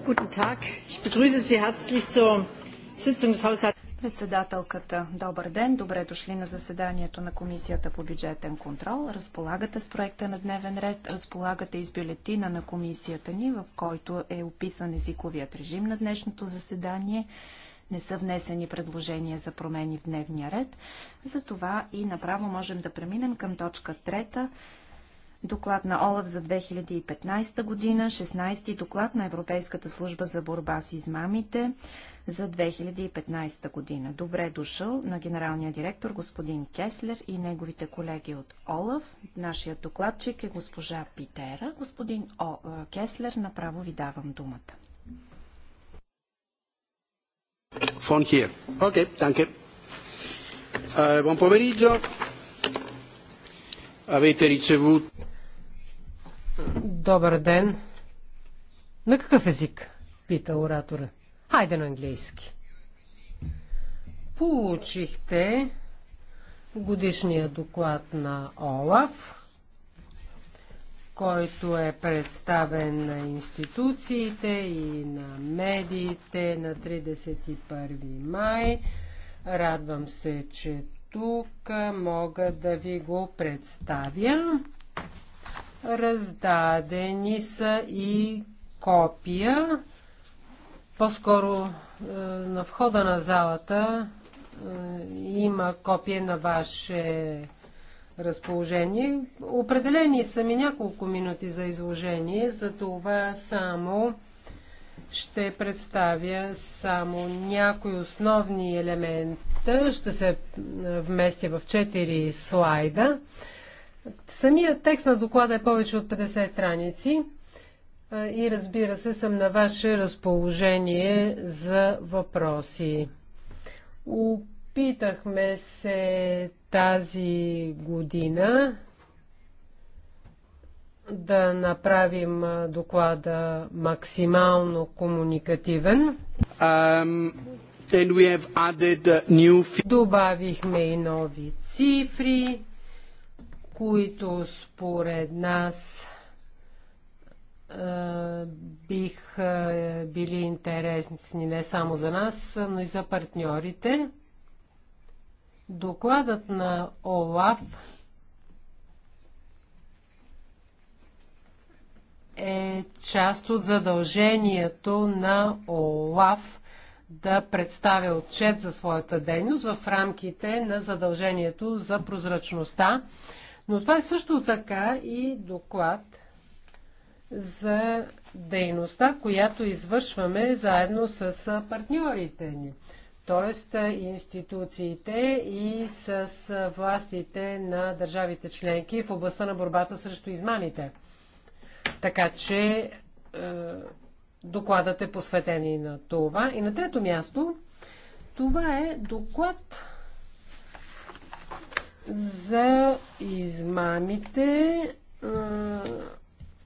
Guten Tag. Ich begrüße Sie herzlich zur Sitzung des Haushalts. Председателката, добър ден, добре дошли на заседанието на Комисията по бюджетен контрол. Разполагате с проекта на дневен ред, разполагате и с бюлетина на комисията ни, в който е описан езиковият режим на днешното заседание. Не са внесени предложения за промени в дневния ред, затова и направо можем да преминем към точка трета – доклад на ОЛАВ за 2015 година, 16 доклад на Европейската служба за борба с измамите за 2015 година. Добре е дошъл на генералния директор господин Кеслер и неговите колеги от ОЛАВ. Нашият докладчик е госпожа Питера. Господин О, е, Кеслер, направо ви давам думата. Фон hier. Окей, данке. Е, бон pomeriggio. Avete ricevuto Добър ден. На какъв език? Пита оратора. Хайде на английски. Получихте годишния доклад на ОЛАФ, който е представен на институциите и на медиите на 31 май. Радвам се, че тук мога да ви го представя. Раздадени са и копия. По-скоро е, на входа на залата е, има копие на ваше разположение. Определени са ми няколко минути за изложение, за това само ще представя само някои основни елемента. Ще се е, вместя в 4 слайда. Самият текст на доклада е повече от 50 страници и разбира се съм на ваше разположение за въпроси. Опитахме се тази година да направим доклада максимално комуникативен. Um, Добавихме и нови цифри които според нас бих били интересни не само за нас, но и за партньорите. Докладът на ОЛАФ е част от задължението на ОЛАФ да представя отчет за своята дейност в рамките на задължението за прозрачността но това е също така и доклад за дейността, която извършваме заедно с партньорите ни, т.е. институциите и с властите на държавите членки в областта на борбата срещу измамите. Така че е, докладът е посветен и на това. И на трето място, това е доклад за измамите,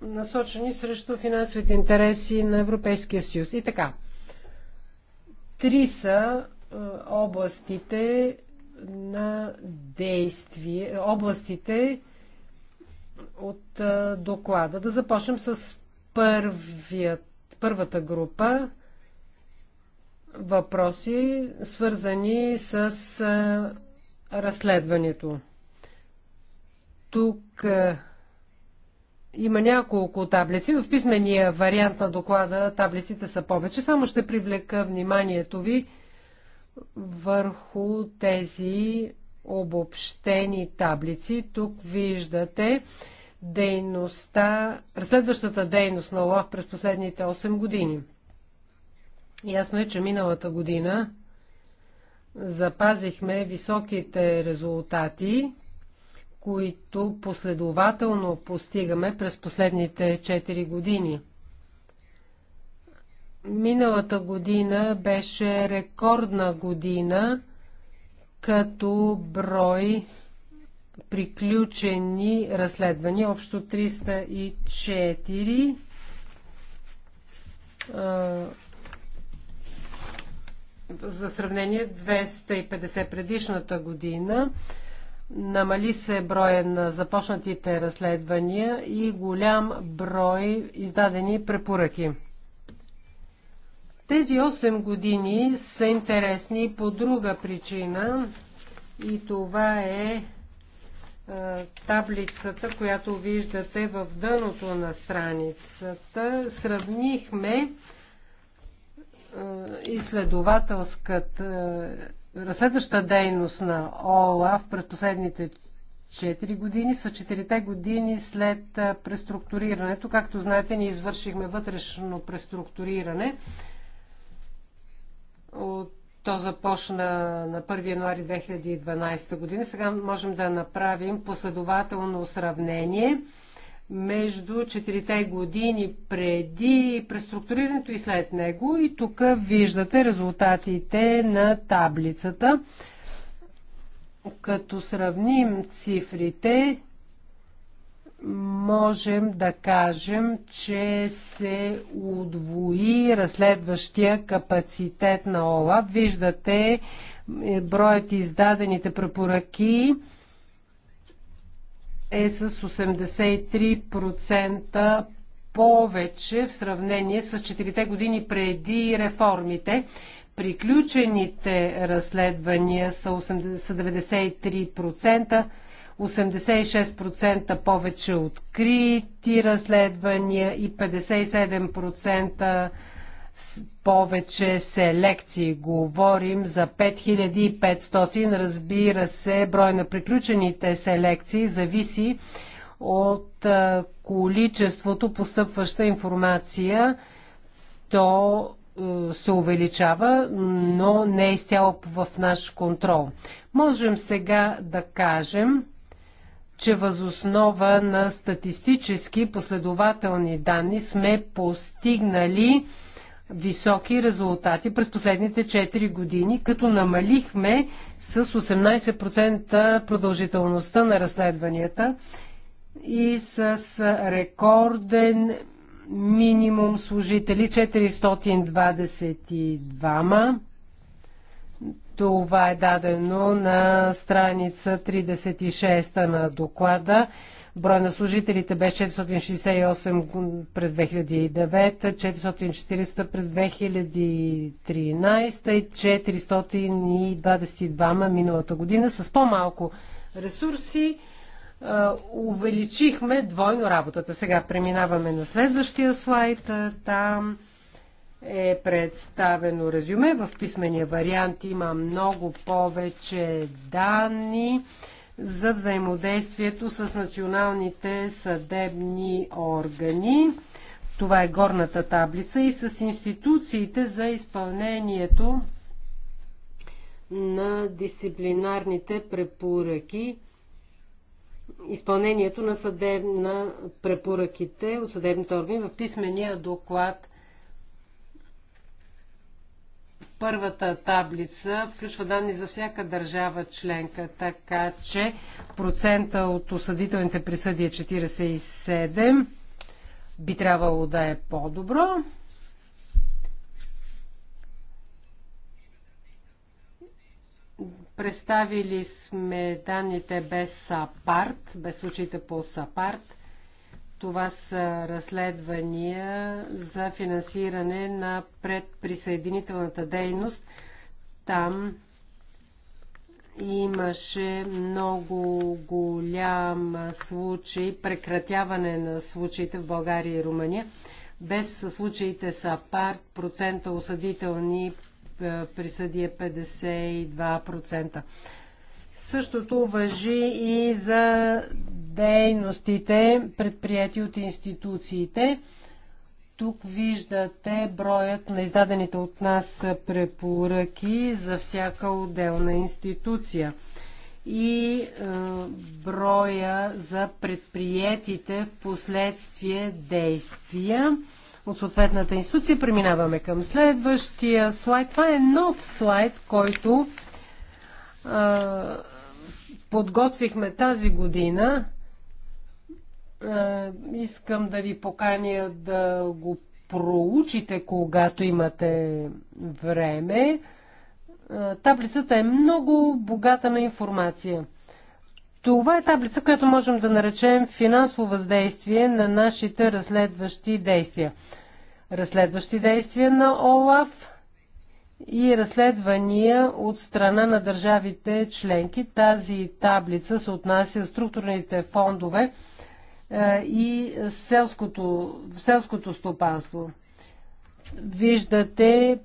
насочени срещу финансовите интереси на Европейския съюз. И така, три са областите на действие, областите от доклада. Да започнем с първият, първата група въпроси, свързани с разследването. Тук а, е, има няколко таблици, но в писмения вариант на доклада таблиците са повече. Само ще привлека вниманието ви върху тези обобщени таблици. Тук виждате дейността, разследващата дейност на ОЛАВ през последните 8 години. Ясно е, че миналата година запазихме високите резултати, които последователно постигаме през последните 4 години. Миналата година беше рекордна година като брой приключени разследвания, общо 304 за сравнение 250 предишната година. Намали се броя на започнатите разследвания и голям брой издадени препоръки. Тези 8 години са интересни по друга причина и това е, е таблицата, която виждате в дъното на страницата. Сравнихме е, изследователската е, разследваща дейност на ОЛАФ през последните 4 години са 4 те години след е, преструктурирането. Както знаете, ние извършихме вътрешно преструктуриране. От то започна на 1 януари 2012 година. Сега можем да направим последователно сравнение между 4 години преди преструктурирането и след него. И тук виждате резултатите на таблицата. Като сравним цифрите, можем да кажем, че се удвои разследващия капацитет на ОЛА. Виждате е, броят издадените препоръки е с 83% повече в сравнение с 4 години преди реформите. Приключените разследвания са 93%, 86% повече открити разследвания и 57% повече селекции. Говорим за 5500. Разбира се, брой на приключените селекции зависи от количеството постъпваща информация. То се увеличава, но не е изцяло в наш контрол. Можем сега да кажем, че възоснова на статистически последователни данни сме постигнали високи резултати през последните 4 години, като намалихме с 18% продължителността на разследванията и с рекорден минимум служители 422. Това е дадено на страница 36 на доклада. Брой на служителите беше 468 през 2009, 440 през 2013 и 422 миналата година. С по-малко ресурси увеличихме двойно работата. Сега преминаваме на следващия слайд. Там е представено резюме. В писмения вариант има много повече данни за взаимодействието с националните съдебни органи. Това е горната таблица и с институциите за изпълнението на дисциплинарните препоръки, изпълнението на, съдеб... на препоръките от съдебните органи в писмения доклад Първата таблица включва данни за всяка държава членка, така че процента от осъдителните присъди е 47. Би трябвало да е по-добро. Представили сме данните без САПАРТ, без случаите по САПАРТ. Това са разследвания за финансиране на предприсъединителната дейност. Там имаше много голям случай, прекратяване на случаите в България и Румъния. Без случаите са парт, процента осъдителни е, присъди е 52%. Същото въжи и за дейностите, предприяти от институциите. Тук виждате броят на издадените от нас препоръки за всяка отделна институция и е, броя за предприетите в последствие действия от съответната институция. Преминаваме към следващия слайд. Това е нов слайд, който подготвихме тази година. Искам да ви поканя да го проучите, когато имате време. Таблицата е много богата на информация. Това е таблица, която можем да наречем финансово въздействие на нашите разследващи действия. Разследващи действия на ОЛАФ и разследвания от страна на държавите членки. Тази таблица се отнася структурните фондове е, и селското, селското стопанство. Виждате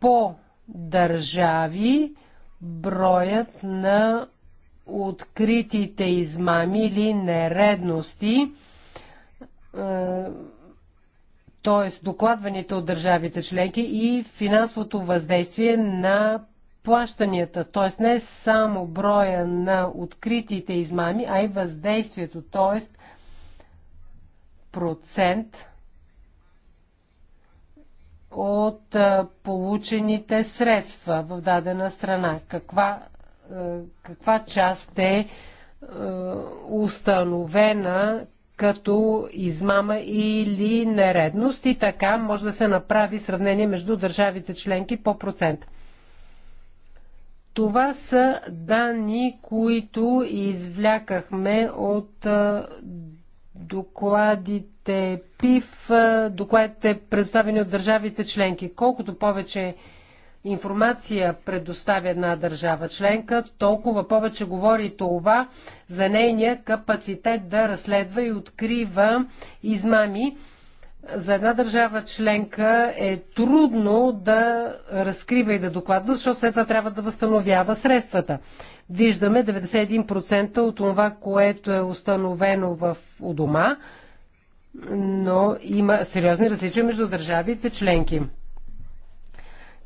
по държави броят на откритите измами или нередности е, т.е. докладваните от държавите членки и финансовото въздействие на плащанията, т.е. не само броя на откритите измами, а и въздействието, т.е. процент от получените средства в дадена страна. Каква, каква част е установена като измама или нередност и така може да се направи сравнение между държавите членки по процент. Това са данни, които извлякахме от докладите ПИФ, докладите предоставени от държавите членки. Колкото повече информация предоставя една държава членка, толкова повече говори това за нейния капацитет да разследва и открива измами. За една държава членка е трудно да разкрива и да докладва, защото след това трябва да възстановява средствата. Виждаме 91% от това, което е установено в у дома, но има сериозни различия между държавите членки.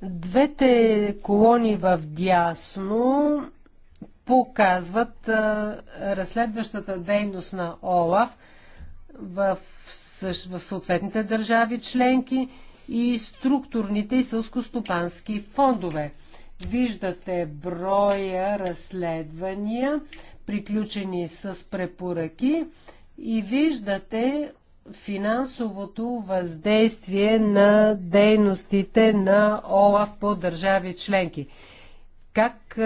Двете колони в дясно показват а, разследващата дейност на ОЛАФ в, в съответните държави членки и структурните и сълскостопански фондове. Виждате броя разследвания, приключени с препоръки и виждате финансовото въздействие на дейностите на ОЛАФ по държави членки. Как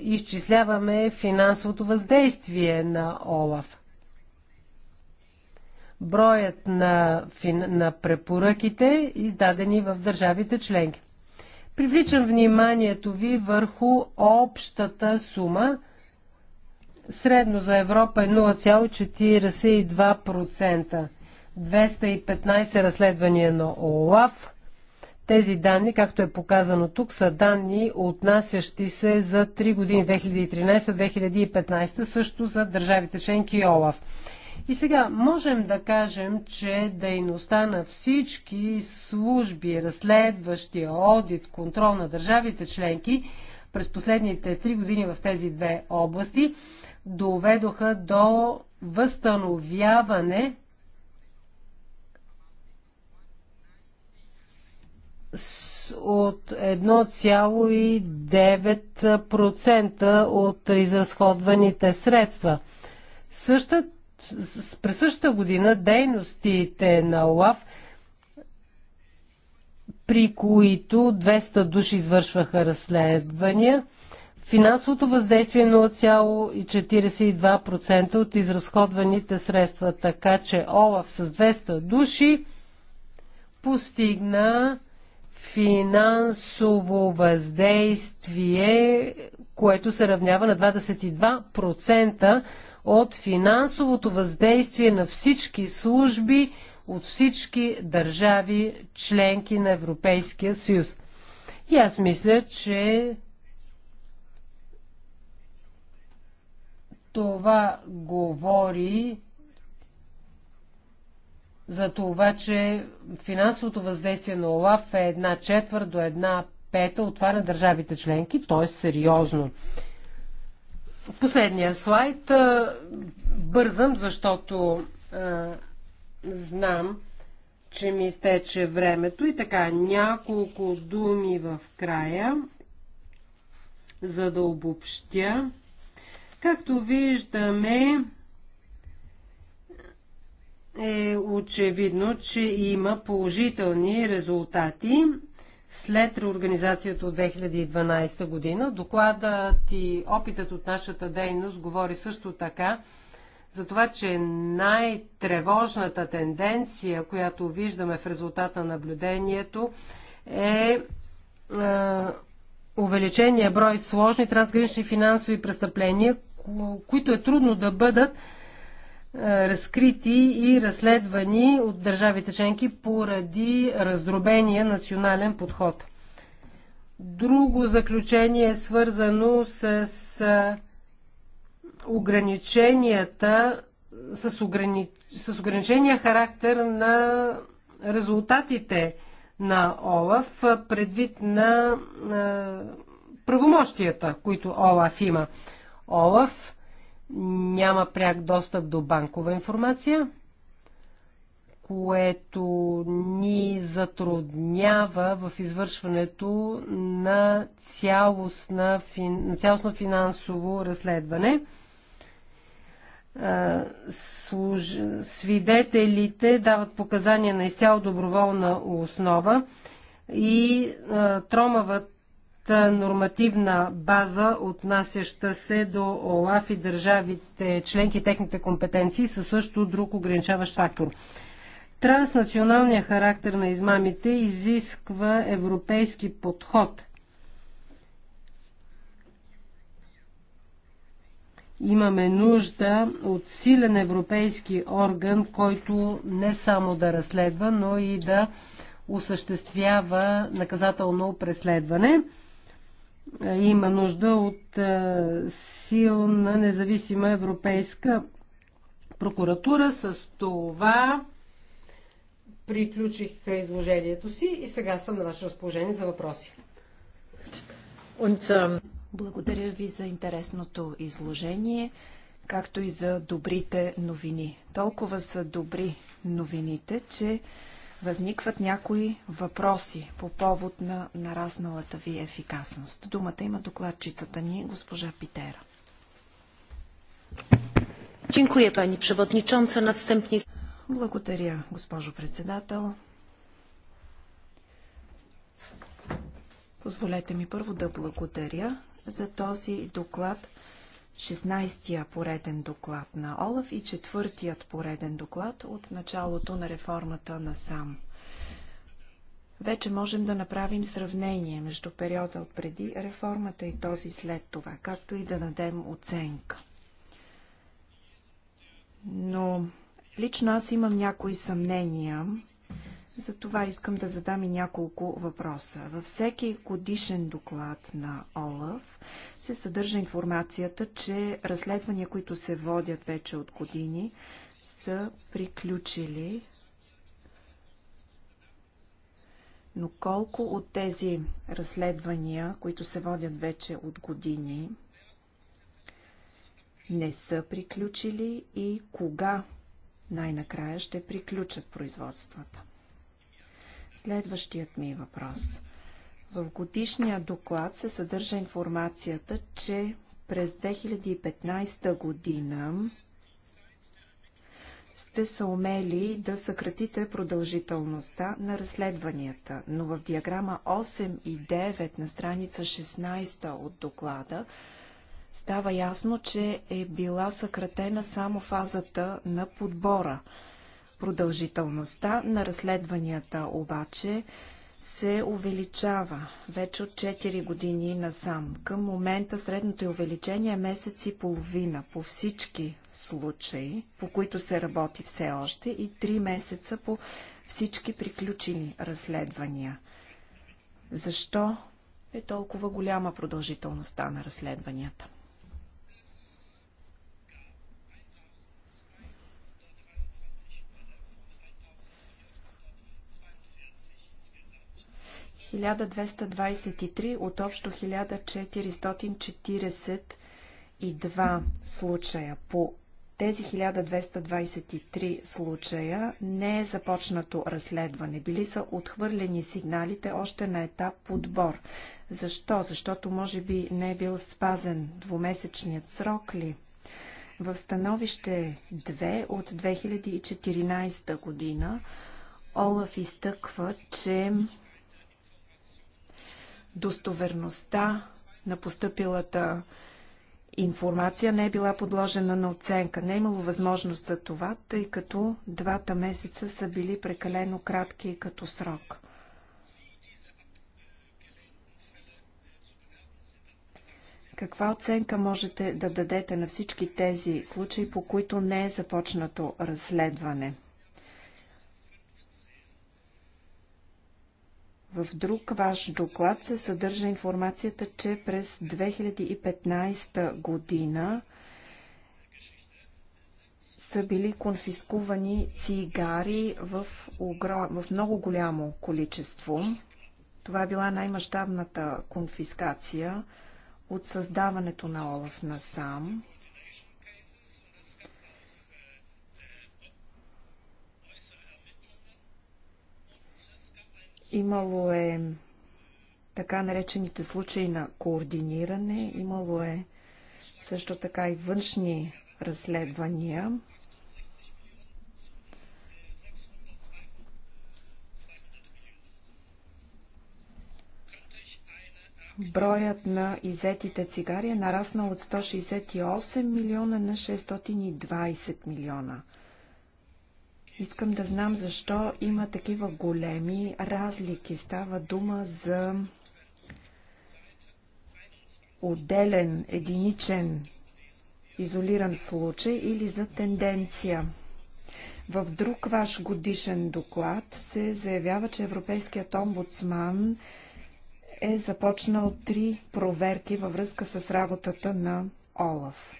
изчисляваме финансовото въздействие на ОЛАФ? Броят на, на препоръките, издадени в държавите членки. Привличам вниманието ви върху общата сума. Средно за Европа е 0,42%. 215 разследвания на ОЛАФ. Тези данни, както е показано тук, са данни, отнасящи се за 3 години 2013-2015, също за държавите членки и ОЛАФ. И сега можем да кажем, че дейността на всички служби, разследващи, одит, контрол на държавите членки през последните три години в тези две области доведоха до възстановяване от 1,9% от изразходваните средства. Същата, през същата година дейностите на ОЛАВ, при които 200 души извършваха разследвания, финансовото въздействие е 0,42% от изразходваните средства, така че ОЛАВ с 200 души постигна финансово въздействие, което се равнява на 22% от финансовото въздействие на всички служби от всички държави членки на Европейския съюз. И аз мисля, че това говори за това, че финансовото въздействие на ОЛАФ е една четвърт до една пета от това на държавите членки, т.е. сериозно. Последния слайд. Бързам, защото а, знам, че ми изтече времето. И така, няколко думи в края, за да обобщя. Както виждаме, е очевидно, че има положителни резултати след реорганизацията от 2012 година. Докладът и опитът от нашата дейност говори също така за това, че най-тревожната тенденция, която виждаме в резултата на наблюдението, е, е увеличение брой сложни трансгранични финансови престъпления, които е трудно да бъдат е, разкрити и разследвани от държавите членки поради раздробения национален подход. Друго заключение е свързано с ограниченията, с, ограни... с ограничения характер на резултатите на ОЛАФ предвид на е, правомощията, които ОЛАФ има. ОЛАФ няма пряк достъп до банкова информация, което ни затруднява в извършването на цялостно, цялостно финансово разследване. Служ... Свидетелите дават показания на изцяло доброволна основа и тромават нормативна база, отнасяща се до ОЛАФ и държавите членки, техните компетенции, са също друг ограничаващ фактор. Транснационалният характер на измамите изисква европейски подход. Имаме нужда от силен европейски орган, който не само да разследва, но и да осъществява наказателно преследване. Е, има нужда от е, силна, независима европейска прокуратура. С това приключих изложението си и сега съм на ваше разположение за въпроси. Е, Благодаря ви за интересното изложение, както и за добрите новини. Толкова са добри новините, че Възникват някои въпроси по повод на нарасналата ви ефикасност. Думата има докладчицата ни, госпожа Питера. Dziękuję Pani Przewodnicząca. Na wstępnie... Благодаря, госпожо председател. Позволете ми първо да благодаря за този доклад, 16-я пореден доклад на Олаф и четвъртият пореден доклад от началото на реформата на САМ. Вече можем да направим сравнение между периода от преди реформата и този след това, както и да дадем оценка. Но лично аз имам някои съмнения затова искам да задам и няколко въпроса. Във всеки годишен доклад на ОЛАВ се съдържа информацията, че разследвания, които се водят вече от години, са приключили. Но колко от тези разследвания, които се водят вече от години, не са приключили и кога най-накрая ще приключат производствата? Следващият ми въпрос. В годишния доклад се съдържа информацията, че през 2015 година сте се умели да съкратите продължителността на разследванията, но в диаграма 8 и 9 на страница 16 от доклада става ясно, че е била съкратена само фазата на подбора – Продължителността на разследванията обаче се увеличава вече от 4 години насам. Към момента средното увеличение е месец и половина по всички случаи, по които се работи все още и 3 месеца по всички приключени разследвания. Защо е толкова голяма продължителността на разследванията? 1223 от общо 1442 случая. По тези 1223 случая не е започнато разследване. Били са отхвърлени сигналите още на етап подбор. Защо? Защото може би не е бил спазен двумесечният срок ли? В становище 2 от 2014 година Олаф изтъква, че достоверността на поступилата информация не е била подложена на оценка. Не е имало възможност за това, тъй като двата месеца са били прекалено кратки като срок. Каква оценка можете да дадете на всички тези случаи, по които не е започнато разследване? В друг ваш доклад се съдържа информацията, че през 2015 година са били конфискувани цигари в, огром... в много голямо количество. Това е била най-мащабната конфискация от създаването на Олаф насам. Имало е така наречените случаи на координиране, имало е също така и външни разследвания. Броят на изетите цигари е нараснал от 168 милиона на 620 милиона Искам да знам защо има такива големи разлики. Става дума за отделен, единичен, изолиран случай или за тенденция. В друг ваш годишен доклад се заявява, че Европейският омбудсман е започнал три проверки във връзка с работата на Олаф.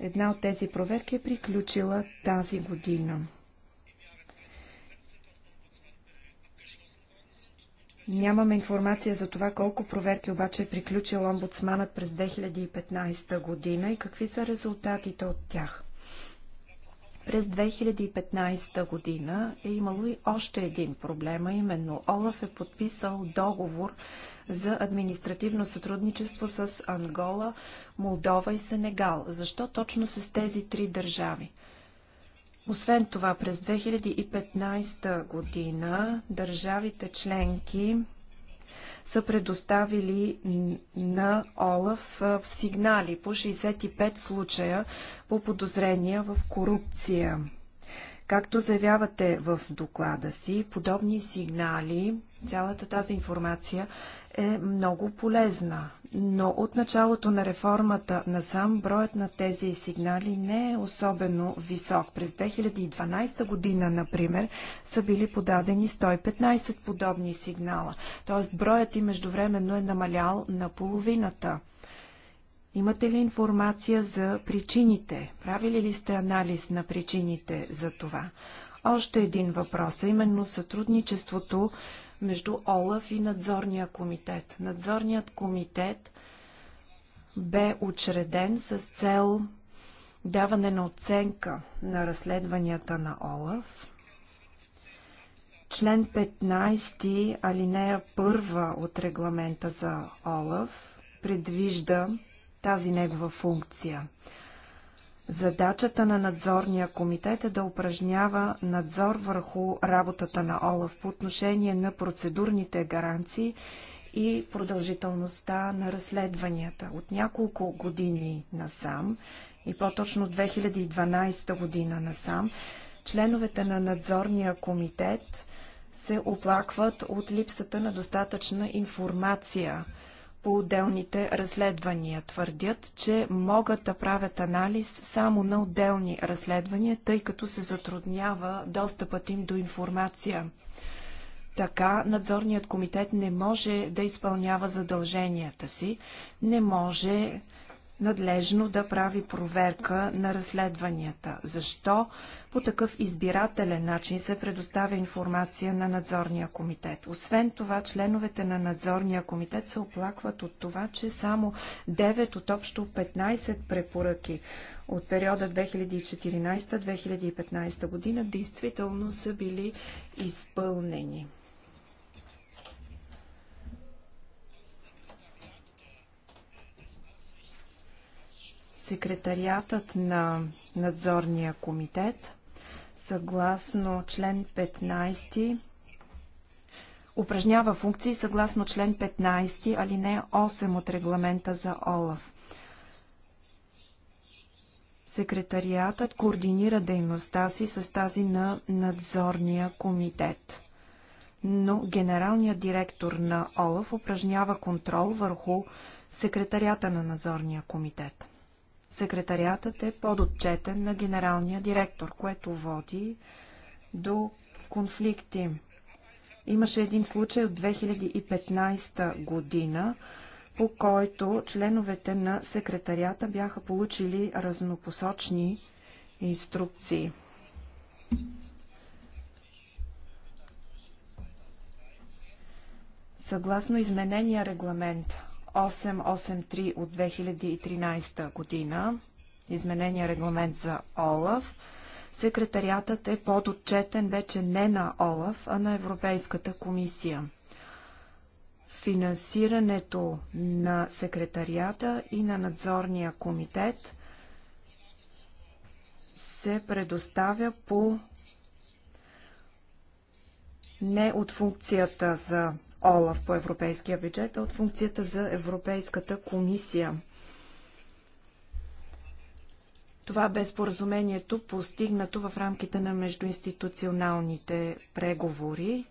Една от тези проверки е приключила тази година. Нямаме информация за това колко проверки обаче е приключил омбудсманът през 2015 година и какви са резултатите от тях. През 2015 година е имало и още един проблем, а именно Олаф е подписал договор за административно сътрудничество с Ангола, Молдова и Сенегал. Защо точно с тези три държави? Освен това, през 2015 година държавите членки са предоставили на ОЛАФ сигнали по 65 случая по подозрения в корупция. Както заявявате в доклада си, подобни сигнали Цялата тази информация е много полезна, но от началото на реформата на сам броят на тези сигнали не е особено висок. През 2012 година, например, са били подадени 115 подобни сигнала, т.е. броят им междувременно е намалял на половината. Имате ли информация за причините? Правили ли сте анализ на причините за това? Още един въпрос, а именно сътрудничеството между ОЛАФ и надзорния комитет. Надзорният комитет бе учреден с цел даване на оценка на разследванията на ОЛАФ. Член 15, алинея 1 от регламента за ОЛАФ предвижда тази негова функция – Задачата на надзорния комитет е да упражнява надзор върху работата на ОЛАФ по отношение на процедурните гаранции и продължителността на разследванията. От няколко години насам, и по-точно 2012 година насам, членовете на надзорния комитет се оплакват от липсата на достатъчна информация – по отделните разследвания. Твърдят, че могат да правят анализ само на отделни разследвания, тъй като се затруднява достъпът им до информация. Така надзорният комитет не може да изпълнява задълженията си, не може надлежно да прави проверка на разследванията? Защо по такъв избирателен начин се предоставя информация на надзорния комитет? Освен това, членовете на надзорния комитет се оплакват от това, че само 9 от общо 15 препоръки от периода 2014-2015 година действително са били изпълнени. секретариатът на надзорния комитет, съгласно член 15, упражнява функции съгласно член 15, алинея 8 от регламента за ОЛАФ. Секретариатът координира дейността си с тази на надзорния комитет. Но генералният директор на ОЛАФ упражнява контрол върху секретарията на надзорния комитет секретариатът е подотчетен на генералния директор, което води до конфликти. Имаше един случай от 2015 година, по който членовете на секретарията бяха получили разнопосочни инструкции. Съгласно изменения регламент 883 от 2013 година, изменения регламент за ОЛАВ, секретариатът е подотчетен вече не на ОЛАВ, а на Европейската комисия. Финансирането на секретариата и на надзорния комитет се предоставя по не от функцията за Олаф по европейския бюджет, а е от функцията за Европейската комисия. Това бе споразумението постигнато в рамките на междуинституционалните преговори.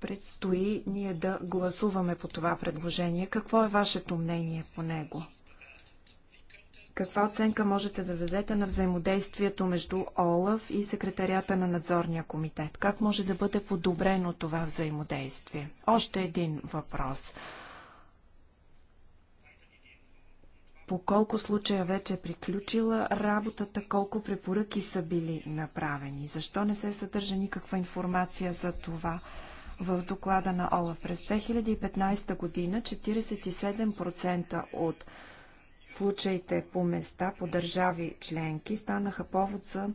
Предстои ние да гласуваме по това предложение. Какво е вашето мнение по него? Каква оценка можете да дадете на взаимодействието между ОЛАФ и секретарията на надзорния комитет? Как може да бъде подобрено това взаимодействие? Още един въпрос. По колко случая вече е приключила работата, колко препоръки са били направени? Защо не се съдържа никаква информация за това? в доклада на ОЛАФ. През 2015 година 47% от случаите по места, по държави членки, станаха повод за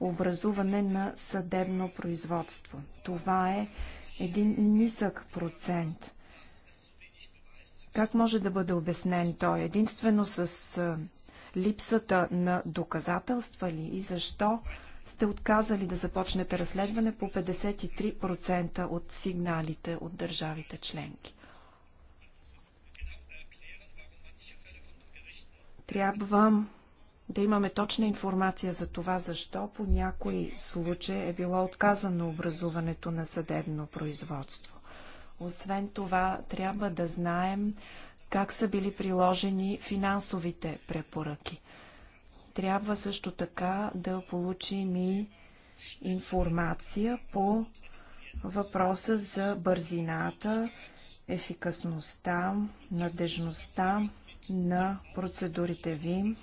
образуване на съдебно производство. Това е един нисък процент. Как може да бъде обяснен той? Единствено с липсата на доказателства ли и защо сте отказали да започнете разследване по 53% от сигналите от държавите членки? Трябва да имаме точна информация за това, защо по някой случаи е било отказано образуването на съдебно производство. Освен това, трябва да знаем как са били приложени финансовите препоръки. Трябва също така да получим и информация по въпроса за бързината, ефикасността, надежността на процедурите ви.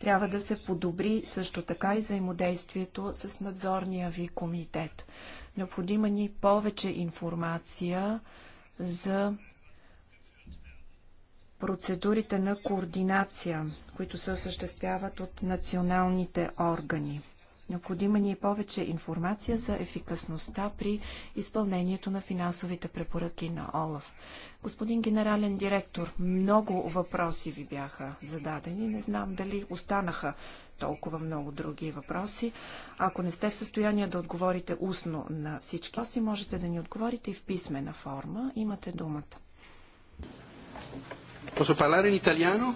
Трябва да се подобри също така и взаимодействието с надзорния ви комитет. Необходима ни повече информация за процедурите на координация, които се осъществяват от националните органи. Необходима ни е повече информация за ефикасността при изпълнението на финансовите препоръки на ОЛАФ. Господин генерален директор, много въпроси ви бяха зададени. Не знам дали останаха толкова много други въпроси. Ако не сте в състояние да отговорите устно на всички въпроси, можете да ни отговорите и в писмена форма. Имате думата. Posso parlare in italiano?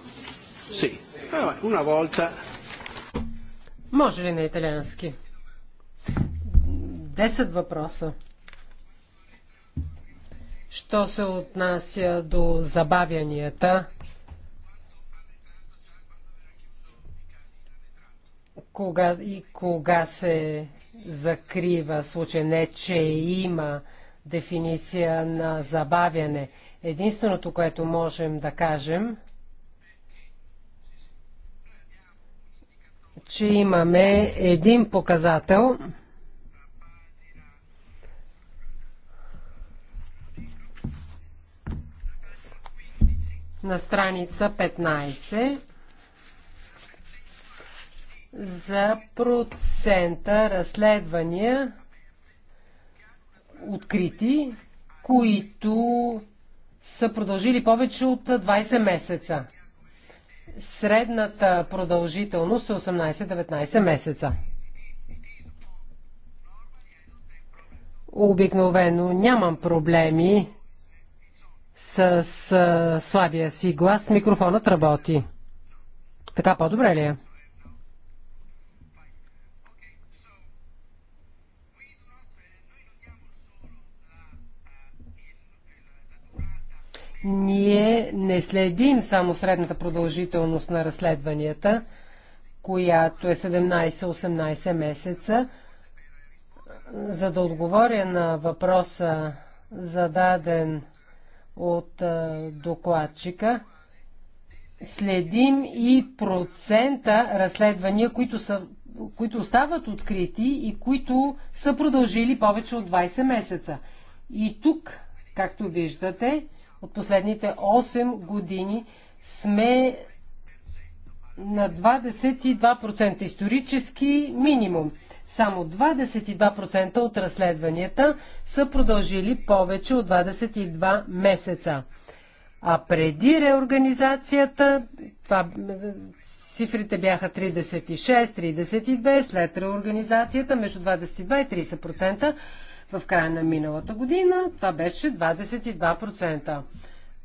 Sì. Una volta може ли на италиански? Десет въпроса. Що се отнася до забавянията, кога, и кога се закрива случай, не че има дефиниция на забавяне. Единственото, което можем да кажем, че имаме един показател, на страница 15 за процента разследвания открити, които са продължили повече от 20 месеца. Средната продължителност е 18-19 месеца. Обикновено нямам проблеми с, с слабия си глас. Микрофонът работи. Така по-добре ли е? Ние не следим само средната продължителност на разследванията, която е 17-18 месеца. За да отговоря на въпроса, зададен от докладчика, следим и процента разследвания, които, са, които остават открити и които са продължили повече от 20 месеца. И тук Както виждате, от последните 8 години сме на 22% исторически минимум. Само 22% от разследванията са продължили повече от 22 месеца. А преди реорганизацията, това, цифрите бяха 36, 32, след реорганизацията между 22 и 30% в края на миналата година. Това беше 22%.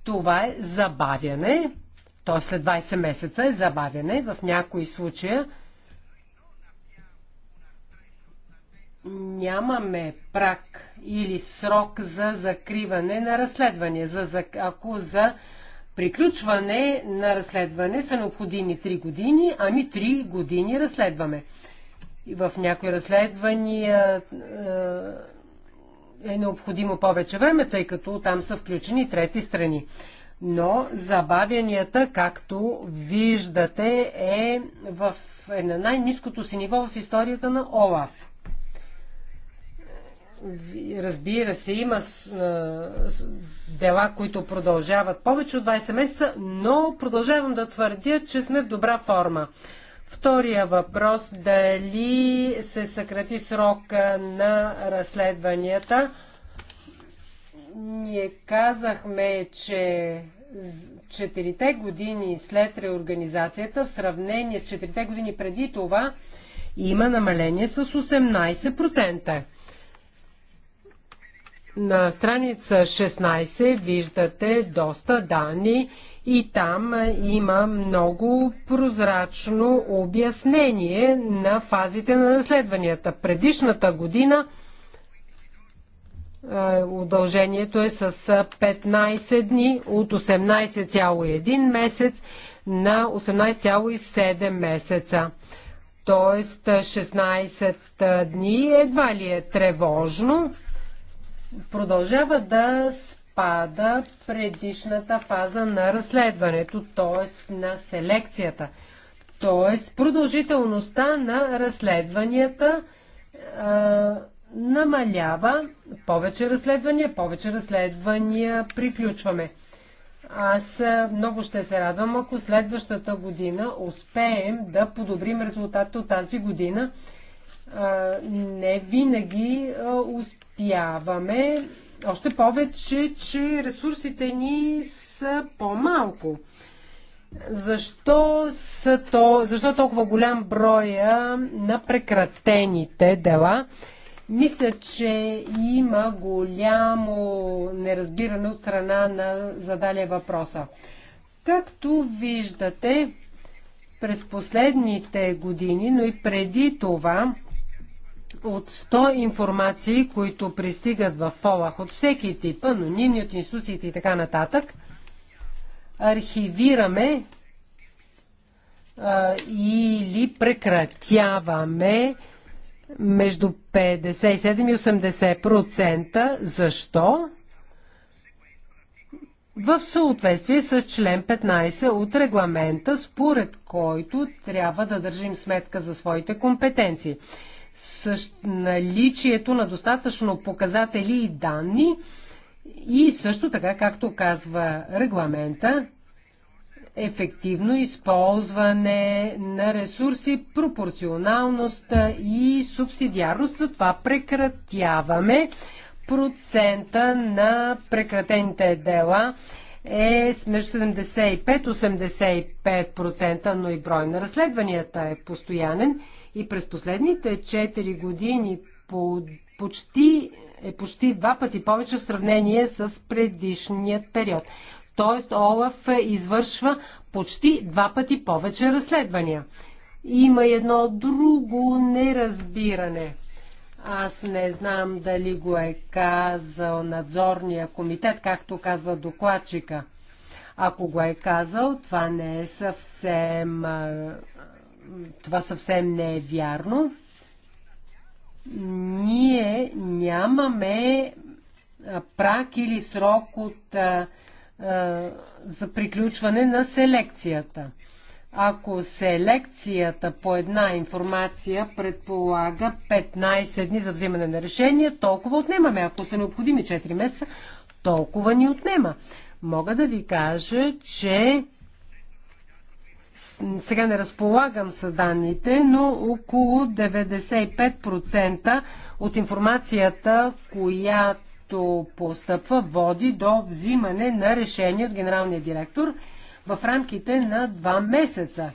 Това е забавяне, т.е. след 20 месеца е забавяне. В някои случая нямаме прак или срок за закриване на разследване. За, за, ако за приключване на разследване са необходими 3 години, ами 3 години разследваме. И в някои разследвания е, е необходимо повече време, тъй като там са включени трети страни. Но забавянията, както виждате, е, в, е на най-низкото си ниво в историята на ОЛАФ. Разбира се, има дела, които продължават повече от 20 месеца, но продължавам да твърдя, че сме в добра форма. Втория въпрос – дали се съкрати срока на разследванията? Ние казахме, че четирите години след реорганизацията в сравнение с четирите години преди това има намаление с 18%. На страница 16 виждате доста данни и там има много прозрачно обяснение на фазите на разследванията. Предишната година удължението е с 15 дни от 18,1 месец на 18,7 месеца. Тоест 16 дни едва ли е тревожно. Продължава да спи отпада предишната фаза на разследването, т.е. на селекцията. Т.е. продължителността на разследванията а, намалява. Повече разследвания, повече разследвания приключваме. Аз много ще се радвам, ако следващата година успеем да подобрим резултата от тази година. Не винаги успяваме. Още повече, че ресурсите ни са по-малко. Защо, са то, защо толкова голям броя на прекратените дела? Мисля, че има голямо неразбиране от страна на задалия въпроса. Както виждате, през последните години, но и преди това, от 100 информации, които пристигат в ФОЛАХ от всеки тип, анонимни от институциите и така нататък, архивираме а, или прекратяваме между 57 и 80%. Защо? в съответствие с член 15 от регламента, според който трябва да държим сметка за своите компетенции същ, наличието на достатъчно показатели и данни и също така, както казва регламента, ефективно използване на ресурси, пропорционалност и субсидиарност. Затова прекратяваме процента на прекратените дела е между 75-85%, но и брой на разследванията е постоянен. И през последните 4 години по, почти, е почти два пъти повече в сравнение с предишният период. Тоест Олаф извършва почти два пъти повече разследвания. Има едно друго неразбиране. Аз не знам дали го е казал надзорния комитет, както казва докладчика. Ако го е казал, това не е съвсем това съвсем не е вярно. Ние нямаме прак или срок от, а, а, за приключване на селекцията. Ако селекцията по една информация предполага 15 дни за взимане на решение, толкова отнемаме. Ако са необходими 4 месеца, толкова ни отнема. Мога да ви кажа, че сега не разполагам с данните, но около 95% от информацията, която постъпва, води до взимане на решение от генералния директор в рамките на 2 месеца.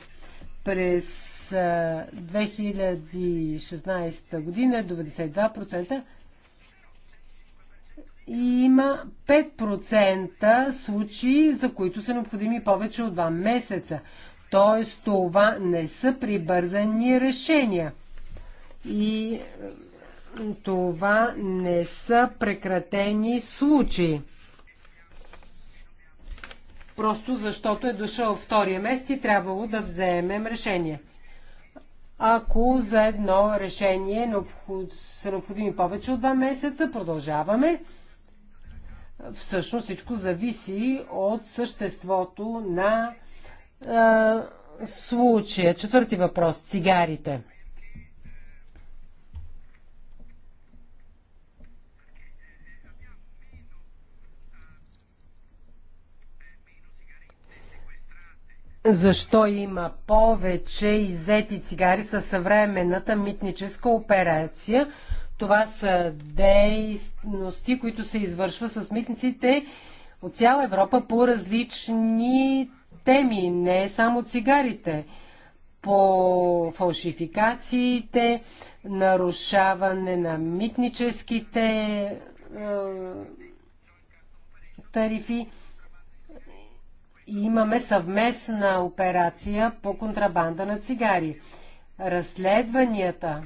През 2016 година 92%. И има 5% случаи, за които са необходими повече от 2 месеца. Т.е. това не са прибързани решения. И това не са прекратени случаи. Просто защото е дошъл втория месец и трябвало да вземем решение. Ако за едно решение е са необходими повече от два месеца, продължаваме. Всъщност всичко зависи от съществото на случая. Четвърти въпрос. Цигарите. Защо има повече иззети цигари със съвременната митническа операция? Това са дейности, които се извършва с митниците от цяла Европа по различни теми, не само цигарите, по фалшификациите, нарушаване на митническите е, тарифи. Имаме съвместна операция по контрабанда на цигари. Разследванията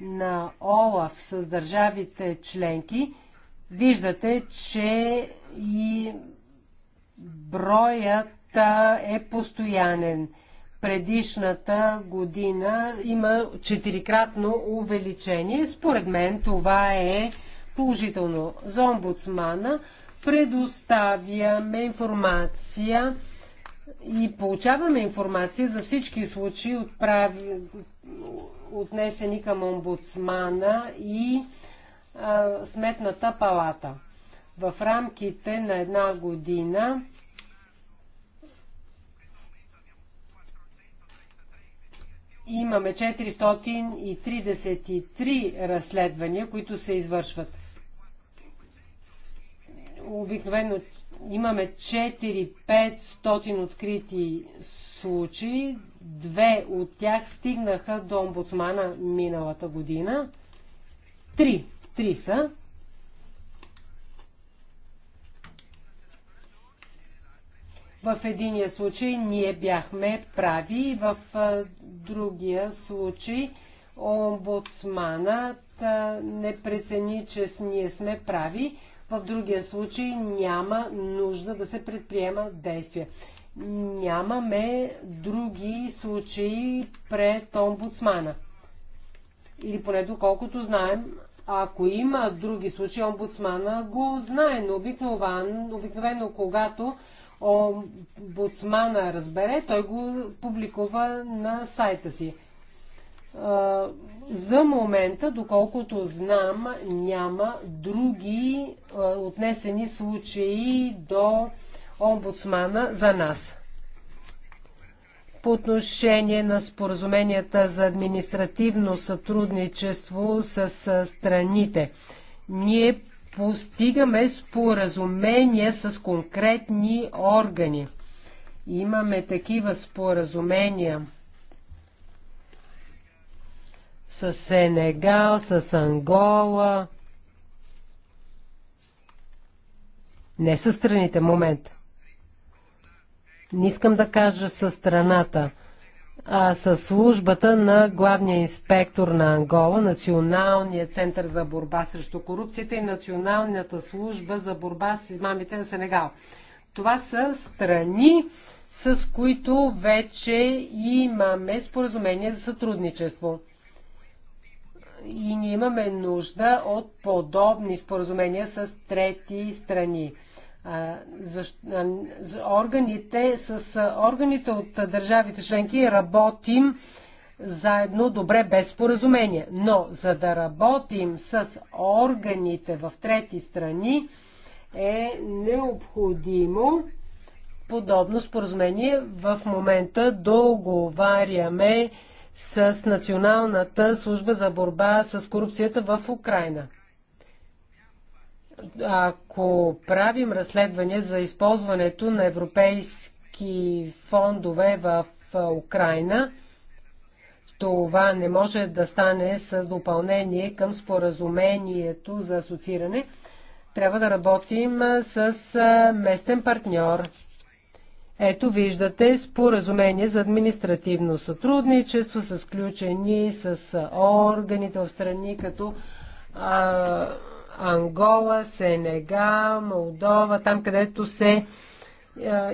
на ОЛАФ с държавите членки, виждате, че и броят е постоянен. Предишната година има четирикратно увеличение. Според мен това е положително. За омбудсмана предоставяме информация и получаваме информация за всички случаи отправи, отнесени към омбудсмана и а, сметната палата. В рамките на една година имаме 433 разследвания, които се извършват. Обикновено имаме 4-500 открити случаи. Две от тях стигнаха до омбудсмана миналата година. Три. Три са. В единия случай ние бяхме прави, в другия случай омбудсманът не прецени, че ние сме прави. В другия случай няма нужда да се предприема действия. Нямаме други случаи пред омбудсмана. Или поне доколкото знаем, ако има други случаи, омбудсмана го знае, но обикновено, обикновено когато омбудсмана разбере, той го публикува на сайта си. За момента, доколкото знам, няма други отнесени случаи до омбудсмана за нас. По отношение на споразуменията за административно сътрудничество с страните, ние постигаме споразумения с конкретни органи. Имаме такива споразумения с Сенегал, с Ангола. Не със страните, момент. Не искам да кажа със страната а, с службата на главния инспектор на Ангола, Националния център за борба срещу корупцията и Националната служба за борба с измамите на Сенегал. Това са страни, с които вече имаме споразумение за сътрудничество. И ние имаме нужда от подобни споразумения с трети страни. Защо, органите, с органите от държавите членки работим заедно добре без споразумение. Но за да работим с органите в трети страни е необходимо подобно споразумение. В момента договаряме с Националната служба за борба с корупцията в Украина ако правим разследване за използването на европейски фондове в Украина, това не може да стане с допълнение към споразумението за асоцииране. Трябва да работим с местен партньор. Ето виждате споразумение за административно сътрудничество, с включени с органите в страни като а, Ангола, Сенега, Молдова, там където се е,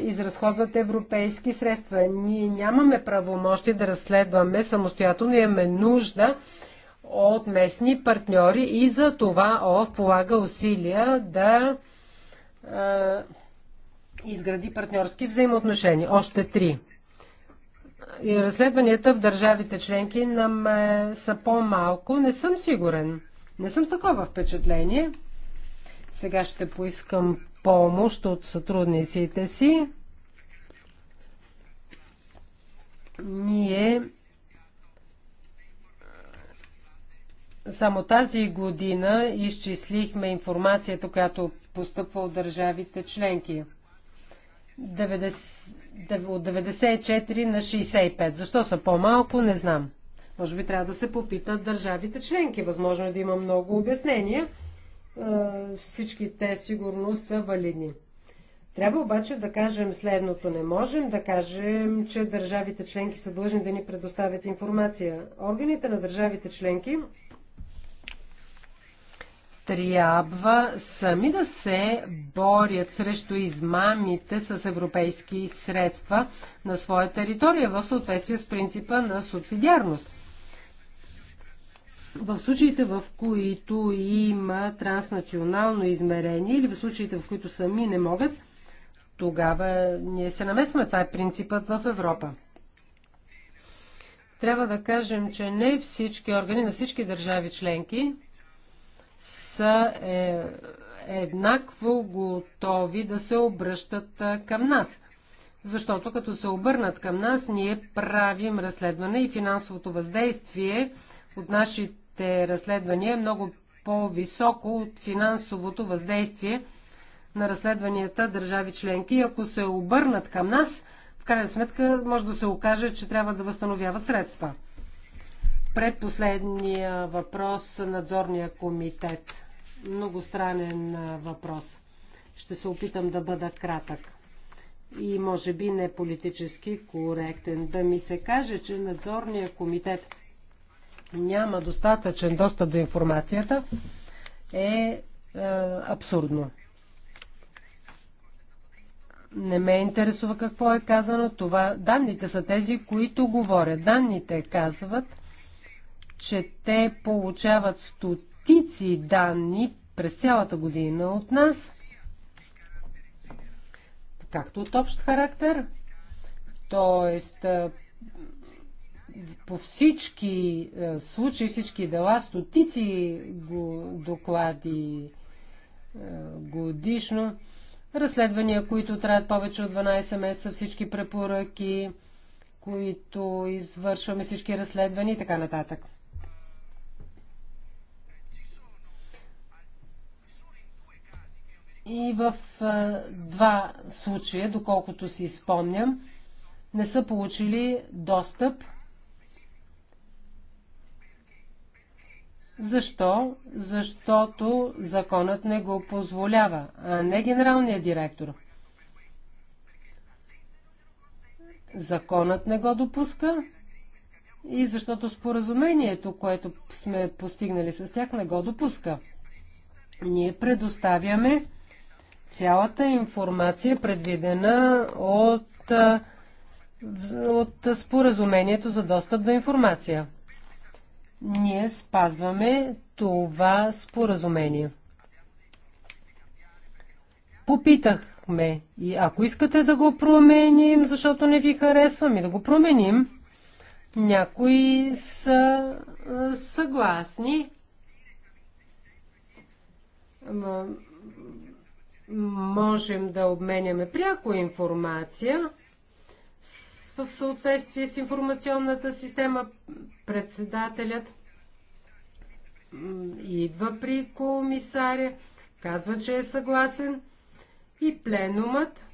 изразходват европейски средства. Ние нямаме правомощи да разследваме самостоятелно, имаме нужда от местни партньори и за това ОВ полага усилия да а, е, изгради партньорски взаимоотношения. Още три. И разследванията в държавите членки нам е, са по-малко. Не съм сигурен. Не съм с такова впечатление. Сега ще поискам помощ от сътрудниците си. Ние само тази година изчислихме информацията, която постъпва от държавите членки. 90, от 94 на 65. Защо са по-малко, не знам. Може би трябва да се попитат държавите членки. Възможно е да има много обяснения. Е, всички те сигурно са валидни. Трябва обаче да кажем следното. Не можем да кажем, че държавите членки са длъжни да ни предоставят информация. Органите на държавите членки трябва сами да се борят срещу измамите с европейски средства на своя територия в съответствие с принципа на субсидиарност. В случаите, в които има транснационално измерение или в случаите, в които сами не могат, тогава ние се намесваме. Това е принципът в Европа. Трябва да кажем, че не всички органи на всички държави членки са е, еднакво готови да се обръщат към нас. Защото като се обърнат към нас, ние правим разследване и финансовото въздействие от нашите те разследвания е много по-високо от финансовото въздействие на разследванията държави членки. ако се обърнат към нас, в крайна сметка може да се окаже, че трябва да възстановяват средства. Предпоследния въпрос надзорния комитет. Многостранен въпрос. Ще се опитам да бъда кратък и може би не политически коректен. Да ми се каже, че надзорния комитет няма достатъчен достъп до информацията, е, е абсурдно. Не ме интересува какво е казано. Това, данните са тези, които говорят. Данните казват, че те получават стотици данни през цялата година от нас, както от общ характер, т.е по всички е, случаи, всички дела, стотици го, доклади е, годишно, разследвания, които траят повече от 12 месеца, всички препоръки, които извършваме, всички разследвания и така нататък. И в е, два случая, доколкото си спомням, не са получили достъп Защо? Защото законът не го позволява, а не генералният директор. Законът не го допуска и защото споразумението, което сме постигнали с тях, не го допуска. Ние предоставяме цялата информация, предвидена от, от споразумението за достъп до информация ние спазваме това споразумение. Попитахме и ако искате да го променим, защото не ви харесваме, да го променим. Някои са съгласни. Можем да обменяме пряко информация в съответствие с информационната система. Председателят идва при комисаря, казва, че е съгласен и пленумът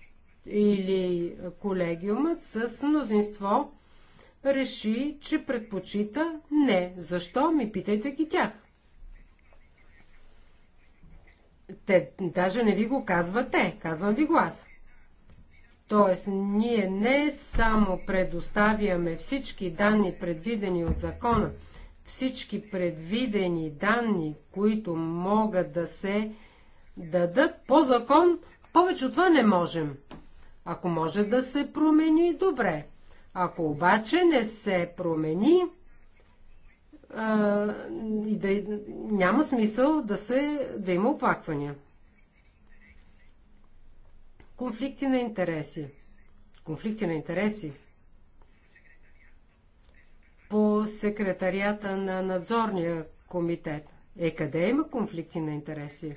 или колегиумът с мнозинство реши, че предпочита не. Защо? Ми питайте ги тях. Те даже не ви го казвате, те, казвам ви го аз. Тоест, ние не само предоставяме всички данни, предвидени от закона, всички предвидени данни, които могат да се дадат по закон, повече от това не можем. Ако може да се промени, добре. Ако обаче не се промени, а, да, няма смисъл да, се, да има оплаквания. Конфликти на интереси. Конфликти на интереси. По секретарията на надзорния комитет. Е, къде има конфликти на интереси?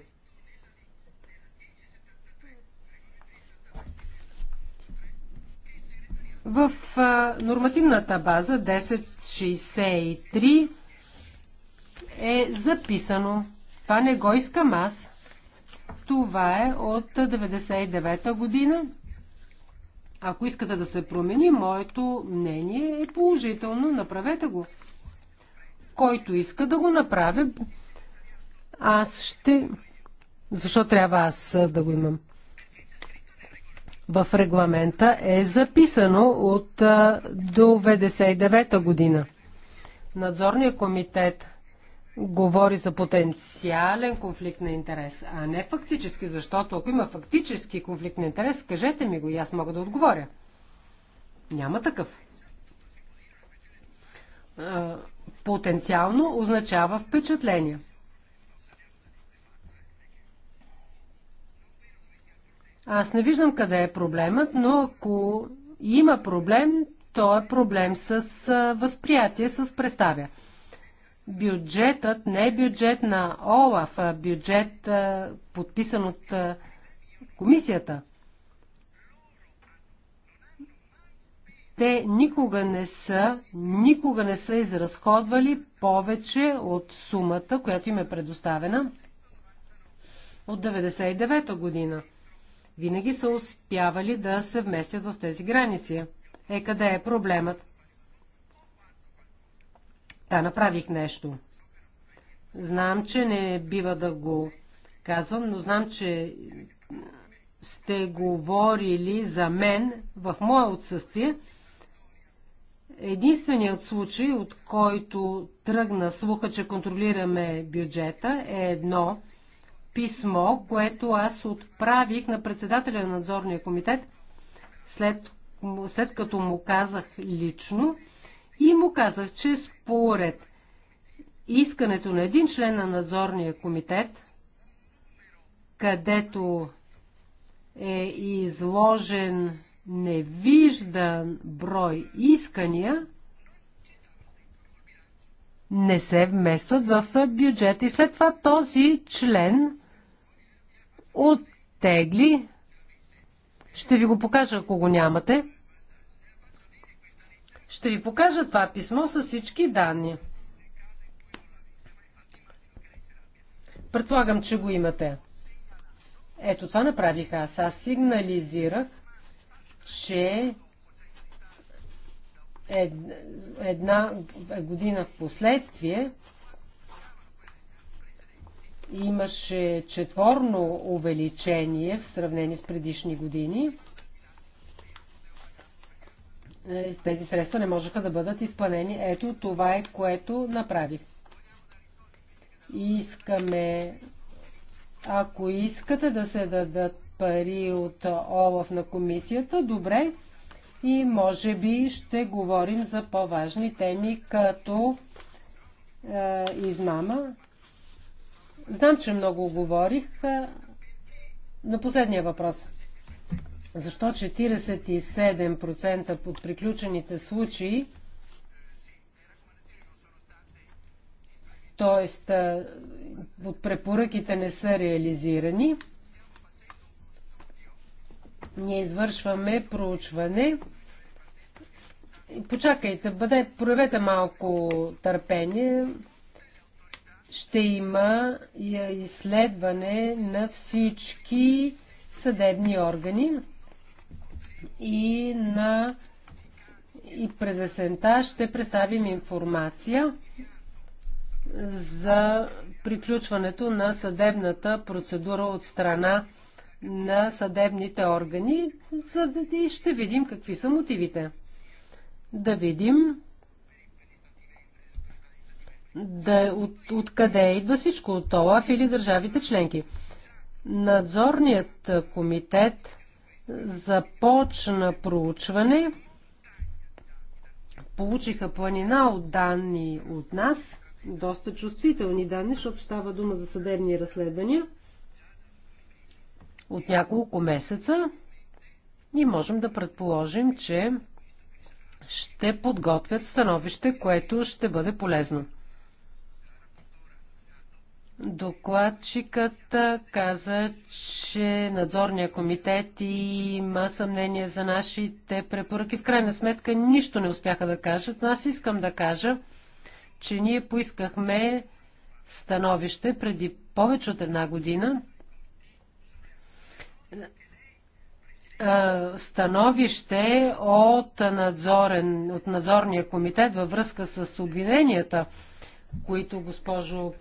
В а, нормативната база 1063 е записано. Това не го искам аз. Това е от 99-та година. Ако искате да се промени, моето мнение е положително. Направете го. Който иска да го направя, аз ще... Защо трябва аз да го имам? В регламента е записано от до 99 година. Надзорният комитет говори за потенциален конфликт на интерес, а не фактически, защото ако има фактически конфликт на интерес, кажете ми го и аз мога да отговоря. Няма такъв. Потенциално означава впечатление. Аз не виждам къде е проблемът, но ако има проблем, то е проблем с възприятие, с представя бюджетът не е бюджет на ОЛАФ, а бюджет подписан от комисията. Те никога не са, никога не са изразходвали повече от сумата, която им е предоставена от 99-та година. Винаги са успявали да се вместят в тези граници. Е, къде е проблемът? Та направих нещо. Знам, че не бива да го казвам, но знам, че сте говорили за мен в мое отсъствие. Единственият случай, от който тръгна слуха, че контролираме бюджета, е едно писмо, което аз отправих на председателя на надзорния комитет, след, след като му казах лично, и му казах, че според искането на един член на надзорния комитет, където е изложен невиждан брой искания, не се вместват в бюджет. И след това този член оттегли. Ще ви го покажа, ако го нямате. Ще ви покажа това писмо с всички данни. Предполагам, че го имате. Ето това направих аз. Аз сигнализирах, че една година в последствие имаше четворно увеличение в сравнение с предишни години. Е, тези средства не можеха да бъдат изпълнени. Ето това е, което направих. Искаме, ако искате да се дадат пари от ОЛАФ на комисията, добре. И може би ще говорим за по-важни теми, като е, измама. Знам, че много говорих. Е, на последния въпрос. Защо 47% от приключените случаи, т.е. от препоръките не са реализирани? Ние извършваме проучване. Почакайте, бъде, проявете малко търпение ще има изследване на всички съдебни органи и на и през есента ще представим информация за приключването на съдебната процедура от страна на съдебните органи и ще видим какви са мотивите. Да видим да, от, откъде идва всичко от ОЛАФ или държавите членки. Надзорният комитет започна проучване. Получиха планина от данни от нас, доста чувствителни данни, защото става дума за съдебни разследвания от няколко месеца и можем да предположим, че ще подготвят становище, което ще бъде полезно. Докладчикът каза, че надзорния комитет има съмнение за нашите препоръки. В крайна сметка нищо не успяха да кажат, но аз искам да кажа, че ние поискахме становище преди повече от една година. Становище от, надзорен, от надзорния комитет във връзка с обвиненията, които, госпожо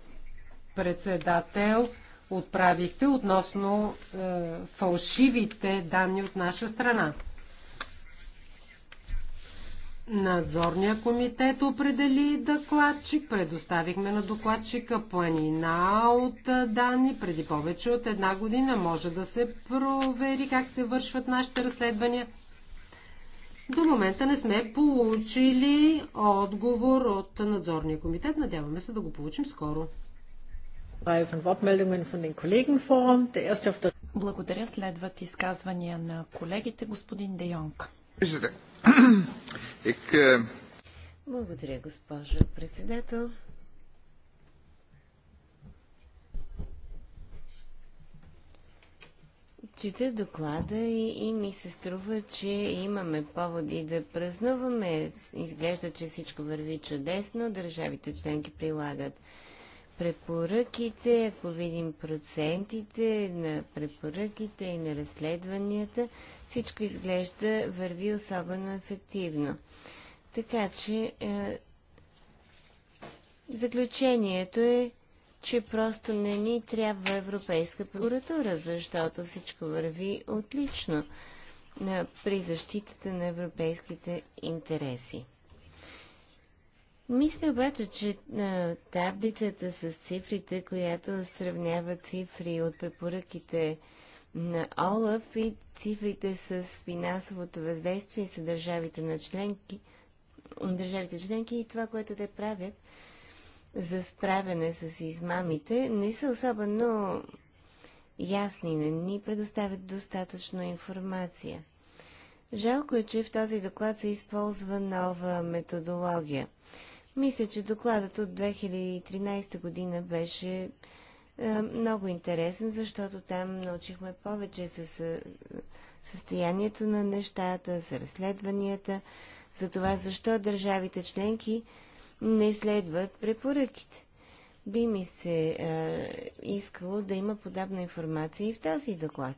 председател, отправихте относно е, фалшивите данни от наша страна. Надзорния комитет определи докладчик, предоставихме на докладчика планина от е, данни преди повече от една година. Може да се провери как се вършват нашите разследвания. До момента не сме получили отговор от надзорния комитет. Надяваме се да го получим скоро. Благодаря. Следват изказвания на колегите. Господин Де Йонг. Е, Благодаря, госпожо председател. чета доклада и, и ми се струва, че имаме поводи да празнуваме. Изглежда, че всичко върви чудесно, държавите членки прилагат препоръките, ако видим процентите на препоръките и на разследванията, всичко изглежда върви особено ефективно. Така че е, заключението е, че просто не ни трябва Европейска прокуратура, защото всичко върви отлично е, при защитата на европейските интереси. Мисля обаче, че на таблицата с цифрите, която сравнява цифри от препоръките на ОЛАФ и цифрите с финансовото въздействие с държавите на членки, държавите членки и това, което те правят за справяне с измамите, не са особено ясни, не ни предоставят достатъчно информация. Жалко е, че в този доклад се използва нова методология. Мисля, че докладът от 2013 година беше е, много интересен, защото там научихме повече за състоянието на нещата, за разследванията, за това защо държавите членки не следват препоръките. Би ми се е, искало да има подобна информация и в този доклад.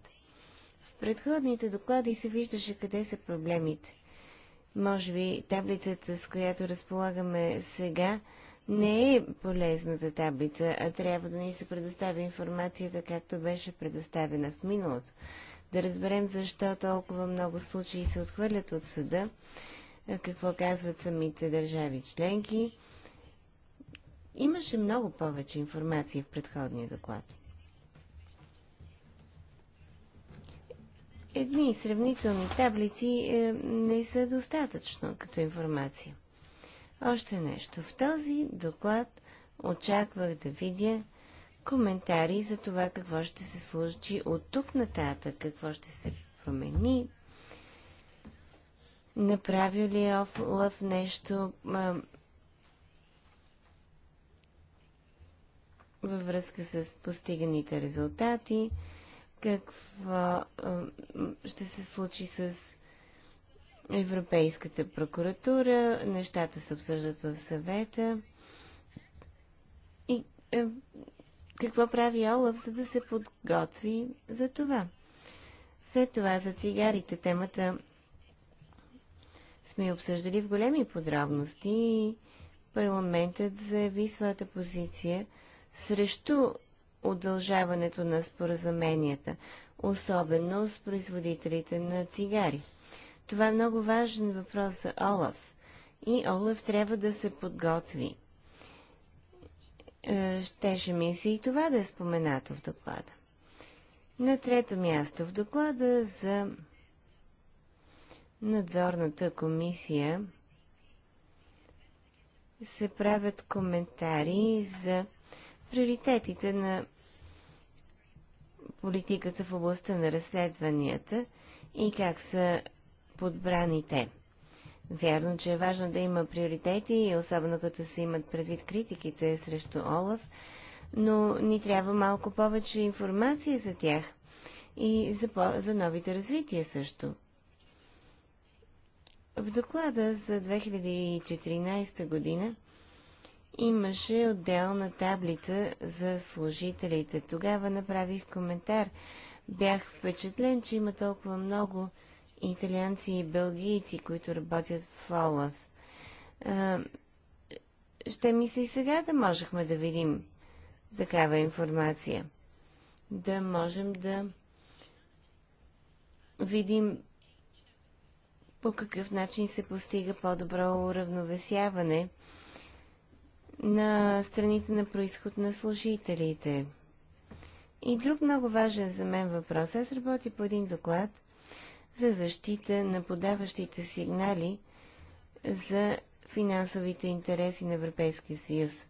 В предходните доклади се виждаше къде са проблемите. Може би таблицата, с която разполагаме сега, не е полезната таблица, а трябва да ни се предостави информацията, както беше предоставена в миналото. Да разберем защо толкова много случаи се отхвърлят от съда, какво казват самите държави членки. Имаше много повече информация в предходния доклад. едни сравнителни таблици е, не са достатъчно като информация. Още нещо. В този доклад очаквах да видя коментари за това какво ще се случи от тук нататък, какво ще се промени. Направил ли Олаф нещо а, във връзка с постиганите резултати? какво ще се случи с Европейската прокуратура, нещата се обсъждат в съвета. И какво прави Олаф, за да се подготви за това? След това за цигарите темата сме обсъждали в големи подробности и парламентът заяви своята позиция срещу удължаването на споразуменията, особено с производителите на цигари. Това е много важен въпрос за Олаф. И Олаф трябва да се подготви. Е, щеше ми се и това да е споменато в доклада. На трето място в доклада за надзорната комисия се правят коментари за приоритетите на политиката в областта на разследванията и как са подбрани те. Вярно, че е важно да има приоритети, особено като се имат предвид критиките срещу Олаф, но ни трябва малко повече информация за тях и за, по- за новите развития също. В доклада за 2014 година имаше отделна таблица за служителите. Тогава направих коментар. Бях впечатлен, че има толкова много италианци и бългийци, които работят в Олаф. Ще ми се и сега да можехме да видим такава информация. Да можем да видим по какъв начин се постига по-добро уравновесяване на страните на происход на служителите. И друг много важен за мен въпрос. Аз работя по един доклад за защита на подаващите сигнали за финансовите интереси на Европейския съюз.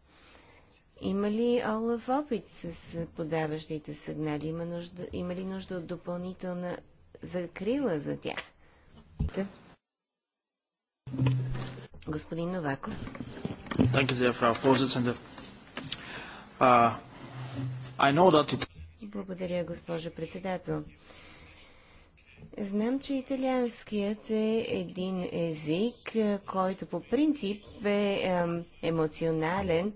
Има ли Олаф опит с подаващите сигнали? Има, нужда, има ли нужда от допълнителна закрила за тях? Господин Новаков. Uh, Благодаря, госпожа председател. Знам, че италианският е един език, който по принцип е емоционален.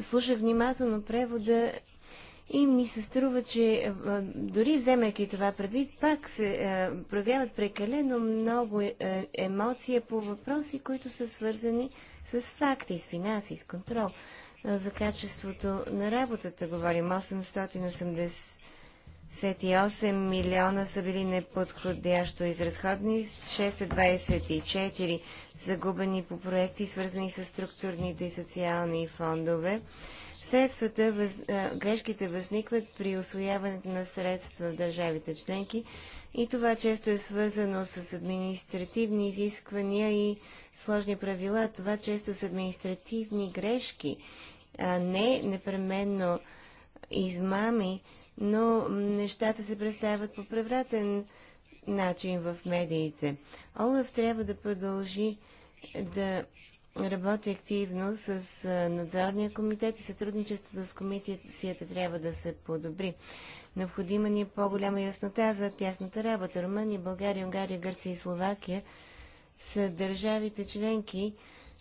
Слушах внимателно превода и ми се струва, че е, е, дори вземайки това предвид, пак се е, проявяват прекалено много емоция по въпроси, които са свързани с факти, с финанси, с контрол. За качеството на работата говорим 888 милиона са били неподходящо изразходни, 624 загубени по проекти, свързани с структурните и социални фондове. Средствата, въз... грешките възникват при освояването на средства в държавите членки и това често е свързано с административни изисквания и сложни правила. Това често с административни грешки, а не непременно измами, но нещата се представят по превратен начин в медиите. Олаф трябва да продължи да работи активно с надзорния комитет и сътрудничеството с комисията трябва да се подобри. Необходима ни е по-голяма яснота за тяхната работа. Румъния, България, Унгария, Гърция и Словакия са държавите членки,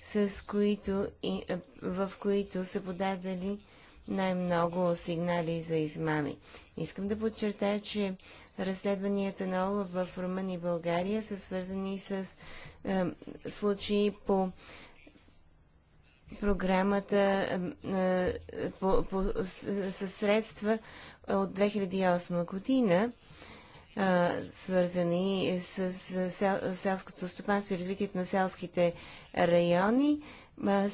с които, и, в които са подадали най-много сигнали за измами. Искам да подчертая, че разследванията на ОЛА в Румъния и България са свързани с е, случаи по програмата е, по, по, със средства от 2008 година, е, свързани с селското стопанство и развитието на селските райони.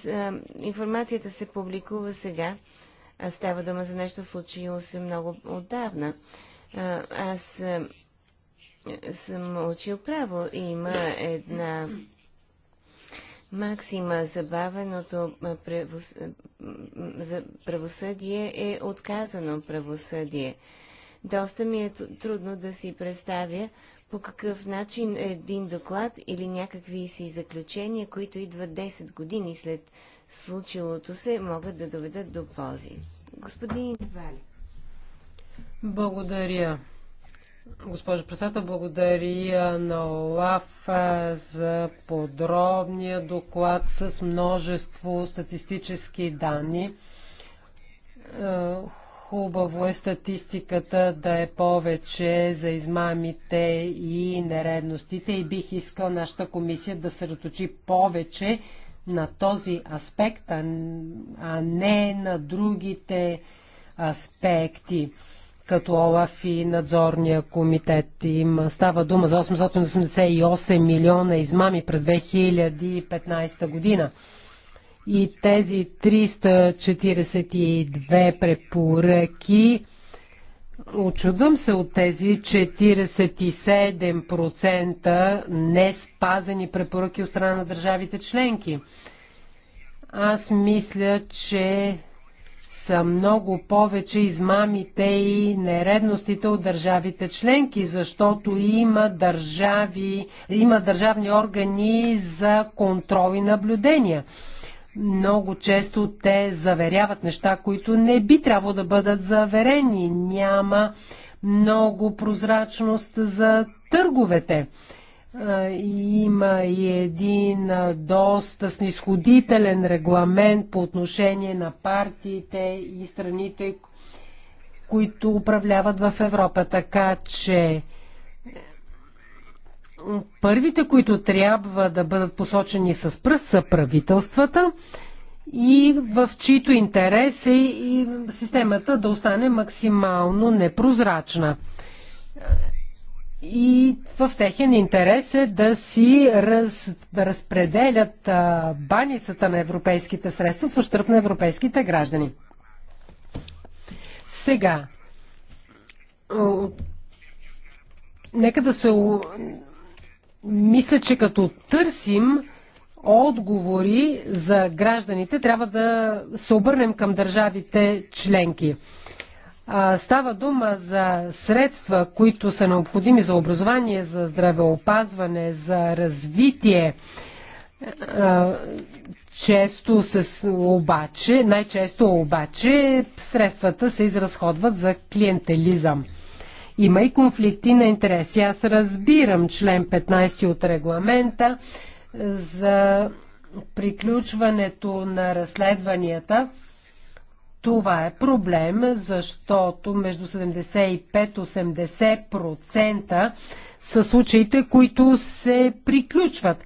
Е, информацията се публикува сега. Става дума за нещо случило се много отдавна. Аз съм учил право и има една максима. Забавеното превос... за правосъдие е отказано правосъдие. Доста ми е трудно да си представя по какъв начин един доклад или някакви си заключения, които идват 10 години след случилото се, могат да доведат до ползи. Господин Вали. Благодаря. Госпожо председател, благодаря на ОЛАФ за подробния доклад с множество статистически данни. Хубаво е статистиката да е повече за измамите и нередностите и бих искал нашата комисия да се раточи повече на този аспект, а не на другите аспекти като ОЛАФ и надзорния комитет. Им става дума за 888 милиона измами през 2015 година. И тези 342 препоръки Очудвам се от тези 47% не спазени препоръки от страна на държавите членки. Аз мисля, че са много повече измамите и нередностите от държавите членки, защото има държави, има държавни органи за контрол и наблюдения. Много често те заверяват неща, които не би трябвало да бъдат заверени. Няма много прозрачност за търговете. Е, има и един е, доста снисходителен регламент по отношение на партиите и страните, които управляват в Европа. Така че е, първите, които трябва да бъдат посочени с пръст, са правителствата и в чието интерес е и системата да остане максимално непрозрачна и в техен интерес е да си раз, да разпределят а, баницата на европейските средства в ущърп на европейските граждани. Сега, нека да се... Мисля, че като търсим отговори за гражданите, трябва да се обърнем към държавите членки. Става дума за средства, които са необходими за образование, за здравеопазване, за развитие. Често се обаче, най-често обаче, средствата се изразходват за клиентелизъм. Има и конфликти на интереси. Аз разбирам член 15 от регламента за приключването на разследванията това е проблем, защото между 75-80% са случаите, които се приключват.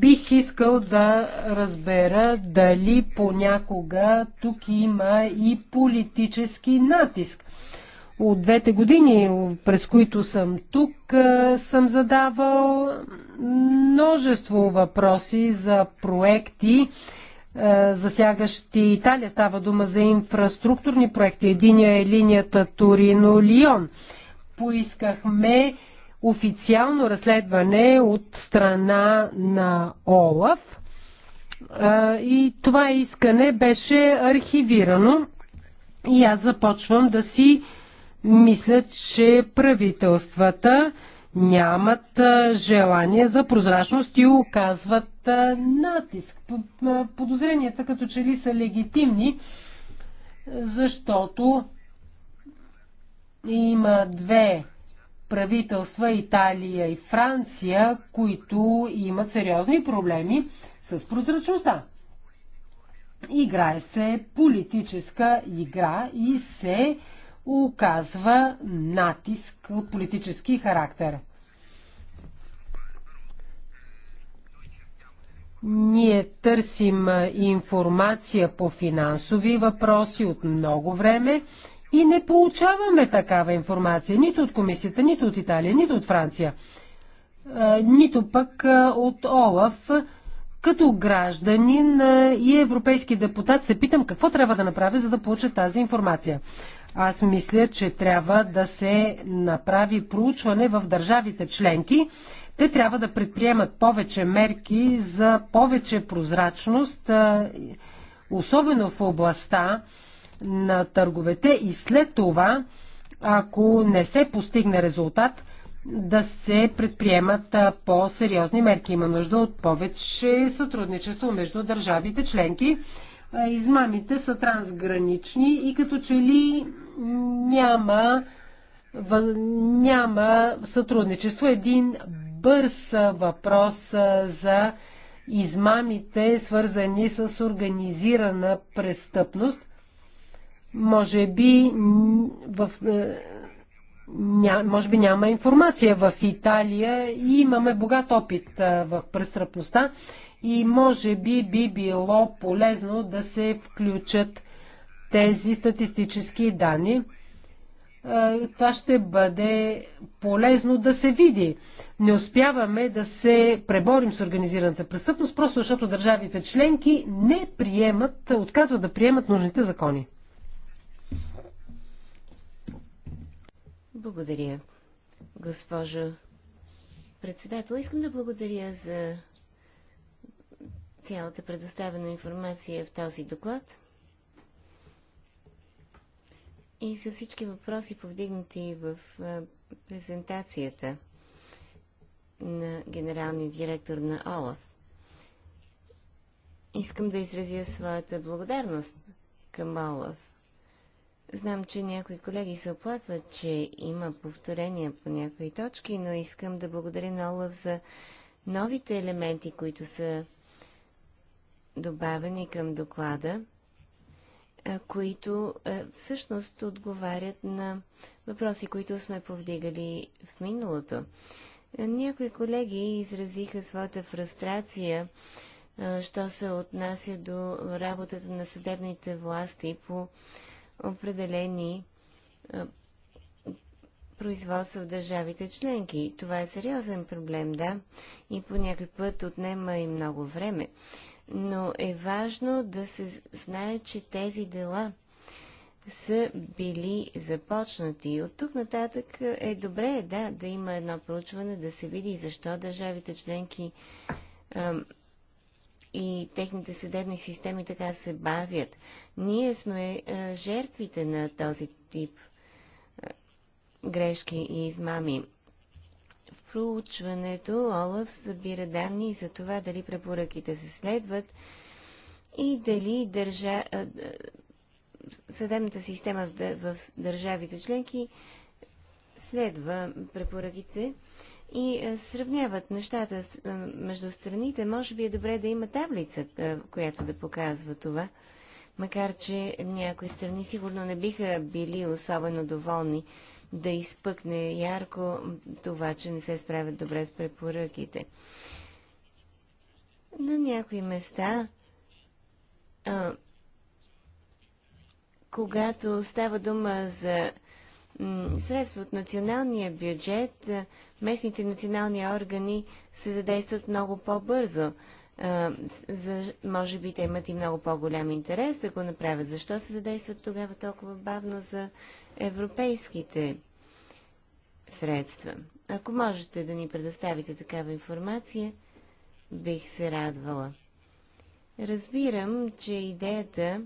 Бих искал да разбера дали понякога тук има и политически натиск. От двете години, през които съм тук, съм задавал множество въпроси за проекти, е, засягащи Италия. Става дума за инфраструктурни проекти. Единия е линията Торино-Лион. Поискахме официално разследване от страна на ОЛАФ. Е, и това искане беше архивирано. И аз започвам да си мисля, че правителствата нямат желание за прозрачност и оказват натиск. Подозренията като че ли са легитимни, защото има две правителства Италия и Франция, които имат сериозни проблеми с прозрачността. Играе се политическа игра и се оказва натиск от политически характер. Ние търсим информация по финансови въпроси от много време и не получаваме такава информация нито от комисията, нито от Италия, нито от Франция, нито пък от ОЛАФ. Като гражданин и европейски депутат се питам какво трябва да направя, за да получа тази информация. Аз мисля, че трябва да се направи проучване в държавите членки те трябва да предприемат повече мерки за повече прозрачност, особено в областта на търговете и след това, ако не се постигне резултат, да се предприемат по-сериозни мерки. Има нужда от повече сътрудничество между държавите членки. Измамите са трансгранични и като че ли няма, няма сътрудничество. Един бърз въпрос за измамите, свързани с организирана престъпност. Може би, в, е, ня, може би няма информация в Италия и имаме богат опит в престъпността и може би би било полезно да се включат тези статистически данни това ще бъде полезно да се види. Не успяваме да се преборим с организираната престъпност, просто защото държавите членки не приемат, отказват да приемат нужните закони. Благодаря, госпожо председател. Искам да благодаря за цялата предоставена информация в този доклад и за всички въпроси, повдигнати в презентацията на генералния директор на ОЛАФ. Искам да изразя своята благодарност към ОЛАФ. Знам, че някои колеги се оплакват, че има повторения по някои точки, но искам да благодаря на Олаф за новите елементи, които са добавени към доклада които всъщност отговарят на въпроси, които сме повдигали в миналото. Някои колеги изразиха своята фрустрация, що се отнася до работата на съдебните власти по определени производства в държавите членки. Това е сериозен проблем, да, и по някой път отнема и много време. Но е важно да се знае, че тези дела са били започнати. От тук нататък е добре, да, да има едно проучване, да се види защо държавите членки ам, и техните съдебни системи така се бавят. Ние сме а, жертвите на този тип грешки и измами. В проучването Олаф събира данни за това дали препоръките се следват и дали държа... съдебната система в държавите членки следва препоръките и сравняват нещата между страните. Може би е добре да има таблица, която да показва това. Макар, че някои страни сигурно не биха били особено доволни да изпъкне ярко това, че не се справят добре с препоръките. На някои места, а, когато става дума за средства от националния бюджет, местните национални органи се задействат много по-бързо за, може би те имат и много по-голям интерес да го направят. Защо се задействат тогава толкова бавно за европейските средства? Ако можете да ни предоставите такава информация, бих се радвала. Разбирам, че идеята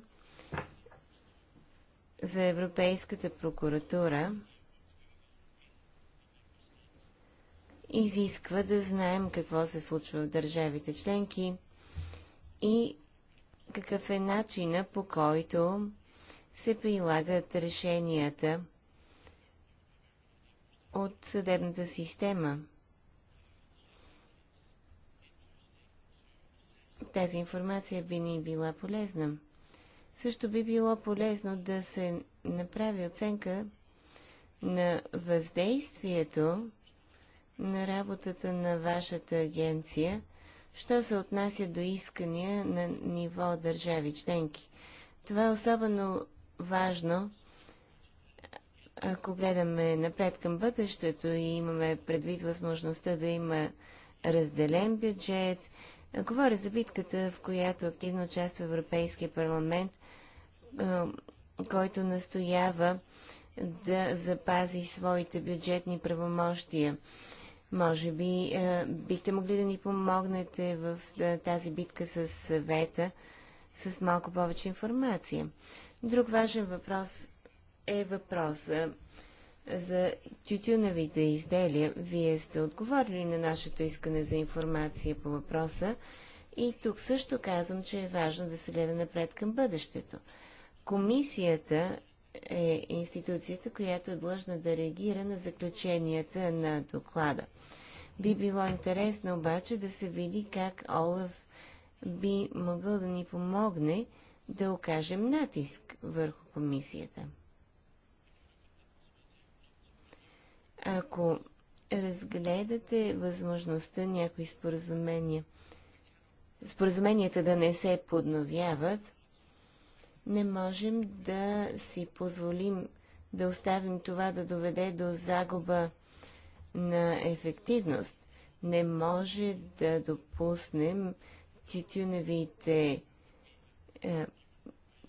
за Европейската прокуратура изисква да знаем какво се случва в държавите членки и какъв е начина по който се прилагат решенията от съдебната система. Тази информация би ни била полезна. Също би било полезно да се направи оценка на въздействието на работата на вашата агенция, що се отнася до искания на ниво държави членки. Това е особено важно, ако гледаме напред към бъдещето и имаме предвид възможността да има разделен бюджет. Говоря за битката, в която активно участва Европейския парламент, който настоява да запази своите бюджетни правомощия може би е, бихте могли да ни помогнете в е, тази битка с съвета с малко повече информация. Друг важен въпрос е въпрос за тютюновите изделия. Вие сте отговорили на нашето искане за информация по въпроса и тук също казвам, че е важно да се гледа напред към бъдещето. Комисията е институцията, която е длъжна да реагира на заключенията на доклада. Би било интересно обаче да се види как Олаф би могъл да ни помогне да окажем натиск върху комисията. Ако разгледате възможността някои споразумения, споразуменията да не се подновяват, не можем да си позволим да оставим това да доведе до загуба на ефективност. Не може да допуснем титюневите е,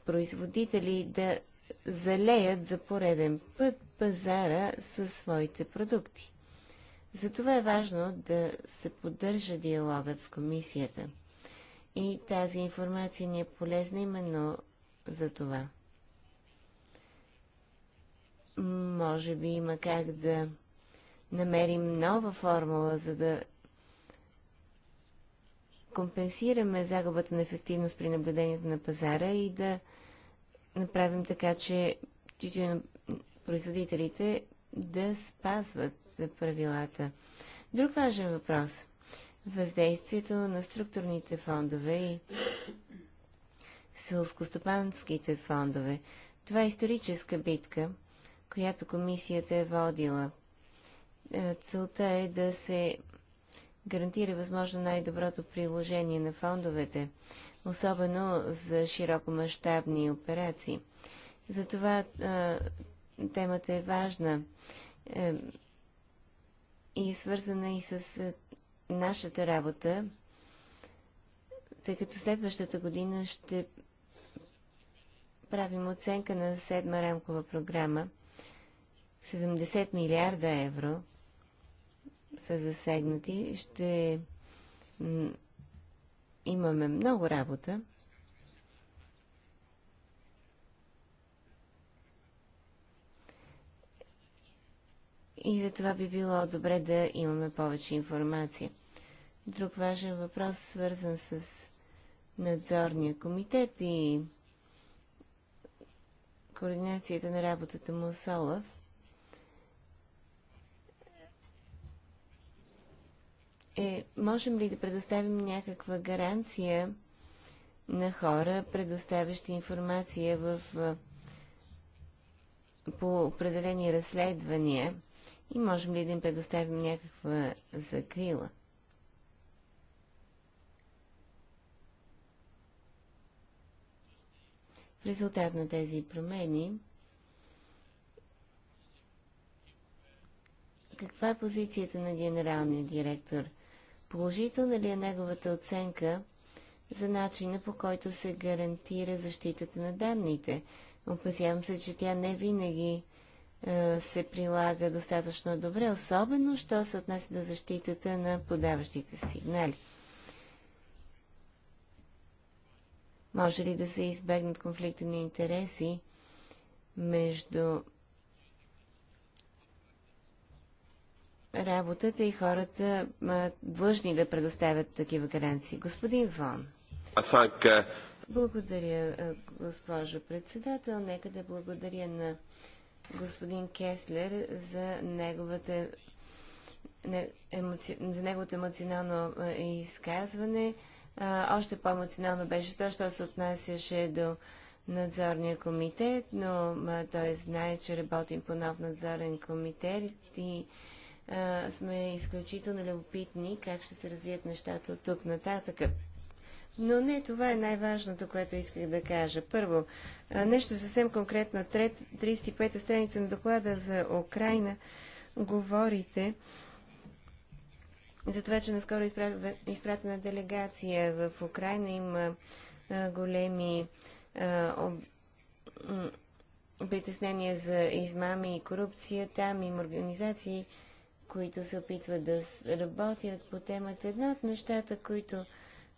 производители да залеят за пореден път пазара със своите продукти. Затова е важно да се поддържа диалогът с комисията. И тази информация ни е полезна именно за това. Може би има как да намерим нова формула, за да компенсираме загубата на ефективност при наблюдението на пазара и да направим така, че производителите да спазват правилата. Друг важен въпрос – въздействието на структурните фондове и сълскостопанските фондове. Това е историческа битка, която комисията е водила. Е, целта е да се гарантира възможно най-доброто приложение на фондовете, особено за широкомащабни операции. Затова е, темата е важна е, и е свързана и с нашата работа, тъй като следващата година ще правим оценка на седма рамкова програма, 70 милиарда евро са засегнати. Ще имаме много работа. И за това би било добре да имаме повече информация. Друг важен въпрос, свързан с надзорния комитет и координацията на работата му с Олаф. Е, можем ли да предоставим някаква гаранция на хора, предоставящи информация в, по определени разследвания и можем ли да им предоставим някаква закрила? В резултат на тези промени, каква е позицията на генералния директор? Положителна ли е неговата оценка за начина по който се гарантира защитата на данните? Опасявам се, че тя не винаги е, се прилага достатъчно добре, особено що се отнася до защитата на подаващите сигнали. Може ли да се избегнат конфликти на интереси между работата и хората длъжни да предоставят такива гаранции? Господин Вон. Uh, благодаря, госпожо председател. Нека да благодаря на господин Кеслер за неговата за неговото емоционално изказване а, още по-емоционално беше то, що се отнасяше до надзорния комитет, но а, той знае, че работим по нов надзорен комитет и а, сме изключително любопитни как ще се развият нещата от тук нататък. Но не, това е най-важното, което исках да кажа. Първо, нещо съвсем конкретно. 35-та страница на доклада за Украина говорите за това, че наскоро изпратена делегация в Украина има големи притеснения за измами и корупция. Там има организации, които се опитват да работят по темата. Една от нещата, които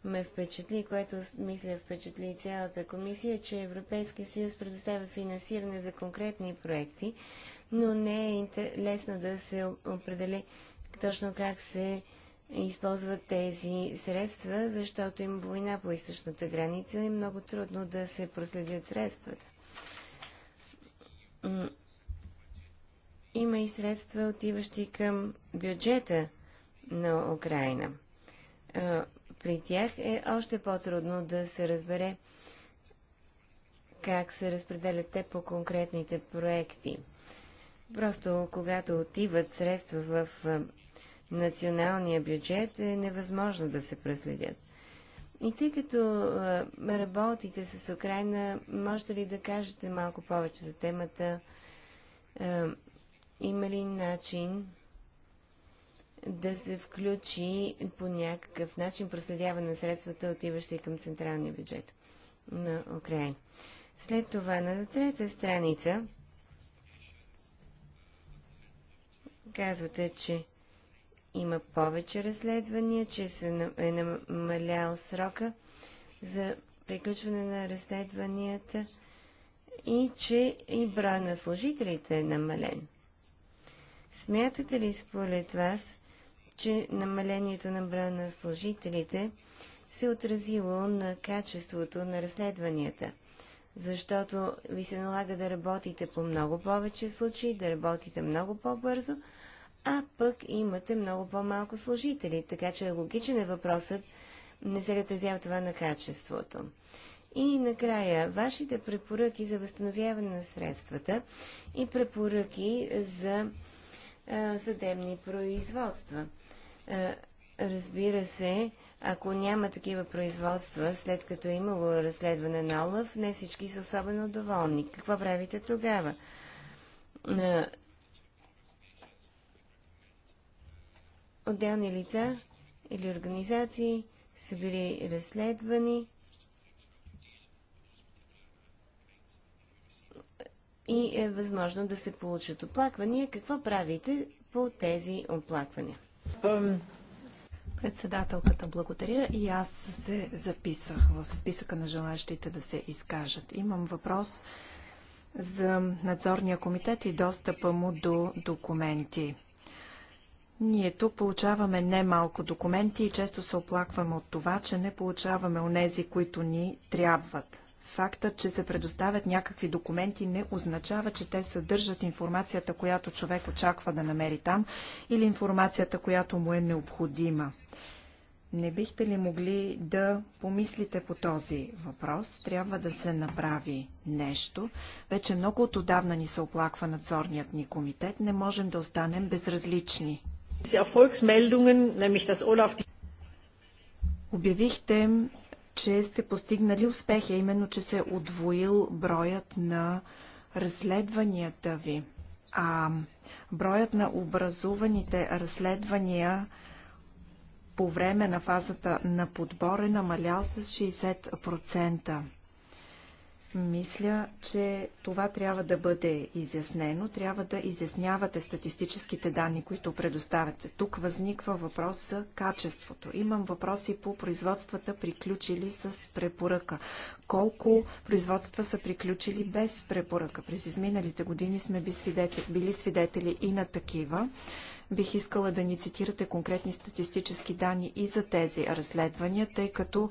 ме впечатли, което мисля впечатли и цялата комисия, е, че Европейския съюз предоставя финансиране за конкретни проекти, но не е лесно да се определи точно как се използват тези средства, защото има война по източната граница и много трудно да се проследят средствата. Има и средства, отиващи към бюджета на Украина. При тях е още по-трудно да се разбере как се разпределят те по конкретните проекти. Просто когато отиват средства в националния бюджет, е невъзможно да се преследят. И тъй като работите с Украина, можете ли да кажете малко повече за темата? Има ли начин да се включи по някакъв начин проследяване на средствата, отиващи към централния бюджет на Украина? След това на трета страница казвате, че има повече разследвания, че се е намалял срока за приключване на разследванията и че и броя на служителите е намален. Смятате ли според вас, че намалението на броя на служителите се отразило на качеството на разследванията? Защото ви се налага да работите по много повече случаи, да работите много по-бързо – а пък имате много по-малко служители, така че е логичен е въпросът, не се ли отразява това на качеството. И накрая, вашите препоръки за възстановяване на средствата и препоръки за а, съдебни производства. А, разбира се, ако няма такива производства, след като е имало разследване на Олаф, не всички са особено доволни. Какво правите тогава? отделни лица или организации са били разследвани и е възможно да се получат оплаквания. Какво правите по тези оплаквания? Председателката благодаря и аз се записах в списъка на желащите да се изкажат. Имам въпрос за надзорния комитет и достъпа му до документи. Ние тук получаваме немалко документи и често се оплакваме от това, че не получаваме онези, които ни трябват. Фактът, че се предоставят някакви документи не означава, че те съдържат информацията, която човек очаква да намери там или информацията, която му е необходима. Не бихте ли могли да помислите по този въпрос? Трябва да се направи нещо. Вече много отдавна ни се оплаква надзорният ни комитет. Не можем да останем безразлични. Обявихте, че сте постигнали успехи, именно, че се е удвоил броят на разследванията ви. А броят на образуваните разследвания по време на фазата на подбор е намалял с 60%. Мисля, че това трябва да бъде изяснено. Трябва да изяснявате статистическите данни, които предоставяте. Тук възниква въпрос за качеството. Имам въпроси по производствата, приключили с препоръка. Колко производства са приключили без препоръка? През изминалите години сме били свидетели и на такива. Бих искала да ни цитирате конкретни статистически данни и за тези разследвания, тъй като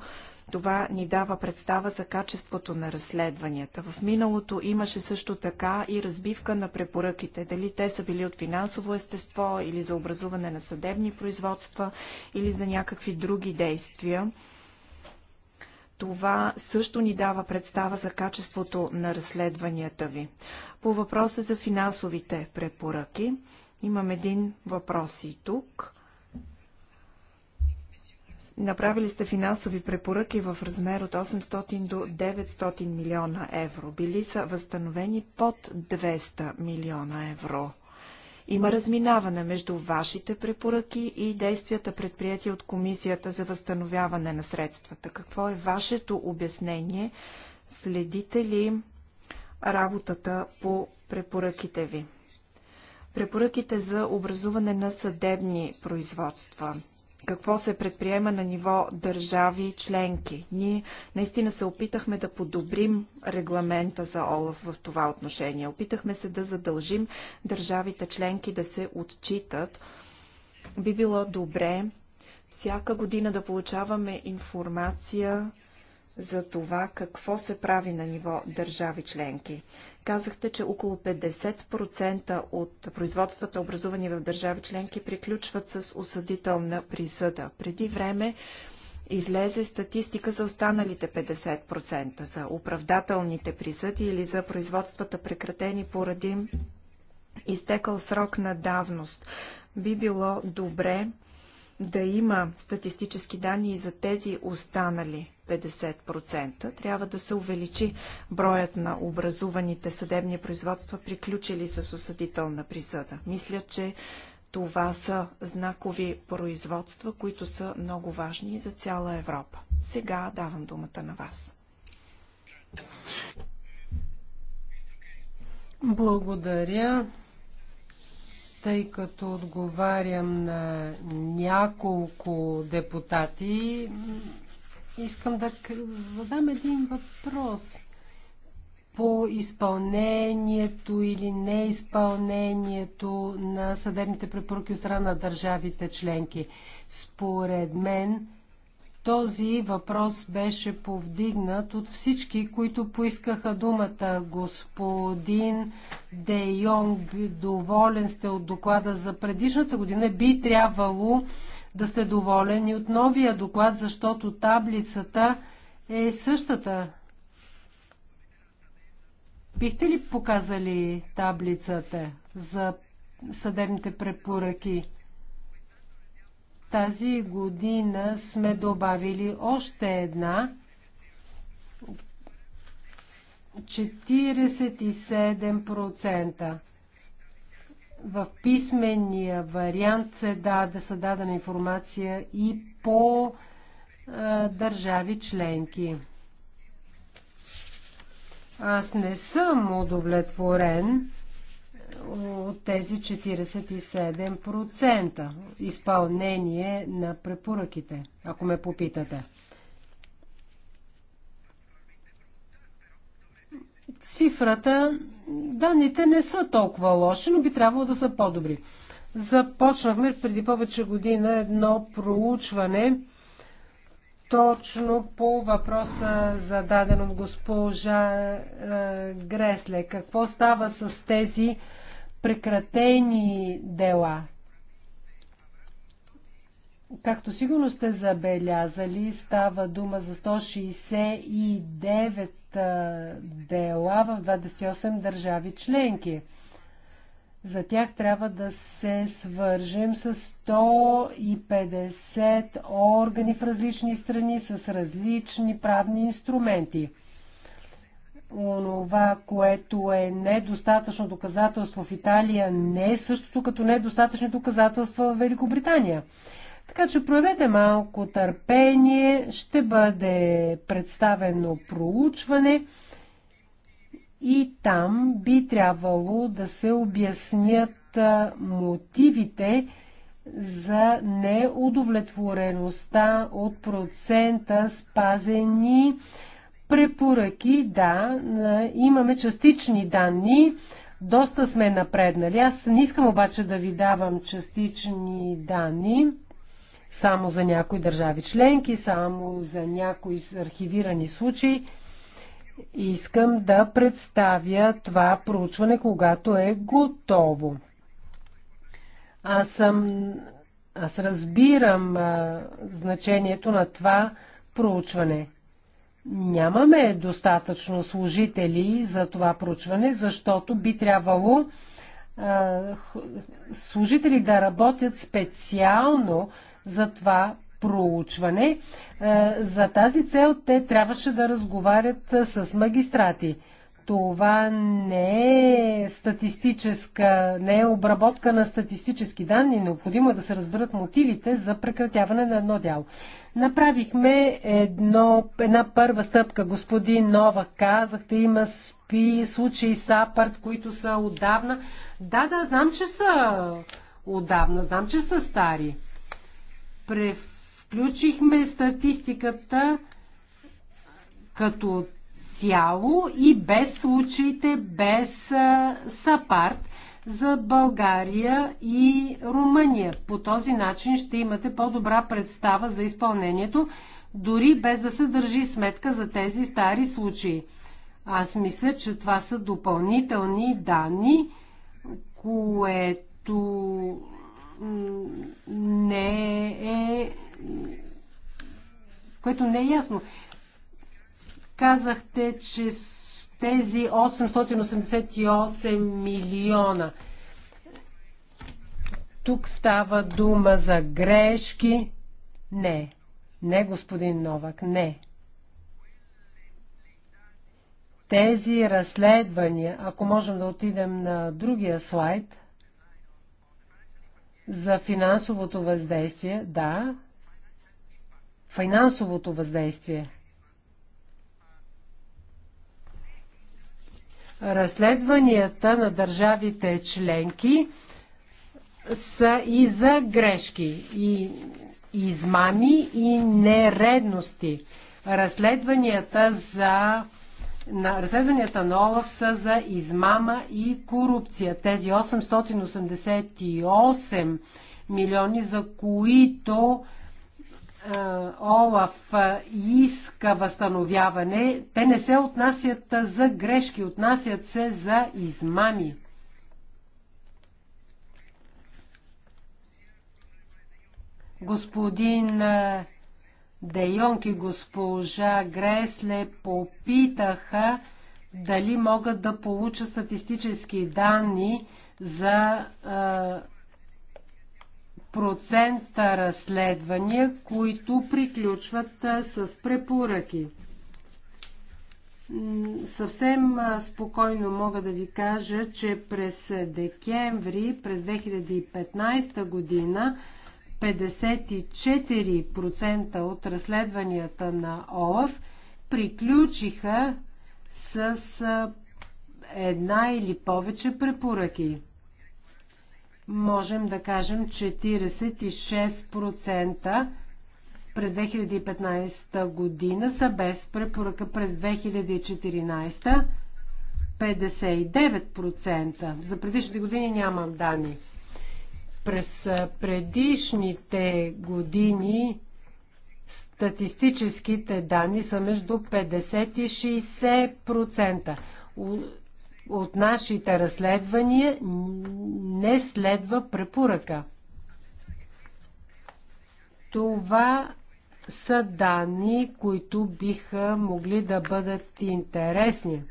това ни дава представа за качеството на разследванията. В миналото имаше също така и разбивка на препоръките. Дали те са били от финансово естество или за образуване на съдебни производства или за някакви други действия. Това също ни дава представа за качеството на разследванията ви. По въпроса за финансовите препоръки, имам един въпрос и тук – Направили сте финансови препоръки в размер от 800 до 900 милиона евро. Били са възстановени под 200 милиона евро. Има разминаване между вашите препоръки и действията предприятия от Комисията за възстановяване на средствата. Какво е вашето обяснение? Следите ли работата по препоръките ви? Препоръките за образуване на съдебни производства какво се предприема на ниво държави членки. Ние наистина се опитахме да подобрим регламента за ОЛАФ в това отношение. Опитахме се да задължим държавите членки да се отчитат. Би било добре всяка година да получаваме информация за това какво се прави на ниво държави членки. Казахте, че около 50% от производствата, образувани в държави членки, приключват с осъдителна присъда. Преди време излезе статистика за останалите 50%, за оправдателните присъди или за производствата прекратени поради изтекал срок на давност. Би било добре да има статистически данни и за тези останали 50%. Трябва да се увеличи броят на образуваните съдебни производства, приключили с осъдителна присъда. Мисля, че това са знакови производства, които са много важни за цяла Европа. Сега давам думата на вас. Благодаря тъй като отговарям на няколко депутати, искам да задам един въпрос по изпълнението или неизпълнението на съдебните препоръки от страна на държавите членки. Според мен, този въпрос беше повдигнат от всички, които поискаха думата. Господин Де Йонг, доволен сте от доклада за предишната година. Би трябвало да сте доволен и от новия доклад, защото таблицата е същата. Бихте ли показали таблицата за съдебните препоръки? Тази година сме добавили още една 47%. В писмения вариант се даде, са дадена информация и по а, държави членки. Аз не съм удовлетворен от тези 47% изпълнение на препоръките, ако ме попитате. Цифрата, данните не са толкова лоши, но би трябвало да са по-добри. Започнахме преди повече година едно проучване точно по въпроса зададен от госпожа е, Гресле. Какво става с тези прекратени дела. Както сигурно сте забелязали, става дума за 169 дела в 28 държави членки. За тях трябва да се свържем с 150 органи в различни страни, с различни правни инструменти – онова, което е недостатъчно доказателство в Италия, не е същото като недостатъчни доказателства в Великобритания. Така че проявете малко търпение, ще бъде представено проучване и там би трябвало да се обяснят мотивите за неудовлетвореността от процента спазени Препоръки, да, имаме частични данни, доста сме напреднали. Аз не искам обаче да ви давам частични данни само за някои държави членки, само за някои архивирани случаи. Искам да представя това проучване, когато е готово. Аз съм. Аз разбирам а, значението на това проучване нямаме достатъчно служители за това проучване, защото би трябвало а, служители да работят специално за това проучване. За тази цел те трябваше да разговарят с магистрати това не е статистическа, не е обработка на статистически данни. Необходимо е да се разберат мотивите за прекратяване на едно дяло. Направихме едно, една първа стъпка. Господин Нова, казахте, има спи, случаи САПАРТ, които са отдавна. Да, да, знам, че са отдавна, знам, че са стари. Превключихме статистиката като изцяло и без случаите, без САПАРТ за България и Румъния. По този начин ще имате по-добра представа за изпълнението, дори без да се държи сметка за тези стари случаи. Аз мисля, че това са допълнителни данни, което не е което не е ясно. Казахте, че тези 888 милиона. Тук става дума за грешки. Не. Не, господин Новак, не. Тези разследвания, ако можем да отидем на другия слайд, за финансовото въздействие, да, финансовото въздействие – разследванията на държавите членки са и за грешки, и измами и нередности. Разследванията за на разследванията на Олаф са за измама и корупция. Тези 888 милиони, за които е, Олаф е, иска възстановяване, те не се отнасят е, за грешки, отнасят се за измами. Господин Дейонг и госпожа Гресле попитаха дали могат да получат статистически данни за процента разследвания, които приключват с препоръки. Съвсем спокойно мога да ви кажа, че през декември, през 2015 година, 54% от разследванията на ОЛАФ приключиха с една или повече препоръки можем да кажем 46% през 2015 година са без препоръка през 2014 59%. За предишните години нямам данни. През предишните години статистическите данни са между 50 и 60% от нашите разследвания не следва препоръка. Това са данни, които биха могли да бъдат интересни.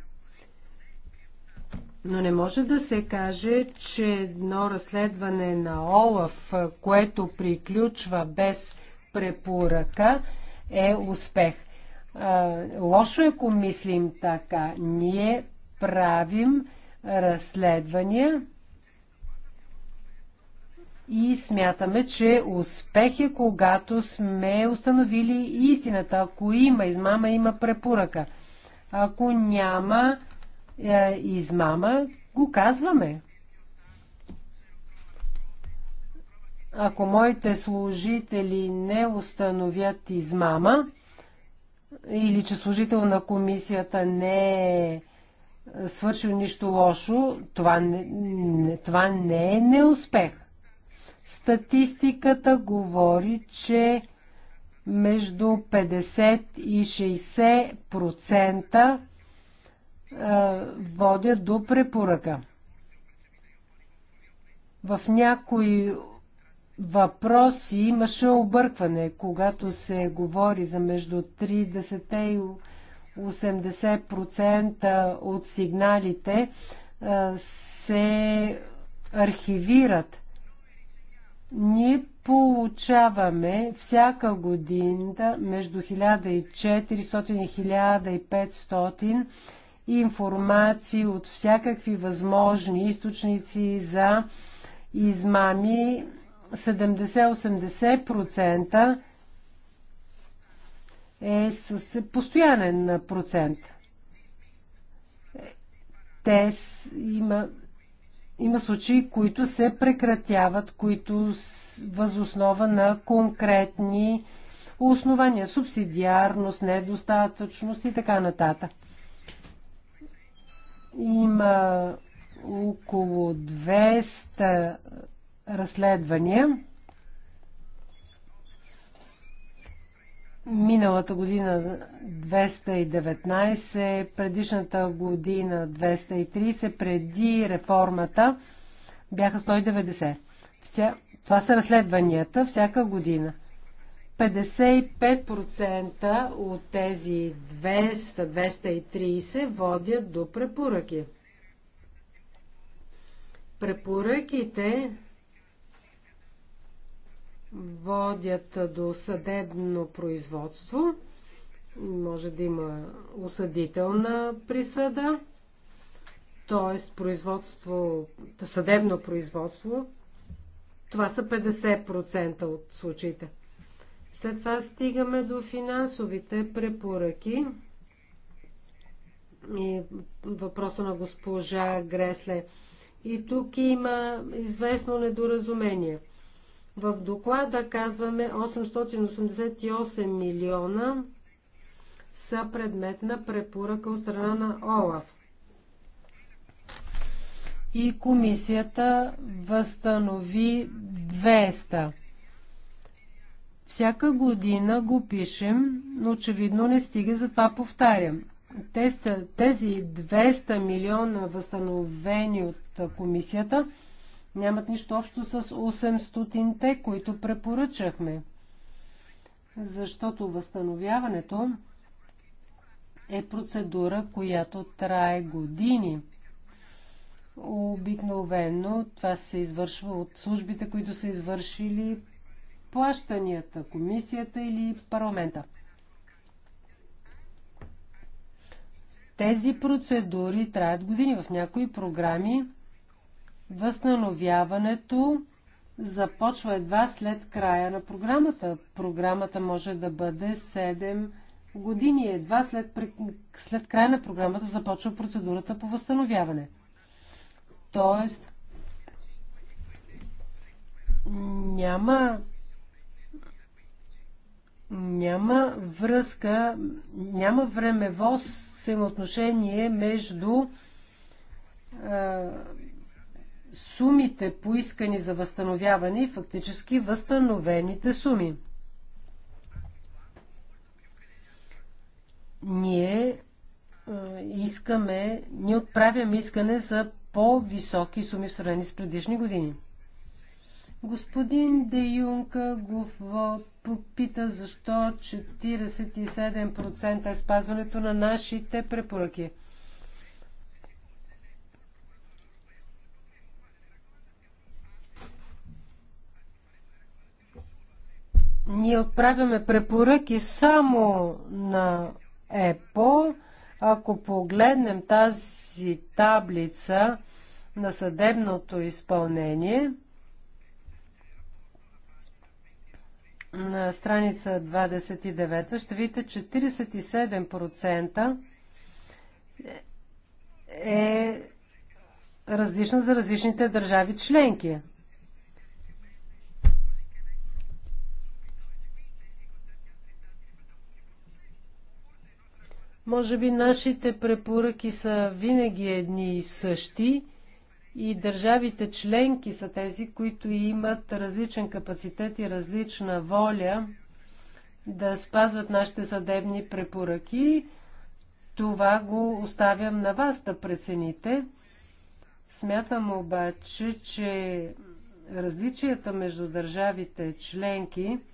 Но не може да се каже, че едно разследване на ОЛАФ, което приключва без препоръка, е успех. Лошо е, ако мислим така. Ние правим разследвания и смятаме, че успех е когато сме установили истината. Ако има измама, има препоръка. Ако няма е, измама, го казваме. Ако моите служители не установят измама, или че служител на комисията не е свършил нищо лошо, това не, това не е неуспех. Статистиката говори, че между 50 и 60% водят до препоръка. В някои въпроси имаше объркване, когато се говори за между 30 и 80% от сигналите се архивират. Ние получаваме всяка година между 1400 и 1500 информации от всякакви възможни източници за измами. 70-80% е с постоянен процент. Те има, има случаи, които се прекратяват, които възоснова на конкретни основания, субсидиарност, недостатъчност и така нататък. Има около 200 разследвания Миналата година 219, предишната година 230, преди реформата бяха 190. Това са разследванията всяка година. 55% от тези 200-230 водят до препоръки. Препоръките водят до съдебно производство. Може да има осъдителна присъда, т.е. производство, съдебно производство. Това са 50% от случаите. След това стигаме до финансовите препоръки и въпроса на госпожа Гресле. И тук има известно недоразумение – в доклада казваме 888 милиона са предмет на препоръка от страна на ОЛАФ. И комисията възстанови 200. Всяка година го пишем, но очевидно не стига, затова повтарям. Тези 200 милиона възстановени от комисията – нямат нищо общо с 800-те, които препоръчахме. Защото възстановяването е процедура, която трае години. Обикновено това се извършва от службите, които са извършили плащанията, комисията или парламента. Тези процедури траят години. В някои програми Възстановяването започва едва след края на програмата. Програмата може да бъде 7 години. Едва след, след края на програмата започва процедурата по възстановяване. Тоест, няма няма връзка, няма времево взаимоотношение между сумите поискани за възстановяване и фактически възстановените суми. Ние е, искаме, ние отправяме искане за по-високи суми в сравнение с предишни години. Господин Де Юнка го попита защо 47% е спазването на нашите препоръки. Ние отправяме препоръки само на ЕПО. Ако погледнем тази таблица на съдебното изпълнение, на страница 29 ще видите 47% е различна за различните държави членки. Може би нашите препоръки са винаги едни и същи и държавите членки са тези, които имат различен капацитет и различна воля да спазват нашите съдебни препоръки. Това го оставям на вас да прецените. Смятам обаче, че различията между държавите членки –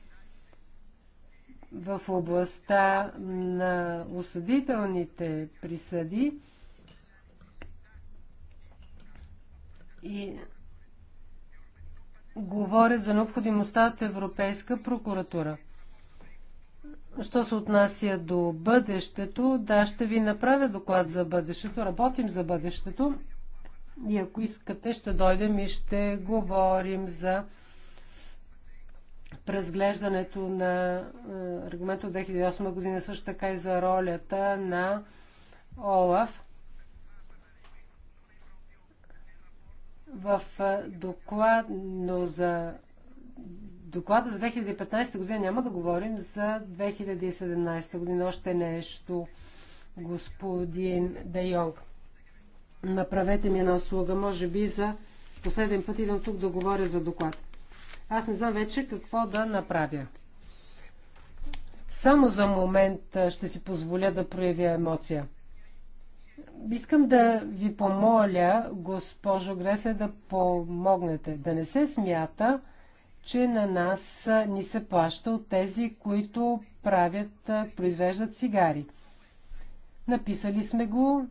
в областта на осъдителните присъди и говоря за необходимостта от Европейска прокуратура. Що се отнася до бъдещето, да, ще ви направя доклад за бъдещето. Работим за бъдещето. И ако искате, ще дойдем и ще говорим за разглеждането на е, регламента от 2008 година, също така и за ролята на ОЛАФ. В е, доклад, но за доклада за 2015 година няма да говорим за 2017 година. Още нещо, господин Де Йонг. Направете ми една услуга, може би за последен път идвам тук да говоря за доклад. Аз не знам вече какво да направя. Само за момент ще си позволя да проявя емоция. Искам да ви помоля, госпожо Гресле, да помогнете. Да не се смята, че на нас ни се плаща от тези, които правят, произвеждат цигари. Написали сме го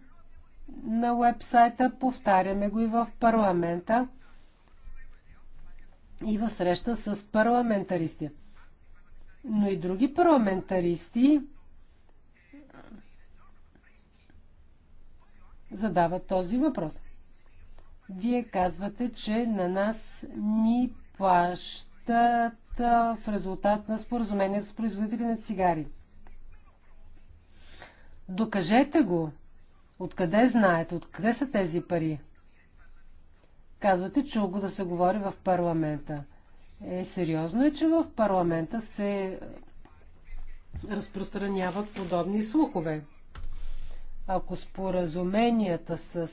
на уебсайта, повтаряме го и в парламента и в среща с парламентаристи. Но и други парламентаристи задават този въпрос. Вие казвате, че на нас ни плащат в резултат на споразумението с производители на цигари. Докажете го. Откъде знаете? Откъде са тези пари? Казвате, че го да се говори в парламента. Е, сериозно е, че в парламента се разпространяват подобни слухове. Ако споразуменията с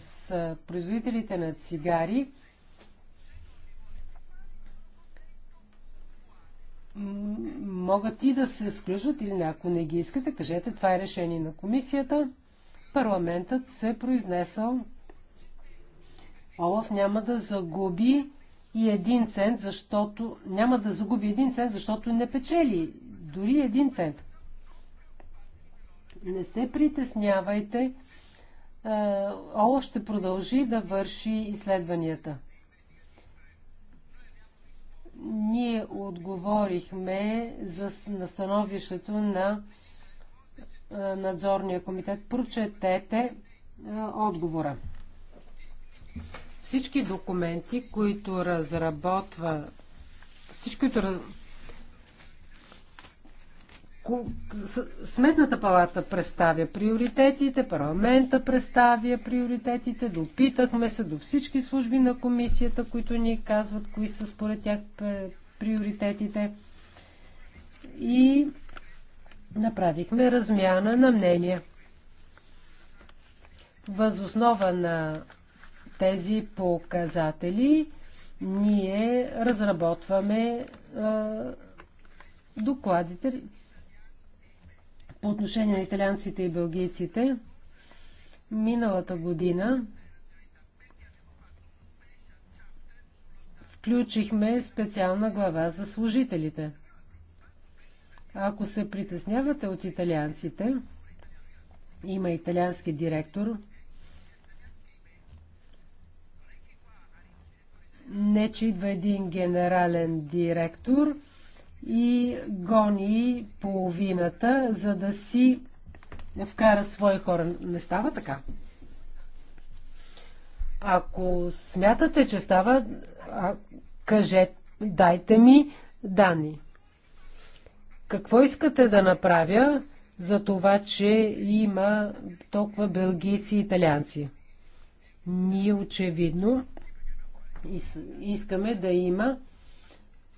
производителите на цигари могат и да се сключват или ако не ги искате, кажете, това е решение на комисията. Парламентът се е произнесъл Олаф няма да загуби и един цент, защото няма да загуби един цент, защото не печели дори един цент. Не се притеснявайте. Е, Олаф ще продължи да върши изследванията. Ние отговорихме за настановището на е, надзорния комитет. Прочетете е, отговора. Всички документи, които разработва, всички, които Сметната палата представя приоритетите, парламента представя приоритетите, допитахме се до всички служби на комисията, които ни казват кои са според тях приоритетите и направихме размяна на мнения. Възоснова на тези показатели ние разработваме а, докладите по отношение на италианците и белгийците. Миналата година включихме специална глава за служителите. Ако се притеснявате от италианците, има италиански директор, не че идва един генерален директор и гони половината, за да си вкара свои хора. Не става така. Ако смятате, че става, а, кажете, дайте ми данни. Какво искате да направя за това, че има толкова белгийци и италианци? Ние очевидно искаме да има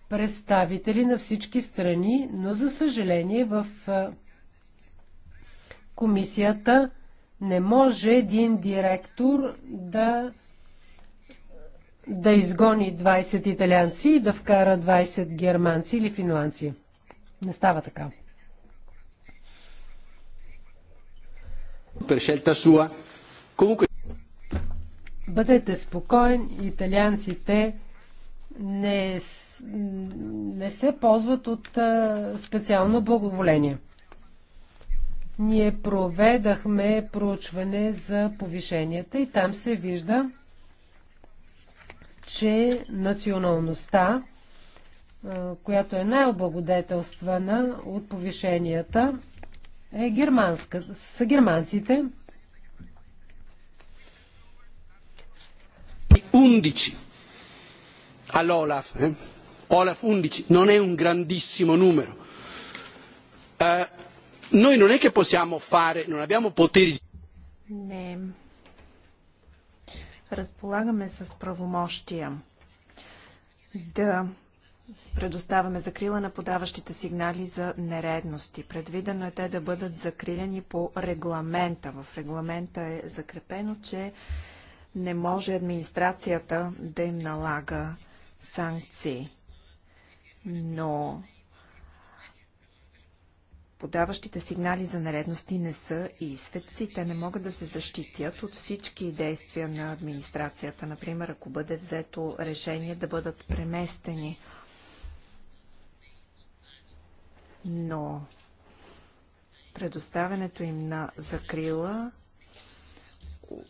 представители на всички страни, но за съжаление в комисията не може един директор да да изгони 20 италианци и да вкара 20 германци или финландци. Не става така. Per scelta sua, comunque Бъдете спокоен, италианците не, не се ползват от специално благоволение. Ние проведахме проучване за повишенията и там се вижда, че националността, която е най-облагодетелствана от повишенията, е германска, са германците – 11 all'Olaf, eh? Olaf 11 non è un grandissimo numero. Eh, noi non è che possiamo fare, non abbiamo poteri. Не. Разполагаме с правомощия да предоставяме закрила на подаващите сигнали за нередности. Предвидено е те да бъдат закриляни по регламента. В регламента е закрепено, че не може администрацията да им налага санкции. Но подаващите сигнали за наредности не са и светци. Те не могат да се защитят от всички действия на администрацията. Например, ако бъде взето решение да бъдат преместени. Но предоставянето им на закрила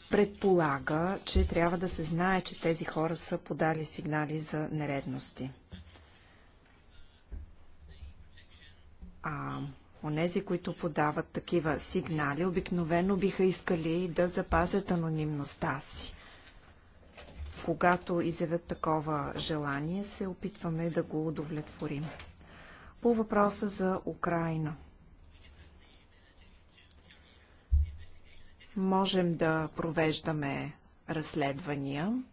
предполага, че трябва да се знае, че тези хора са подали сигнали за нередности. А онези, които подават такива сигнали, обикновено биха искали да запазят анонимността си. Когато изявят такова желание, се опитваме да го удовлетворим. По въпроса за Украина – Можем да провеждаме разследвания,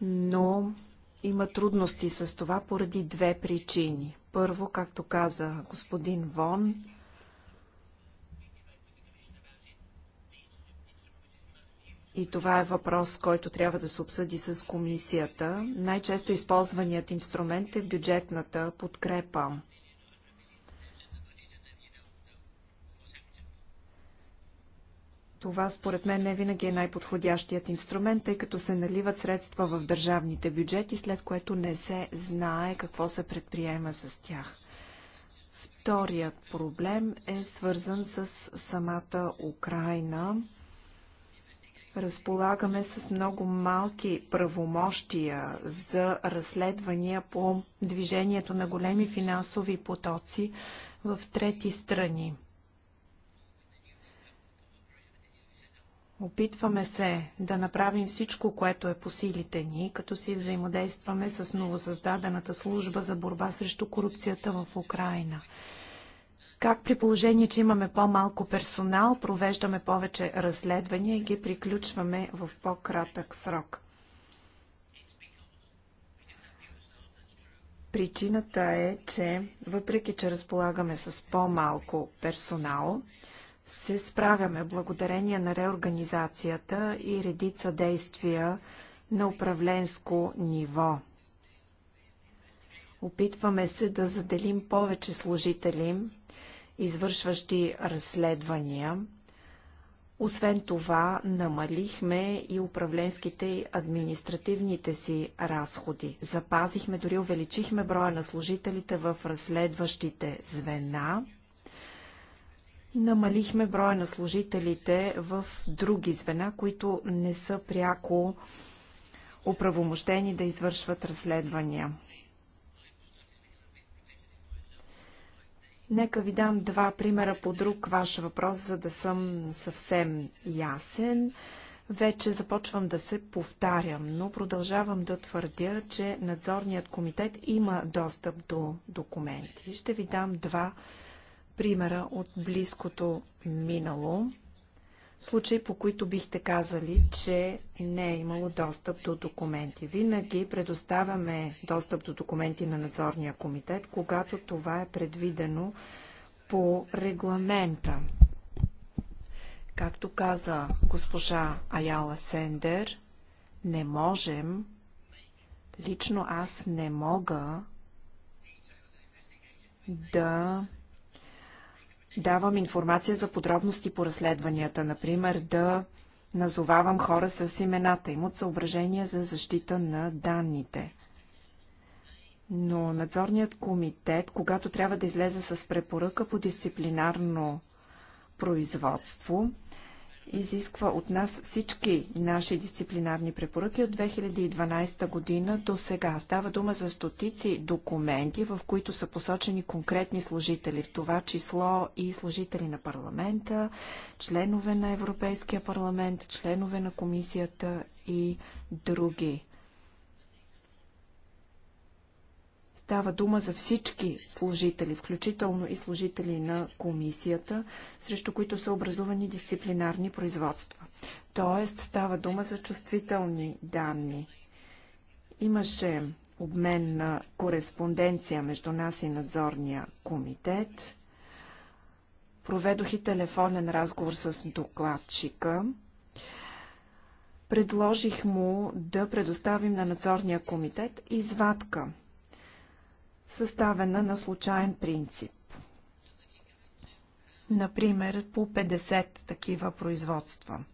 но има трудности с това поради две причини. Първо, както каза господин Вон, и това е въпрос, който трябва да се обсъди с комисията, най-често използваният инструмент е бюджетната подкрепа. Това според мен не винаги е най-подходящият инструмент, тъй като се наливат средства в държавните бюджети, след което не се знае какво се предприема с тях. Вторият проблем е свързан с самата Украина. Разполагаме с много малки правомощия за разследвания по движението на големи финансови потоци в трети страни. Опитваме се да направим всичко, което е по силите ни, като си взаимодействаме с новосъздадената служба за борба срещу корупцията в Украина. Как при положение, че имаме по-малко персонал, провеждаме повече разследвания и ги приключваме в по-кратък срок? Причината е, че въпреки, че разполагаме с по-малко персонал, се справяме благодарение на реорганизацията и редица действия на управленско ниво. Опитваме се да заделим повече служители, извършващи разследвания. Освен това, намалихме и управленските и административните си разходи. Запазихме, дори увеличихме броя на служителите в разследващите звена – Намалихме броя на служителите в други звена, които не са пряко оправомощени да извършват разследвания. Нека ви дам два примера по друг ваш въпрос, за да съм съвсем ясен. Вече започвам да се повтарям, но продължавам да твърдя, че надзорният комитет има достъп до документи. Ще ви дам два примера примера от близкото минало, случаи по които бихте казали, че не е имало достъп до документи. Винаги предоставяме достъп до документи на надзорния комитет, когато това е предвидено по регламента. Както каза госпожа Аяла Сендер, не можем, лично аз не мога да давам информация за подробности по разследванията, например да назовавам хора с имената им от съображения за защита на данните. Но надзорният комитет, когато трябва да излезе с препоръка по дисциплинарно производство, изисква от нас всички наши дисциплинарни препоръки от 2012 година до сега. Става дума за стотици документи, в които са посочени конкретни служители, в това число и служители на парламента, членове на Европейския парламент, членове на комисията и други. Става дума за всички служители, включително и служители на комисията, срещу които са образувани дисциплинарни производства. Тоест става дума за чувствителни данни. Имаше обмен на кореспонденция между нас и надзорния комитет. Проведох и телефонен разговор с докладчика. Предложих му да предоставим на надзорния комитет извадка съставена на случайен принцип. Например, по 50 такива производства.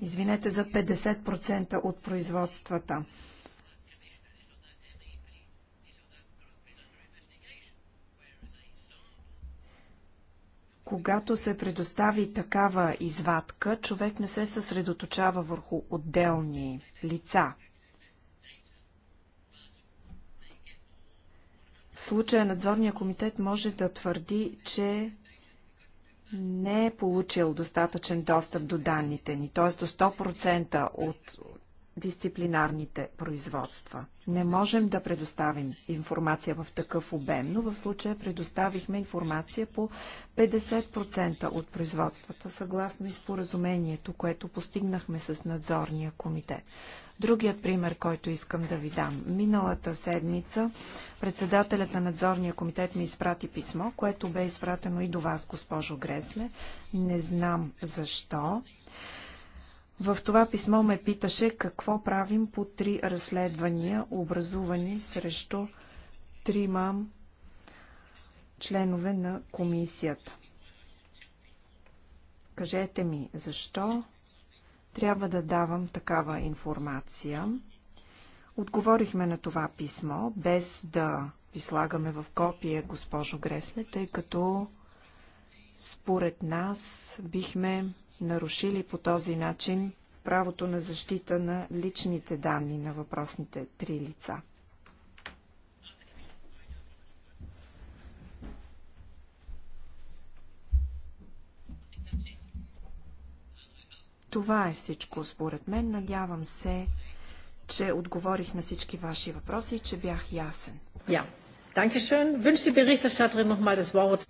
Извинете за 50% от производствата. Когато се предостави такава извадка, човек не се съсредоточава върху отделни лица. В случая надзорния комитет може да твърди, че не е получил достатъчен достъп до данните ни, т.е. до 100% от дисциплинарните производства. Не можем да предоставим информация в такъв обем, но в случая предоставихме информация по 50% от производствата, съгласно и споразумението, което постигнахме с надзорния комитет. Другият пример, който искам да ви дам. Миналата седмица председателят на надзорния комитет ми изпрати писмо, което бе изпратено и до вас, госпожо Гресле. Не знам защо. В това писмо ме питаше какво правим по три разследвания, образувани срещу трима членове на комисията. Кажете ми, защо трябва да давам такава информация? Отговорихме на това писмо, без да ви слагаме в копия госпожо Гресле, тъй като според нас бихме нарушили по този начин правото на защита на личните данни на въпросните три лица. Това е всичко според мен. Надявам се, че отговорих на всички ваши въпроси и че бях ясен.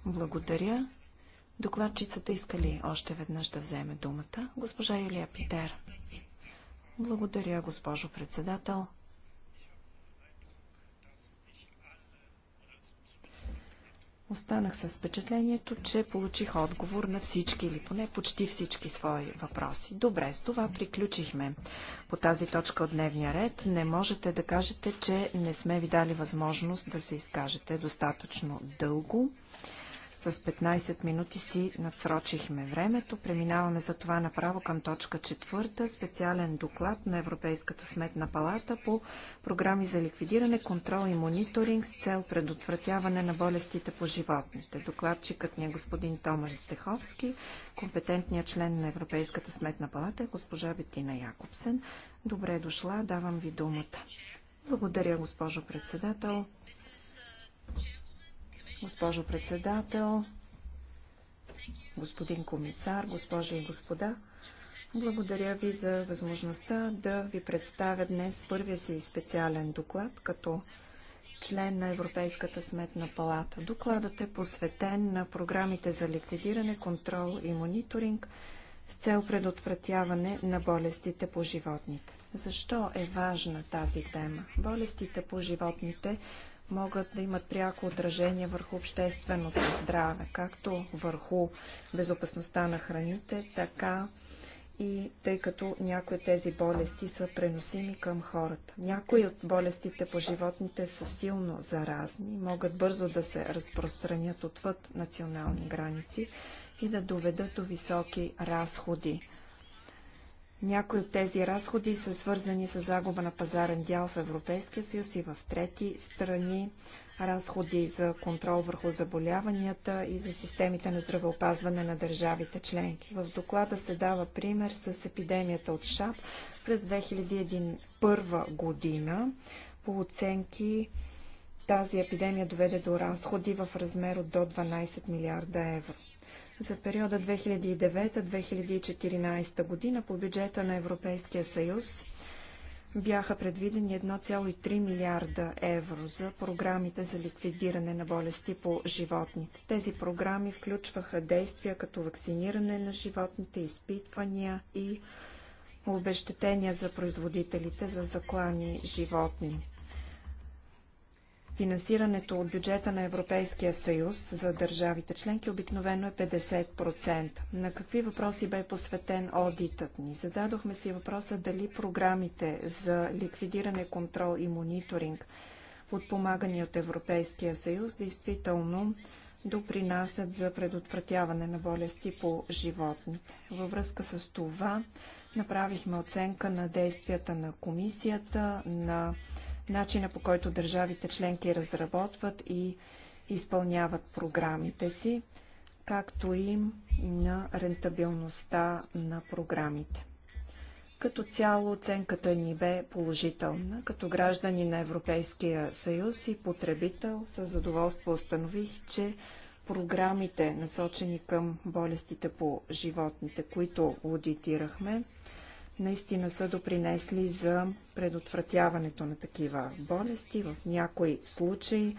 Благодаря. Докладчицата иска ли още веднъж да вземе думата? Госпожа Илия Питер. Благодаря, госпожо председател. Останах с впечатлението, че получих отговор на всички или поне почти всички свои въпроси. Добре, с това приключихме по тази точка от дневния ред. Не можете да кажете, че не сме ви дали възможност да се изкажете достатъчно дълго. С 15 минути си надсрочихме времето. Преминаваме за това направо към точка четвърта. Специален доклад на Европейската сметна палата по програми за ликвидиране, контрол и мониторинг с цел предотвратяване на болестите по животните. Докладчикът ни е господин Томар Стеховски. Компетентният член на Европейската сметна палата е госпожа Бетина Якобсен. Добре дошла, давам ви думата. Благодаря, госпожо председател. Госпожо председател, господин комисар, госпожи и господа, благодаря ви за възможността да ви представя днес първия си специален доклад като член на Европейската сметна палата. Докладът е посветен на програмите за ликвидиране, контрол и мониторинг с цел предотвратяване на болестите по животните. Защо е важна тази тема? Болестите по животните могат да имат пряко отражение върху общественото здраве, както върху безопасността на храните, така и тъй като някои от тези болести са преносими към хората. Някои от болестите по животните са силно заразни, могат бързо да се разпространят отвъд национални граници и да доведат до високи разходи някои от тези разходи са свързани с загуба на пазарен дял в Европейския съюз и в трети страни, разходи за контрол върху заболяванията и за системите на здравеопазване на държавите членки. В доклада се дава пример с епидемията от ШАП през 2001 година. По оценки тази епидемия доведе до разходи в размер от до 12 милиарда евро за периода 2009-2014 година по бюджета на Европейския съюз бяха предвидени 1,3 милиарда евро за програмите за ликвидиране на болести по животните. Тези програми включваха действия като вакциниране на животните, изпитвания и обещетения за производителите за заклани животни. Финансирането от бюджета на Европейския съюз за държавите членки обикновено е 50%. На какви въпроси бе посветен одитът ни? Зададохме си въпроса дали програмите за ликвидиране, контрол и мониторинг, подпомагани от Европейския съюз, действително допринасят за предотвратяване на болести по животните. Във връзка с това направихме оценка на действията на комисията, на начина по който държавите членки разработват и изпълняват програмите си, както и на рентабилността на програмите. Като цяло оценката ни бе положителна. Като граждани на Европейския съюз и потребител с задоволство установих, че програмите, насочени към болестите по животните, които аудитирахме, наистина са допринесли за предотвратяването на такива болести. В някои случаи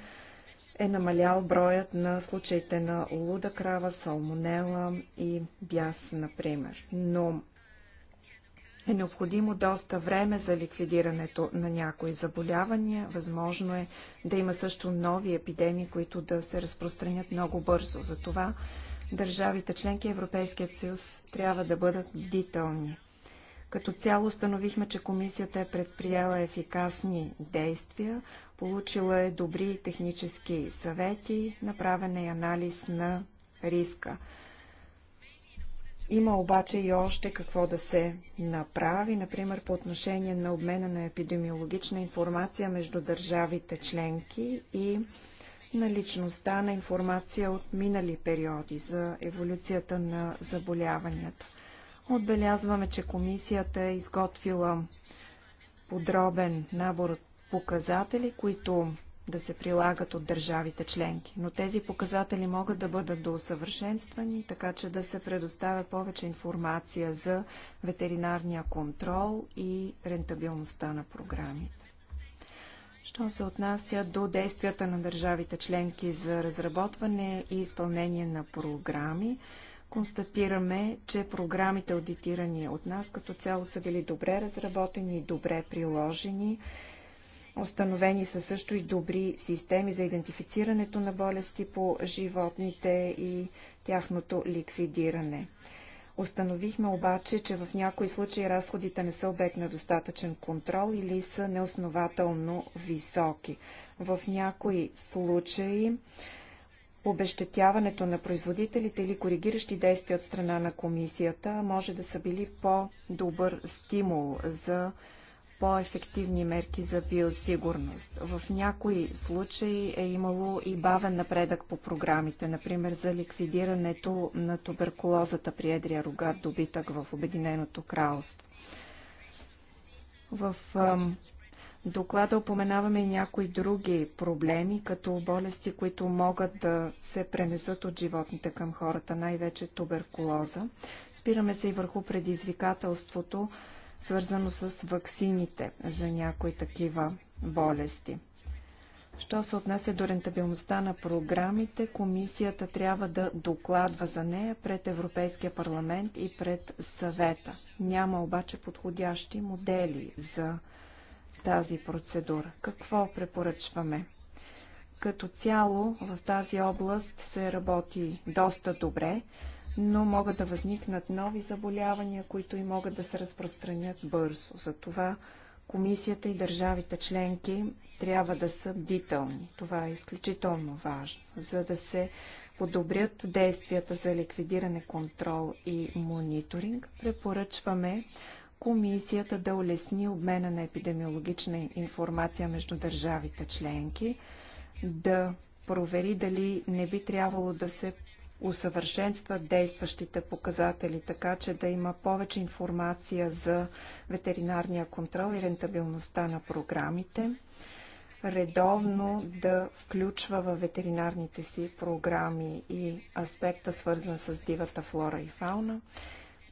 е намалял броят на случаите на луда крава, салмонела и бяс, например. Но е необходимо доста време за ликвидирането на някои заболявания. Възможно е да има също нови епидемии, които да се разпространят много бързо. Затова държавите членки Европейският съюз трябва да бъдат бдителни. Като цяло установихме, че комисията е предприела ефикасни действия, получила е добри технически съвети, направен е анализ на риска. Има обаче и още какво да се направи, например по отношение на обмена на епидемиологична информация между държавите членки и наличността на информация от минали периоди за еволюцията на заболяванията. Отбелязваме, че комисията е изготвила подробен набор от показатели, които да се прилагат от държавите членки. Но тези показатели могат да бъдат доусъвършенствани, така че да се предоставя повече информация за ветеринарния контрол и рентабилността на програмите. Що се отнася до действията на държавите членки за разработване и изпълнение на програми, констатираме, че програмите, аудитирани от нас, като цяло са били добре разработени и добре приложени. Установени са също и добри системи за идентифицирането на болести по животните и тяхното ликвидиране. Установихме обаче, че в някои случаи разходите не са обект на достатъчен контрол или са неоснователно високи. В някои случаи обещетяването на производителите или коригиращи действия от страна на комисията може да са били по-добър стимул за по-ефективни мерки за биосигурност. В някои случаи е имало и бавен напредък по програмите, например за ликвидирането на туберкулозата при едрия рогат добитък в Обединеното кралство. В доклада упоменаваме и някои други проблеми, като болести, които могат да се пренесат от животните към хората, най-вече туберкулоза. Спираме се и върху предизвикателството, свързано с ваксините за някои такива болести. Що се отнася до рентабилността на програмите, комисията трябва да докладва за нея пред Европейския парламент и пред съвета. Няма обаче подходящи модели за тази процедура. Какво препоръчваме? Като цяло в тази област се работи доста добре, но могат да възникнат нови заболявания, които и могат да се разпространят бързо. Затова комисията и държавите членки трябва да са бдителни. Това е изключително важно, за да се подобрят действията за ликвидиране, контрол и мониторинг. Препоръчваме комисията да улесни обмена на епидемиологична информация между държавите членки, да провери дали не би трябвало да се усъвършенстват действащите показатели, така че да има повече информация за ветеринарния контрол и рентабилността на програмите, редовно да включва във ветеринарните си програми и аспекта свързан с дивата флора и фауна,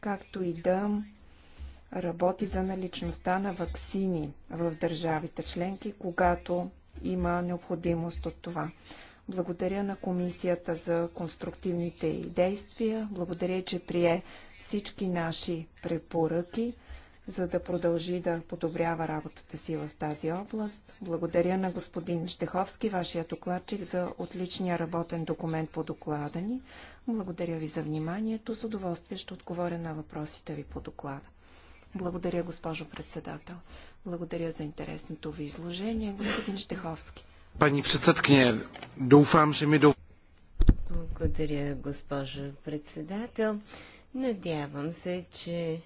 както и да работи за наличността на ваксини в държавите членки, когато има необходимост от това. Благодаря на комисията за конструктивните й действия. Благодаря, че прие всички наши препоръки, за да продължи да подобрява работата си в тази област. Благодаря на господин Штеховски, вашия докладчик, за отличния работен документ по доклада ни. Благодаря ви за вниманието. С удоволствие ще отговоря на въпросите ви по доклада. Благодаря, госпожо председател. Благодаря за интересното ви изложение, господин Штеховски. Пани председкне, доуфам, че ми до... Благодаря, госпожо председател. Надявам се, че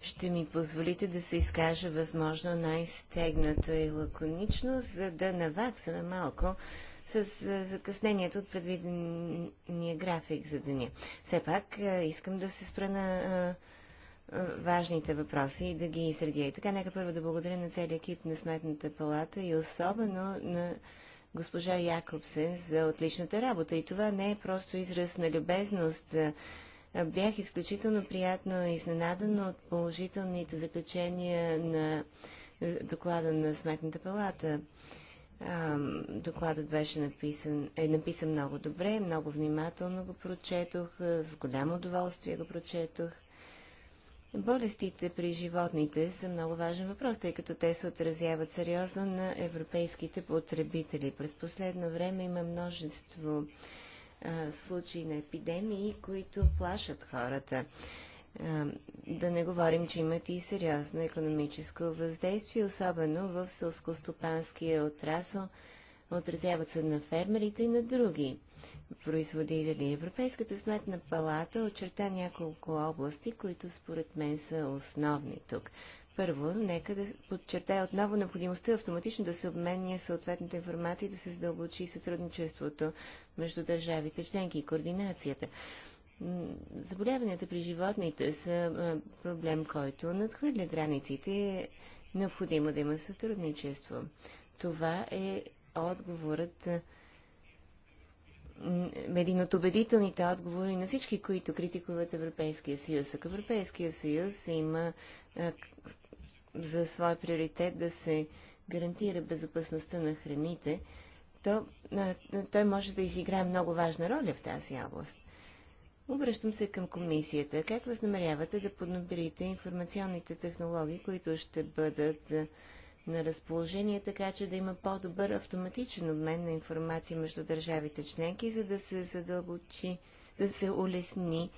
ще ми позволите да се изкажа възможно най-стегнато и лаконично, за да наваксаме малко с закъснението от предвидения график за деня. Все пак искам да се спра на важните въпроси и да ги изредя. И така, нека първо да благодаря на целия екип на Сметната палата и особено на госпожа Якобсен за отличната работа. И това не е просто израз на любезност. Бях изключително приятно и изненадана от положителните заключения на доклада на Сметната палата. Докладът беше написан, е написан много добре, много внимателно го прочетох, с голямо удоволствие го прочетох. Болестите при животните са много важен въпрос, тъй като те се отразяват сериозно на европейските потребители. През последно време има множество а, случаи на епидемии, които плашат хората. Е, да не говорим, че имат и сериозно економическо въздействие, особено в сълскостопанския отрасъл. Отразяват се на фермерите и на други производители. Европейската сметна палата очерта няколко области, които според мен са основни тук. Първо, нека да подчертая отново необходимостта автоматично да се обменя съответната информация и да се задълбочи сътрудничеството между държавите членки и координацията. Заболяванията при животните са проблем, който надхвърля границите. Е необходимо да има сътрудничество. Това е отговорът, един от убедителните отговори на всички, които критикуват Европейския съюз. Ако Европейския съюз има за свой приоритет да се гарантира безопасността на храните, то той може да изиграе много важна роля в тази област. Обръщам се към комисията. Как възнамерявате да подобрите информационните технологии, които ще бъдат е, на разположение, така че да има по-добър автоматичен обмен на информация между държавите членки, за да се задълбочи, да се улесни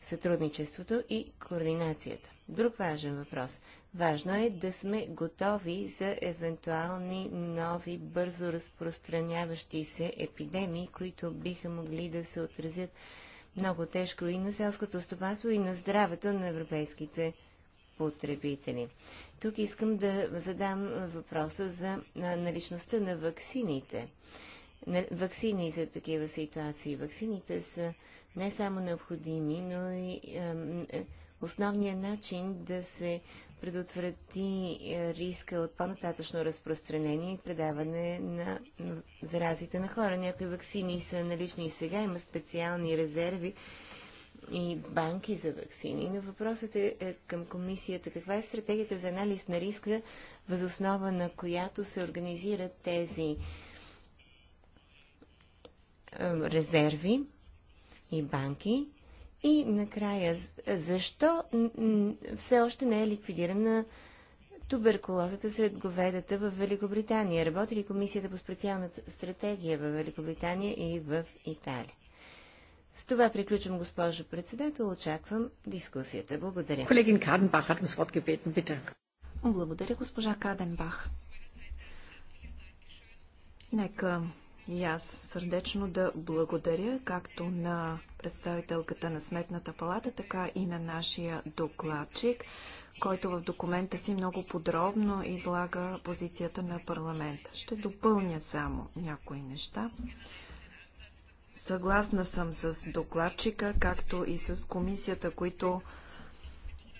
сътрудничеството и координацията. Друг важен въпрос. Важно е да сме готови за евентуални нови, бързо разпространяващи се епидемии, които биха могли да се отразят много тежко и на селското стопанство, и на здравето на европейските потребители. Тук искам да задам въпроса за наличността на ваксините. Ваксини за такива ситуации. Ваксините са не само необходими, но и е, основният начин да се предотврати е, риска от по-нататъчно разпространение и предаване на заразите на хора. Някои вакцини са налични и сега, има специални резерви и банки за вакцини, но въпросът е, е към комисията. Каква е стратегията за анализ на риска, възоснова на която се организират тези резерви и банки? И накрая, защо все още не е ликвидирана туберкулозата сред говедата в Великобритания? Работи ли комисията по специалната стратегия в Великобритания и в Италия? С това приключвам, госпожо председател. Очаквам дискусията. Благодаря. Колегин Каденбах, Благодаря, госпожа Каденбах. Нека и аз сърдечно да благодаря както на представителката на Сметната палата, така и на нашия докладчик, който в документа си много подробно излага позицията на парламента. Ще допълня само някои неща. Съгласна съм с докладчика, както и с комисията, които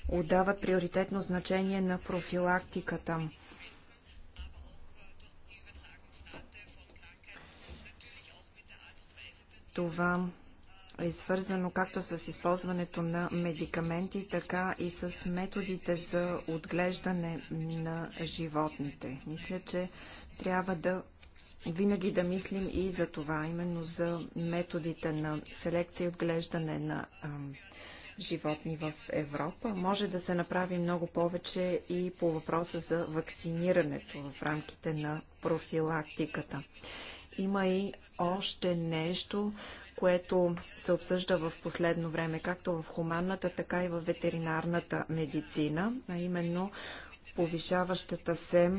отдават приоритетно значение на профилактиката. Това е свързано както с използването на медикаменти, така и с методите за отглеждане на животните. Мисля, че трябва да винаги да мислим и за това, именно за методите на селекция и отглеждане на а, животни в Европа. Може да се направи много повече и по въпроса за вакцинирането в рамките на профилактиката. Има и още нещо, което се обсъжда в последно време, както в хуманната, така и в ветеринарната медицина, а именно повишаващата се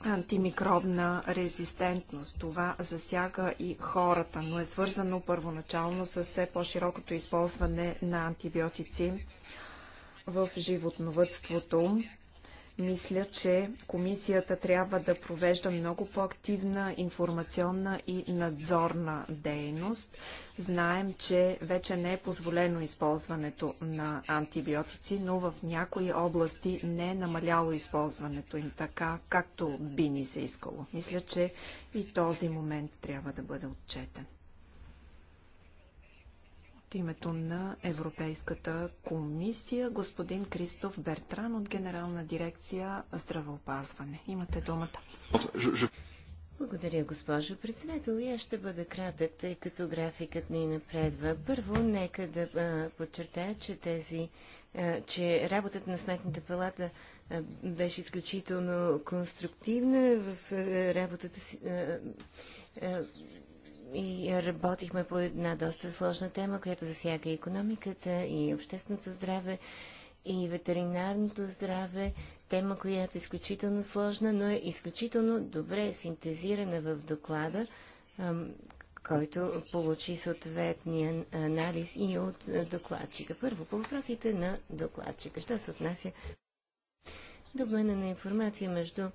антимикробна резистентност. Това засяга и хората, но е свързано първоначално с все по-широкото използване на антибиотици в животновътството мисля, че комисията трябва да провежда много по-активна информационна и надзорна дейност. Знаем, че вече не е позволено използването на антибиотици, но в някои области не е намаляло използването им така, както би ни се искало. Мисля, че и този момент трябва да бъде отчетен името на Европейската комисия господин Кристоф Бертран от Генерална дирекция Здравеопазване. Имате думата. Благодаря, госпожо председател. И аз ще бъда кратък, тъй като графикът ни напредва. Първо, нека да подчертая, че тези че работата на Сметната палата беше изключително конструктивна в работата си и работихме по една доста сложна тема, която засяга и економиката, и общественото здраве, и ветеринарното здраве. Тема, която е изключително сложна, но е изключително добре синтезирана в доклада, който получи съответния анализ и от докладчика. Първо, по въпросите на докладчика. Що се отнася до на информация между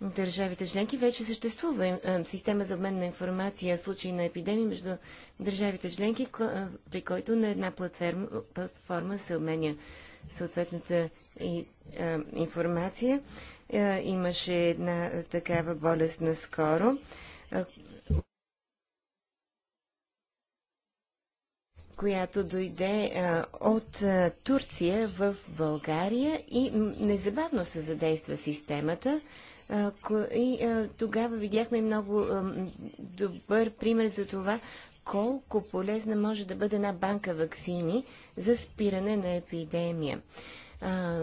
държавите членки. Вече съществува е, е, система за обмен на информация в случай на епидемии между държавите членки, е, при който на една платформа, платформа се обменя съответната и, а, информация. А, имаше една такава болест наскоро. скоро. която дойде а, от а, Турция в България и незабавно се задейства системата. И тогава видяхме много добър пример за това, колко полезна може да бъде една банка вакцини за спиране на епидемия.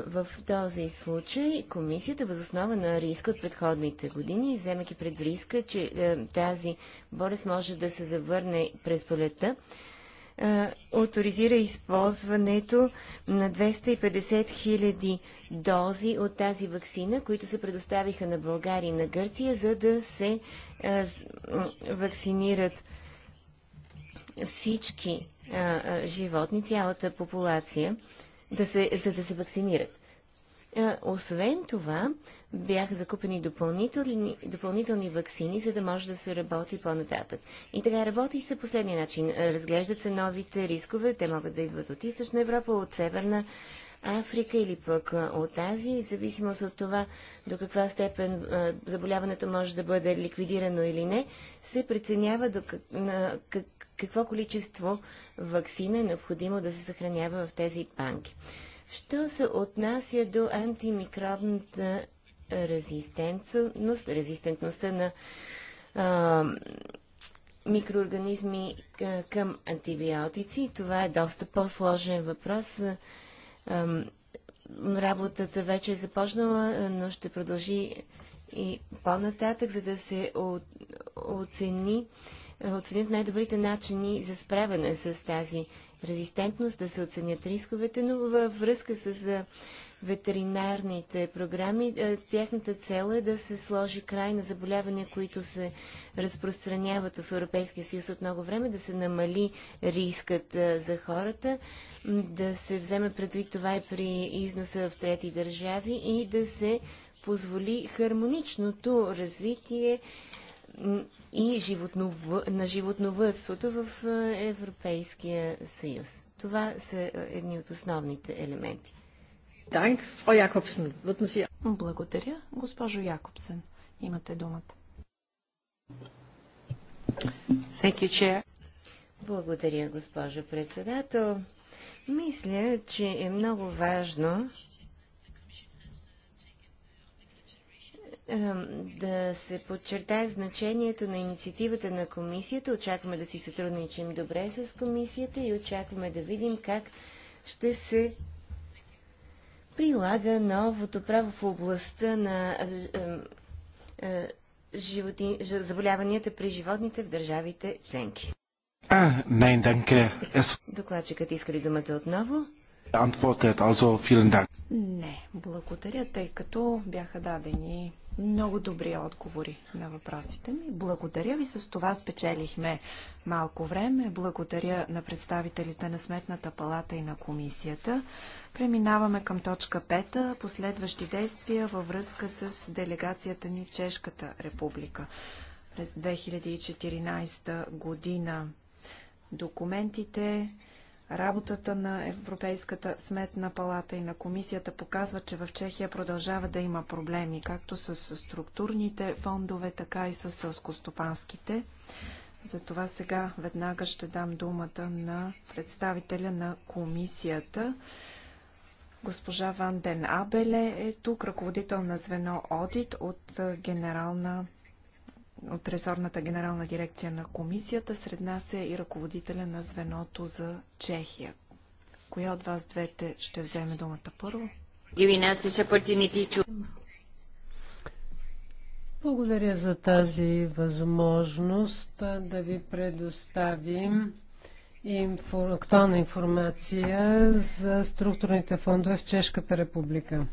в този случай комисията, възоснова на риска от предходните години, вземайки пред риска, че тази болест може да се завърне през полета, авторизира използването на 250 хиляди дози от тази вакцина, които се предоставиха на България и на Гърция, за да се вакцинират всички животни, цялата популация, да се, за да се вакцинират. Е, освен това, бяха закупени допълнителни, допълнителни вакцини, за да може да се работи по-нататък. И така работи се последния начин. Разглеждат се новите рискове. Те могат да идват от Източна Европа, от Северна Африка или пък е, от Азия, в зависимост от това до каква степен е, заболяването може да бъде ликвидирано или не, се преценява до как, на, как, какво количество вакцина е необходимо да се съхранява в тези банки. Що се отнася до антимикробната резистентност, резистентността на а, микроорганизми към антибиотици, това е доста по-сложен въпрос. А, работата вече е започнала, но ще продължи и по-нататък, за да се оцени, оценят най-добрите начини за справяне с тази резистентност, да се оценят рисковете, но във връзка с ветеринарните програми, тяхната цел е да се сложи край на заболявания, които се разпространяват в Европейския съюз от много време, да се намали рискът за хората, да се вземе предвид това и при износа в трети държави и да се позволи хармоничното развитие и животновъ... на животновътството в е, Европейския съюз. Това са е, едни от основните елементи. Данк, фрау Якобсен. Благодаря, госпожо Якобсен. Имате думата. Thank you, chair. Благодаря, госпожо председател. Мисля, че е много важно да се подчертае значението на инициативата на комисията. Очакваме да си сътрудничим добре с комисията и очакваме да видим как ще се прилага новото право в областта на животи, заболяванията при животните в държавите членки. Докладчикът иска ли думата отново? Не, благодаря, тъй като бяха дадени много добри отговори на въпросите ми. Благодаря ви. С това спечелихме малко време. Благодаря на представителите на Сметната палата и на комисията. Преминаваме към точка 5. Последващи действия във връзка с делегацията ни в Чешката република през 2014 година. Документите Работата на Европейската сметна палата и на комисията показва, че в Чехия продължава да има проблеми, както с структурните фондове, така и с сълскостопанските. Затова сега веднага ще дам думата на представителя на комисията. Госпожа Ван Ден Абеле е тук, ръководител на звено Одит от Генерална от ресорната генерална дирекция на комисията. Сред нас е и ръководителя на звеното за Чехия. Коя от вас двете ще вземе думата първо? Благодаря за тази възможност да ви предоставим инфо... актуална информация за структурните фондове в Чешката република.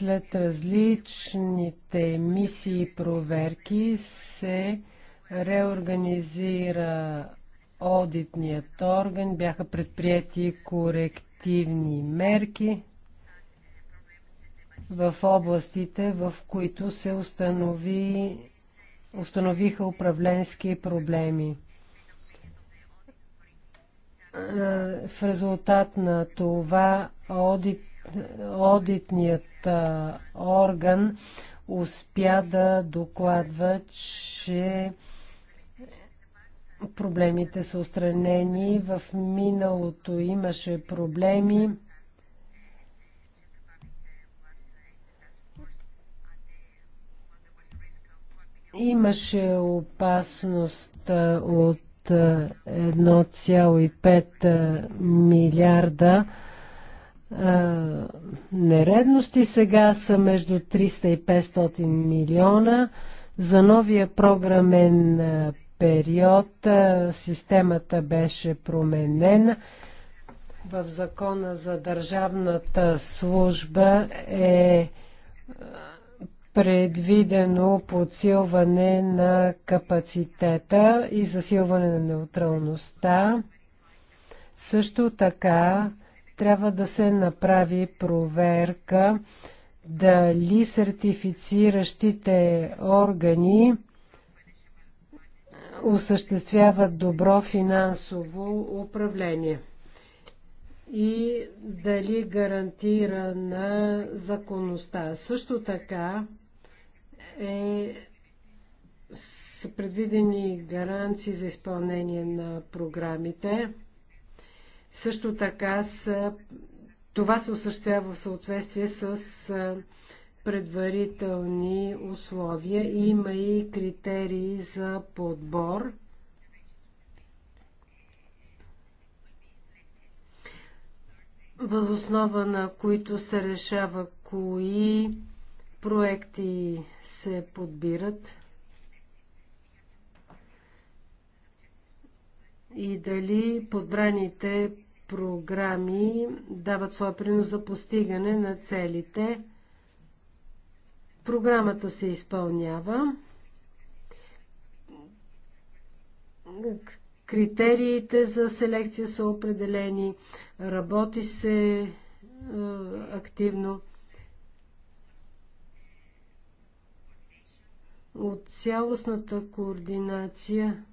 След различните мисии и проверки се реорганизира одитният орган, бяха предприяти корективни мерки в областите, в които се установи, установиха управленски проблеми. Е, в резултат на това одит одитният орган успя да докладва, че проблемите са устранени. В миналото имаше проблеми. Имаше опасност от 1,5 милиарда е, нередности. Сега са между 300 и 500 милиона. За новия програмен е, период е, системата беше променена. В закона за държавната служба е предвидено подсилване на капацитета и засилване на неутралността. Също така трябва да се направи проверка дали сертифициращите органи осъществяват добро финансово управление и дали гарантира на законността. Също така е с предвидени гаранции за изпълнение на програмите. Също така с, това се осъществява в съответствие с предварителни условия. Има и критерии за подбор. Възоснова на които се решава кои проекти се подбират. и дали подбраните програми дават своя принос за постигане на целите. Програмата се изпълнява. Критериите за селекция са определени. Работи се е, активно. От цялостната координация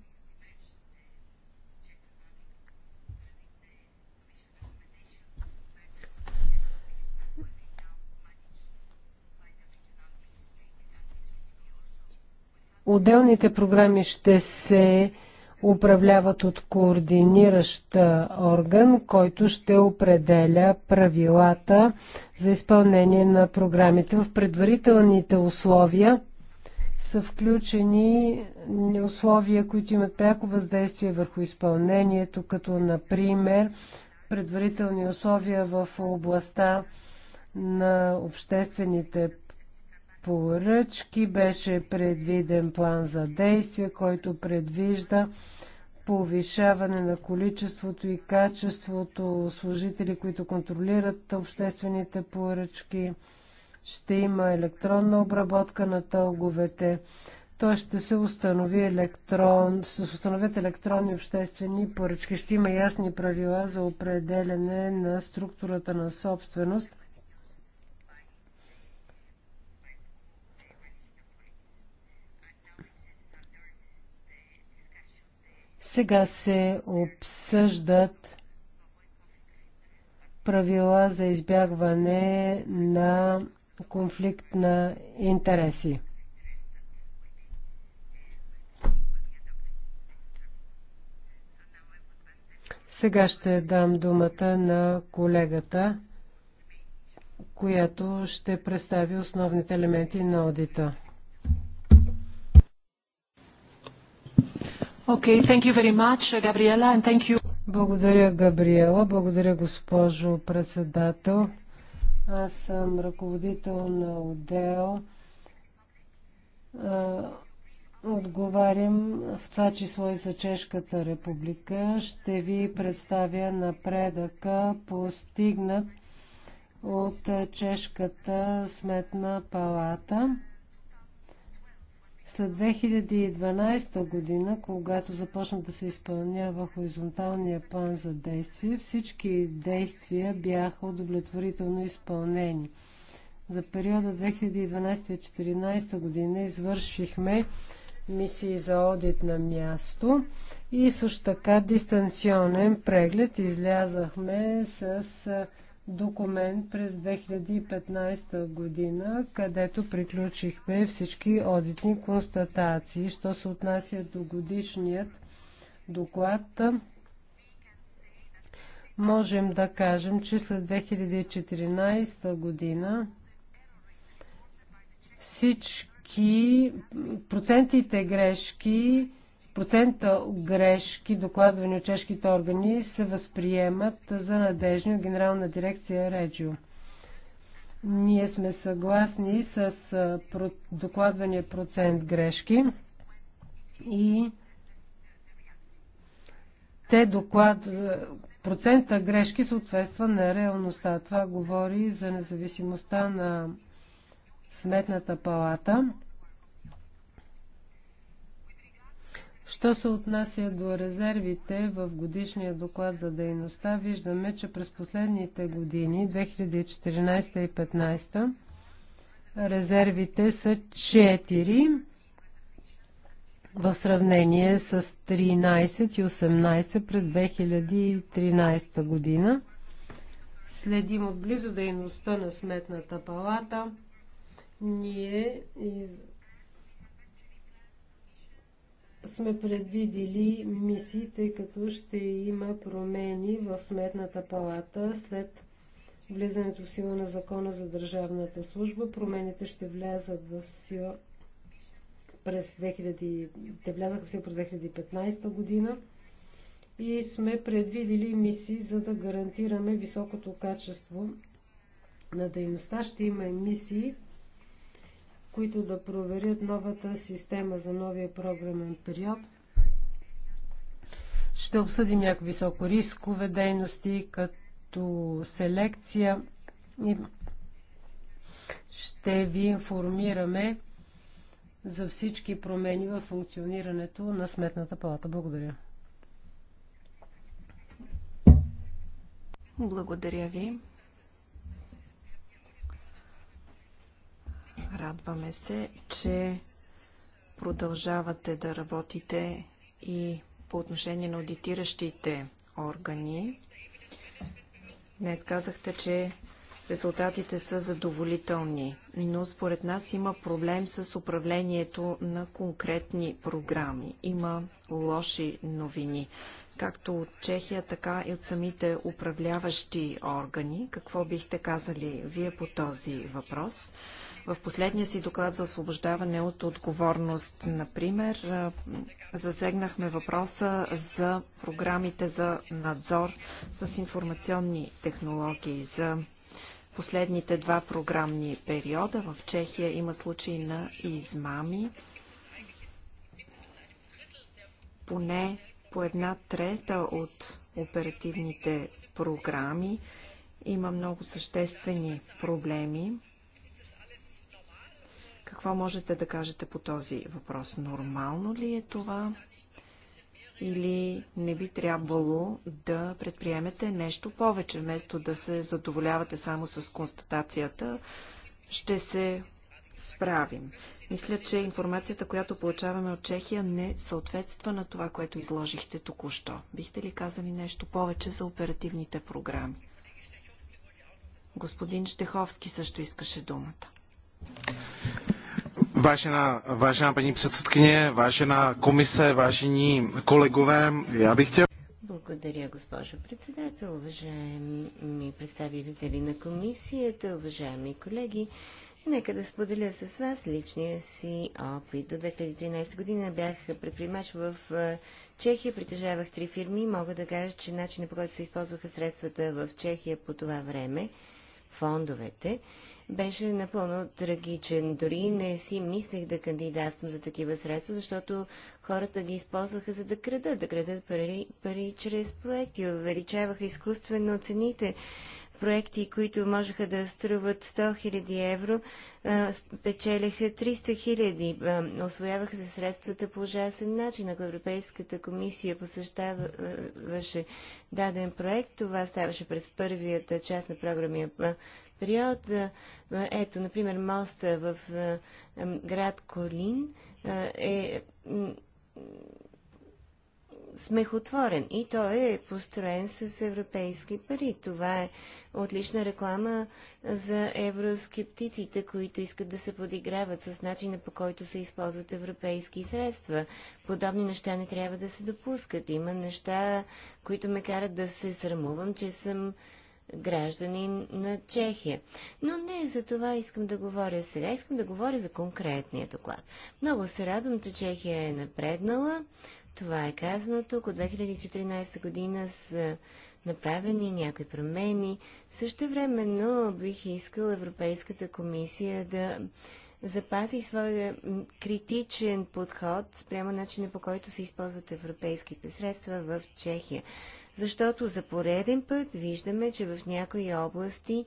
Отделните програми ще се управляват от координиращ орган, който ще определя правилата за изпълнение на програмите. В предварителните условия са включени условия, които имат пряко въздействие върху изпълнението, като например предварителни условия в областта на обществените поръчки беше предвиден план за действие, който предвижда повишаване на количеството и качеството служители, които контролират обществените поръчки. Ще има електронна обработка на тълговете. Той ще се установи електрон, ще се установят електронни обществени поръчки. Ще има ясни правила за определене на структурата на собственост – Сега се обсъждат правила за избягване на конфликт на интереси. Сега ще дам думата на колегата, която ще представи основните елементи на аудита. Okay, thank you very much, Gabriela, and thank you. Благодаря, Габриела. Благодаря, госпожо председател. Аз съм ръководител на отдел. Отговарям в това число и за Чешката република. Ще ви представя напредъка постигнат от Чешката сметна палата. След 2012 година, когато започна да се изпълнява хоризонталния план за действие, всички действия бяха удовлетворително изпълнени. За периода 2012-2014 година извършихме мисии за одит на място и също така дистанционен преглед. Излязахме с документ през 2015 година, където приключихме всички одитни констатации. Що се отнася до годишният доклад, можем да кажем, че след 2014 година всички процентите грешки процента грешки, докладвани от чешките органи, се възприемат за надежни от Генерална дирекция Реджио. Ние сме съгласни с докладвания процент грешки и те доклад... процента грешки съответства на реалността. Това говори за независимостта на Сметната палата. Що се отнася до резервите в годишния доклад за дейността, виждаме, че през последните години, 2014 и 2015, резервите са 4 в сравнение с 13 и 18 през 2013 година. Следим отблизо дейността на Сметната палата. Ние из сме предвидили мисии, тъй като ще има промени в Сметната палата след влизането в сила на закона за държавната служба. Промените ще влязат в сила през 2000, те влязаха в сила през 2015 година и сме предвидили мисии, за да гарантираме високото качество на дейността. Ще има мисии които да проверят новата система за новия програмен период. Ще обсъдим някакви високо рискове дейности, като селекция и ще ви информираме за всички промени в функционирането на Сметната палата. Благодаря. Благодаря ви. Радваме се, че продължавате да работите и по отношение на аудитиращите органи. Днес казахте, че резултатите са задоволителни, но според нас има проблем с управлението на конкретни програми. Има лоши новини, както от Чехия, така и от самите управляващи органи. Какво бихте казали вие по този въпрос? В последния си доклад за освобождаване от отговорност, например, засегнахме въпроса за програмите за надзор с информационни технологии, за последните два програмни периода. В Чехия има случаи на измами. Поне по една трета от оперативните програми има много съществени проблеми. Какво можете да кажете по този въпрос? Нормално ли е това? или не би трябвало да предприемете нещо повече, вместо да се задоволявате само с констатацията, ще се справим. Мисля, че информацията, която получаваме от Чехия, не съответства на това, което изложихте току-що. Бихте ли казали нещо повече за оперативните програми? Господин Штеховски също искаше думата. Vážená, vážená paní předsedkyně, vážená komise, vážení kolegové, já bych chtěl... Благодаря, госпожо председател, уважаеми представители на комисията, уважаеми колеги. Нека да споделя с вас личния си опит. До 2013 година бях предприемач в е, Чехия, притежавах три фирми. Мога да кажа, че начинът по който се използваха средствата в Чехия по това време – фондовете, беше напълно трагичен. Дори не си мислех да кандидатствам за такива средства, защото хората ги използваха за да крадат, да крадат пари, пари чрез проекти, увеличаваха изкуствено цените проекти, които можеха да струват 100 000 евро, печелеха 300 хиляди, освояваха се средствата по ужасен начин. Ако Европейската комисия посещаваше даден проект, това ставаше през първията част на програмия период. Ето, например, моста в град Колин е смехотворен и той е построен с европейски пари. Това е отлична реклама за евроскептиците, които искат да се подиграват с начина по който се използват европейски средства. Подобни неща не трябва да се допускат. Има неща, които ме карат да се срамувам, че съм гражданин на Чехия. Но не за това искам да говоря сега. Искам да говоря за конкретния доклад. Много се радвам, че Чехия е напреднала. Това е казано тук. От 2014 година са направени някои промени. Също времено бих искал Европейската комисия да запази своя критичен подход спрямо начина по който се използват европейските средства в Чехия. Защото за пореден път виждаме, че в някои области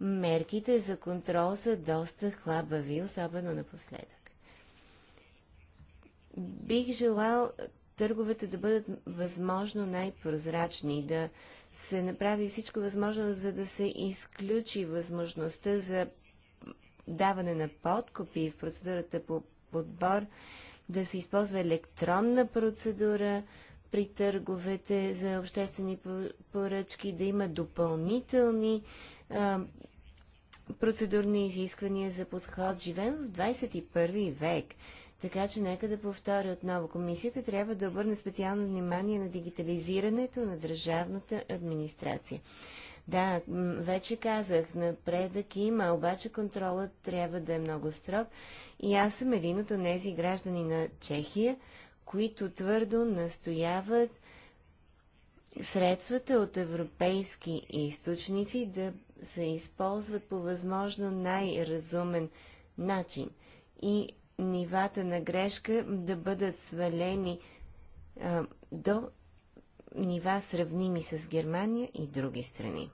мерките за контрол са доста хлабави, особено напоследък. Бих желал търговете да бъдат възможно най-прозрачни, да се направи всичко възможно, за да се изключи възможността за даване на подкопи в процедурата по подбор, да се използва електронна процедура при търговете за обществени поръчки, да има допълнителни а, процедурни изисквания за подход. Живеем в 21 век. Така че нека да повторя отново. Комисията трябва да обърне специално внимание на дигитализирането на държавната администрация. Да, вече казах, напредък има, обаче контролът трябва да е много строг. И аз съм един от тези граждани на Чехия, които твърдо настояват средствата от европейски източници да се използват по възможно най-разумен начин. И нивата на грешка да бъдат свалени а, до нива сравними с Германия и други страни.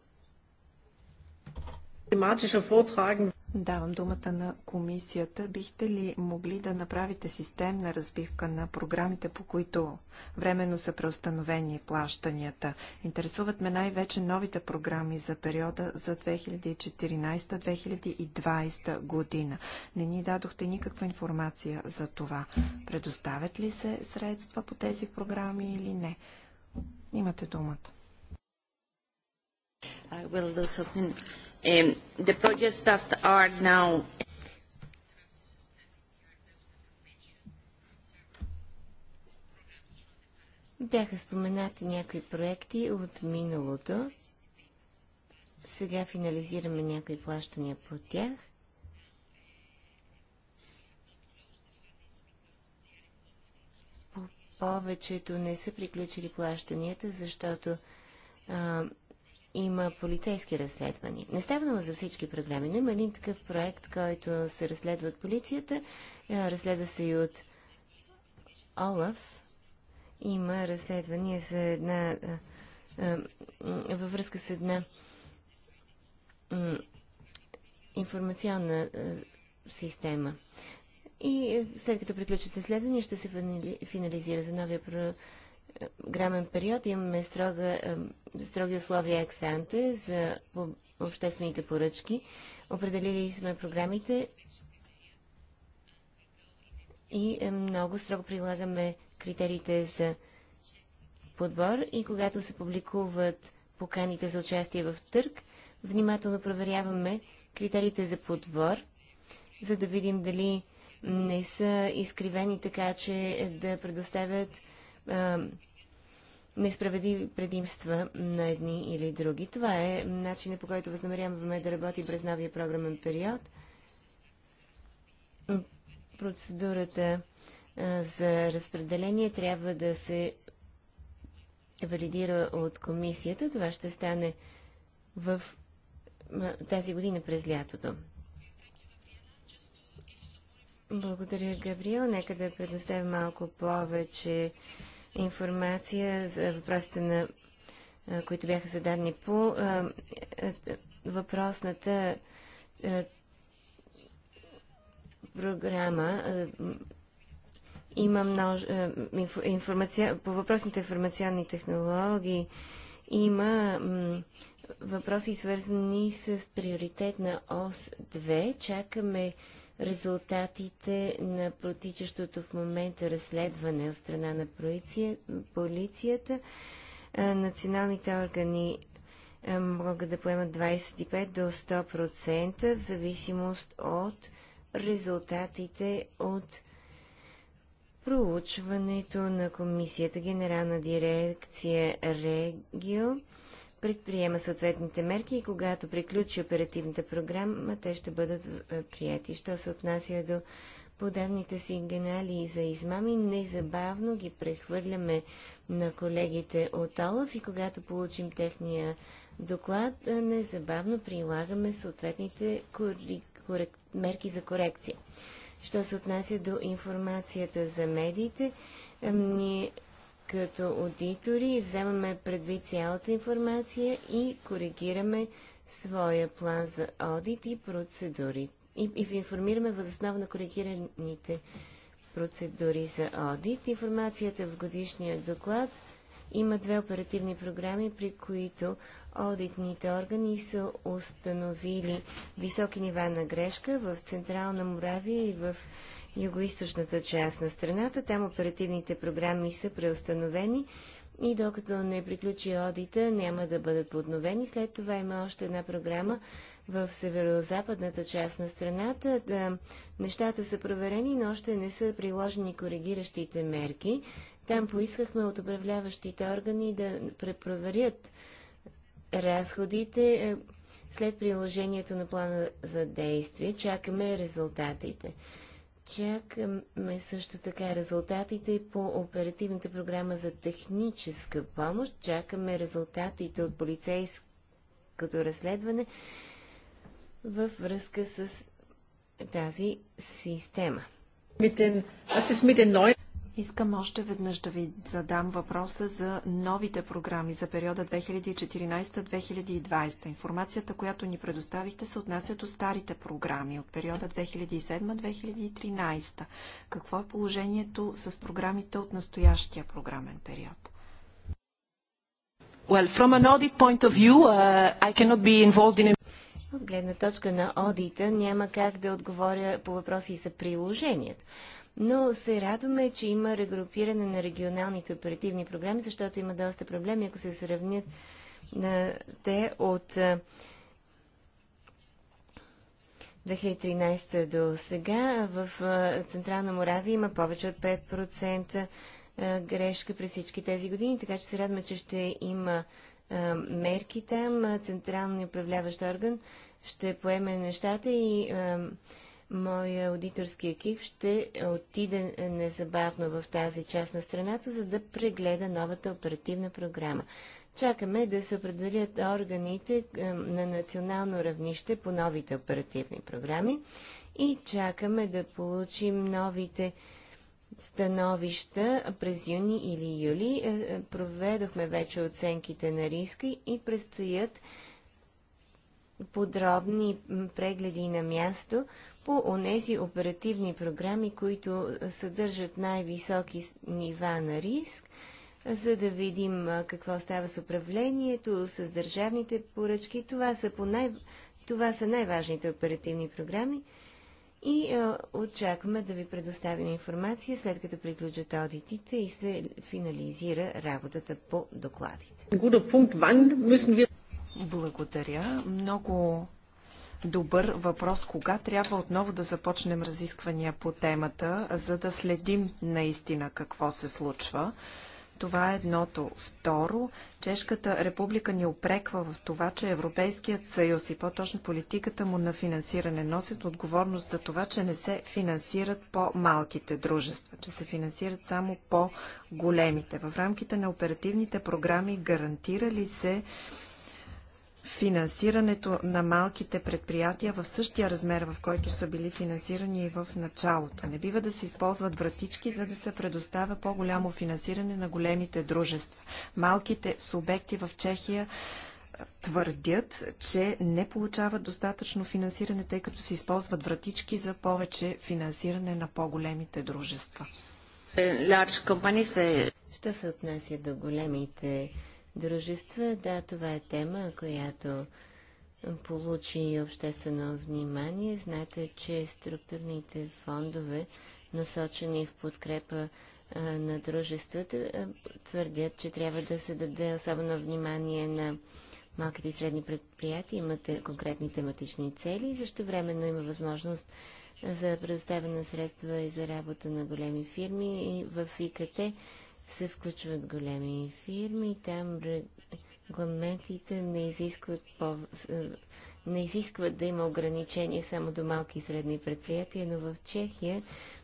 Thematischer Vortragen Давам думата на комисията. Бихте ли могли да направите системна разбивка на програмите, по които временно са преустановени плащанията? Интересуват ме най-вече новите програми за периода за 2014-2020 година. Не ни дадохте никаква информация за това. Предоставят ли се средства по тези програми или не? Имате думата. I will do something Um, the projects that are now Бяха споменати някои проекти от миналото. Сега финализираме някои плащания по тях. По повечето не са приключили плащанията, защото а, има полицейски разследвания. Не става дума за всички програми, но има един такъв проект, който се разследва от полицията, разследва се и от Олаф. Има разследвания за една във връзка с една информационна система. И след като приключат разследвания, ще се финализира за новия проект Грамен период имаме строга, строги условия ексанте за обществените поръчки. Определили сме програмите и е, много строго прилагаме критериите за подбор и когато се публикуват поканите за участие в търг, внимателно проверяваме критериите за подбор, за да видим дали не са изкривени така, че е, да предоставят несправедливи предимства на едни или други. Това е начинът по който възнамеряваме да работи през новия програмен период. Процедурата за разпределение трябва да се валидира от комисията. Това ще стане в тази година през лятото. Благодаря, Габриел. Нека да предоставя малко повече информация за въпросите, на, които бяха зададени по въпросната програма. Има множ... информация... По въпросните информационни технологии има въпроси свързани с приоритет на ОС-2. Чакаме резултатите на протичащото в момента разследване от страна на полиция, полицията. Националните органи могат да поемат 25 до 100% в зависимост от резултатите от проучването на комисията Генерална дирекция Регио предприема съответните мерки и когато приключи оперативната програма, те ще бъдат е, прияти. Що се отнася до подадните сигнали за измами, незабавно ги прехвърляме на колегите от ОЛАФ и когато получим техния доклад, е, незабавно прилагаме съответните Корек... мерки за корекция. Що се отнася до информацията за медиите, е, ние като аудитори вземаме предвид цялата информация и коригираме своя план за одит и процедури. И, и ви информираме възоснова на коригираните процедури за одит. Информацията в годишния доклад има две оперативни програми, при които одитните органи са установили високи нива на грешка в Централна Моравия и в югоизточната част на страната. Там оперативните програми са преустановени и докато не приключи одита, няма да бъдат подновени. След това има още една програма в северо-западната част на страната. Да, нещата са проверени, но още не са приложени коригиращите мерки. Там поискахме от управляващите органи да препроверят разходите е, след приложението на плана за действие. Чакаме резултатите. Чакаме също така резултатите по оперативната програма за техническа помощ. Чакаме резултатите от полицейското разследване във връзка с тази система. Искам още веднъж да ви задам въпроса за новите програми за периода 2014-2020. Информацията, която ни предоставихте, се отнася до старите програми от периода 2007-2013. Какво е положението с програмите от настоящия програмен период? Well, from an audit point of view, uh, I cannot be involved in... От гледна точка на одита няма как да отговоря по въпроси за приложението но се радваме, че има регрупиране на регионалните оперативни програми, защото има доста проблеми, ако се сравнят на те от 2013 до сега. В Централна Моравия има повече от 5% грешка през всички тези години, така че се радваме, че ще има мерки там. Централният управляващ орган ще поеме нещата и Моя аудиторски екип ще отиде незабавно в тази част на страната, за да прегледа новата оперативна програма. Чакаме да се определят органите на национално равнище по новите оперативни програми и чакаме да получим новите становища през юни или юли. Е, е, проведохме вече оценките на риска и предстоят подробни прегледи на място по онези оперативни програми, които съдържат най-високи нива на риск, за да видим какво става с управлението, с държавните поръчки. Това са, по най- това са най-важните оперативни програми и а, очакваме да ви предоставим информация след като приключат аудитите и се финализира работата по докладите. Благодаря. Много добър въпрос кога трябва отново да започнем разисквания по темата, за да следим наистина какво се случва. Това е едното. Второ, Чешката република ни опреква в това, че Европейският съюз и по-точно политиката му на финансиране носят отговорност за това, че не се финансират по-малките дружества, че се финансират само по-големите. В рамките на оперативните програми гарантира ли се финансирането на малките предприятия в същия размер, в който са били финансирани и в началото. Не бива да се използват вратички, за да се предоставя по-голямо финансиране на големите дружества. Малките субекти в Чехия твърдят, че не получават достатъчно финансиране, тъй като се използват вратички за повече финансиране на по-големите дружества. Ще се отнася до големите дружества. Да, това е тема, която получи обществено внимание. Знаете, че структурните фондове, насочени в подкрепа на дружествата, твърдят, че трябва да се даде особено внимание на малките и средни предприятия, имат конкретни тематични цели и също времено има възможност за предоставяне на средства и за работа на големи фирми и в ИКТ се включват големи фирми, там регламентите не изискват, по, не изискват да има ограничения само до малки и средни предприятия, но в Чехия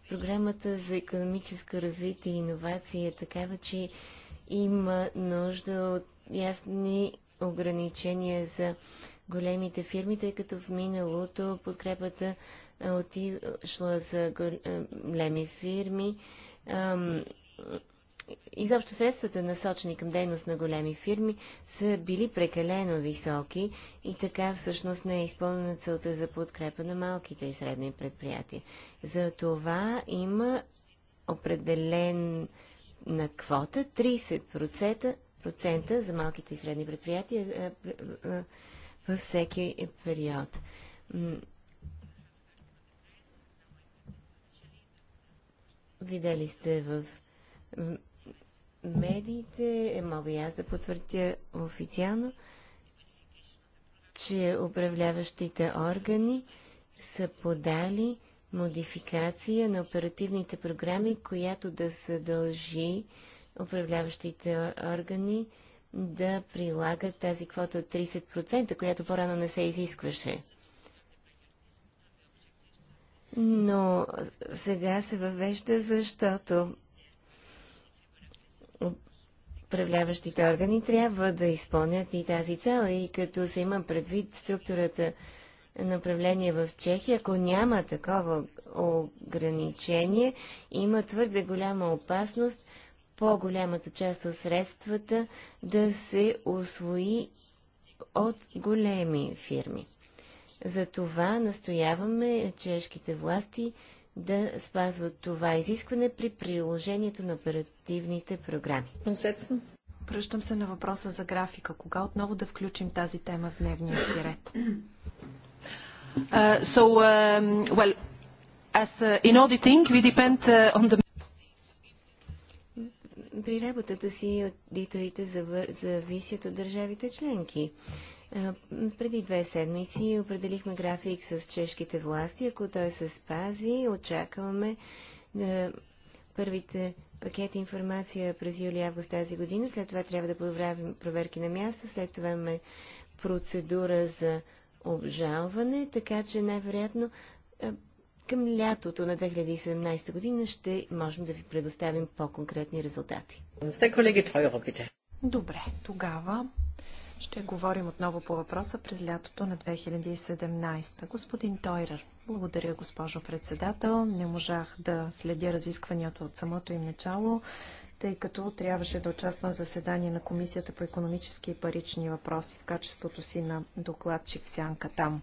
програмата за економическо развитие и иновация е такава, че има нужда от ясни ограничения за големите фирми, тъй като в миналото подкрепата отишла за големи фирми изобщо средствата насочени към дейност на големи фирми са били прекалено високи и така всъщност не е изпълнена целта за подкрепа на малките и средни предприятия. За това има определен на квота 30% за малките и средни предприятия във всеки период. Видели сте в медиите, е, мога и аз да потвърдя официално, че управляващите органи са подали модификация на оперативните програми, която да съдължи управляващите органи да прилагат тази квота от 30%, която по-рано не се изискваше. Но сега се въвежда, защото управляващите органи трябва да изпълнят и тази цел. И като се има предвид структурата на управление в Чехия, ако няма такова ограничение, има твърде голяма опасност по-голямата част от средствата да се освои от големи фирми. Затова настояваме чешките власти да спазват това изискване при приложението на оперативните програми. Връщам се на въпроса за графика. Кога отново да включим тази тема в дневния си ред? Uh, um, uh, uh, при работата си аудиторите зависят от държавите членки. Преди две седмици определихме график с чешките власти. Ако той се спази, очакваме да първите пакет информация през юли-август тази година. След това трябва да подобравим проверки на място. След това имаме процедура за обжалване, така че най-вероятно към лятото на 2017 година ще можем да ви предоставим по-конкретни резултати. Добре, тогава ще говорим отново по въпроса през лятото на 2017. Господин Тойрер, благодаря, госпожо председател. Не можах да следя разискванията от самото им начало, тъй като трябваше да участвам в заседание на Комисията по економически и парични въпроси в качеството си на докладчик Сянка там.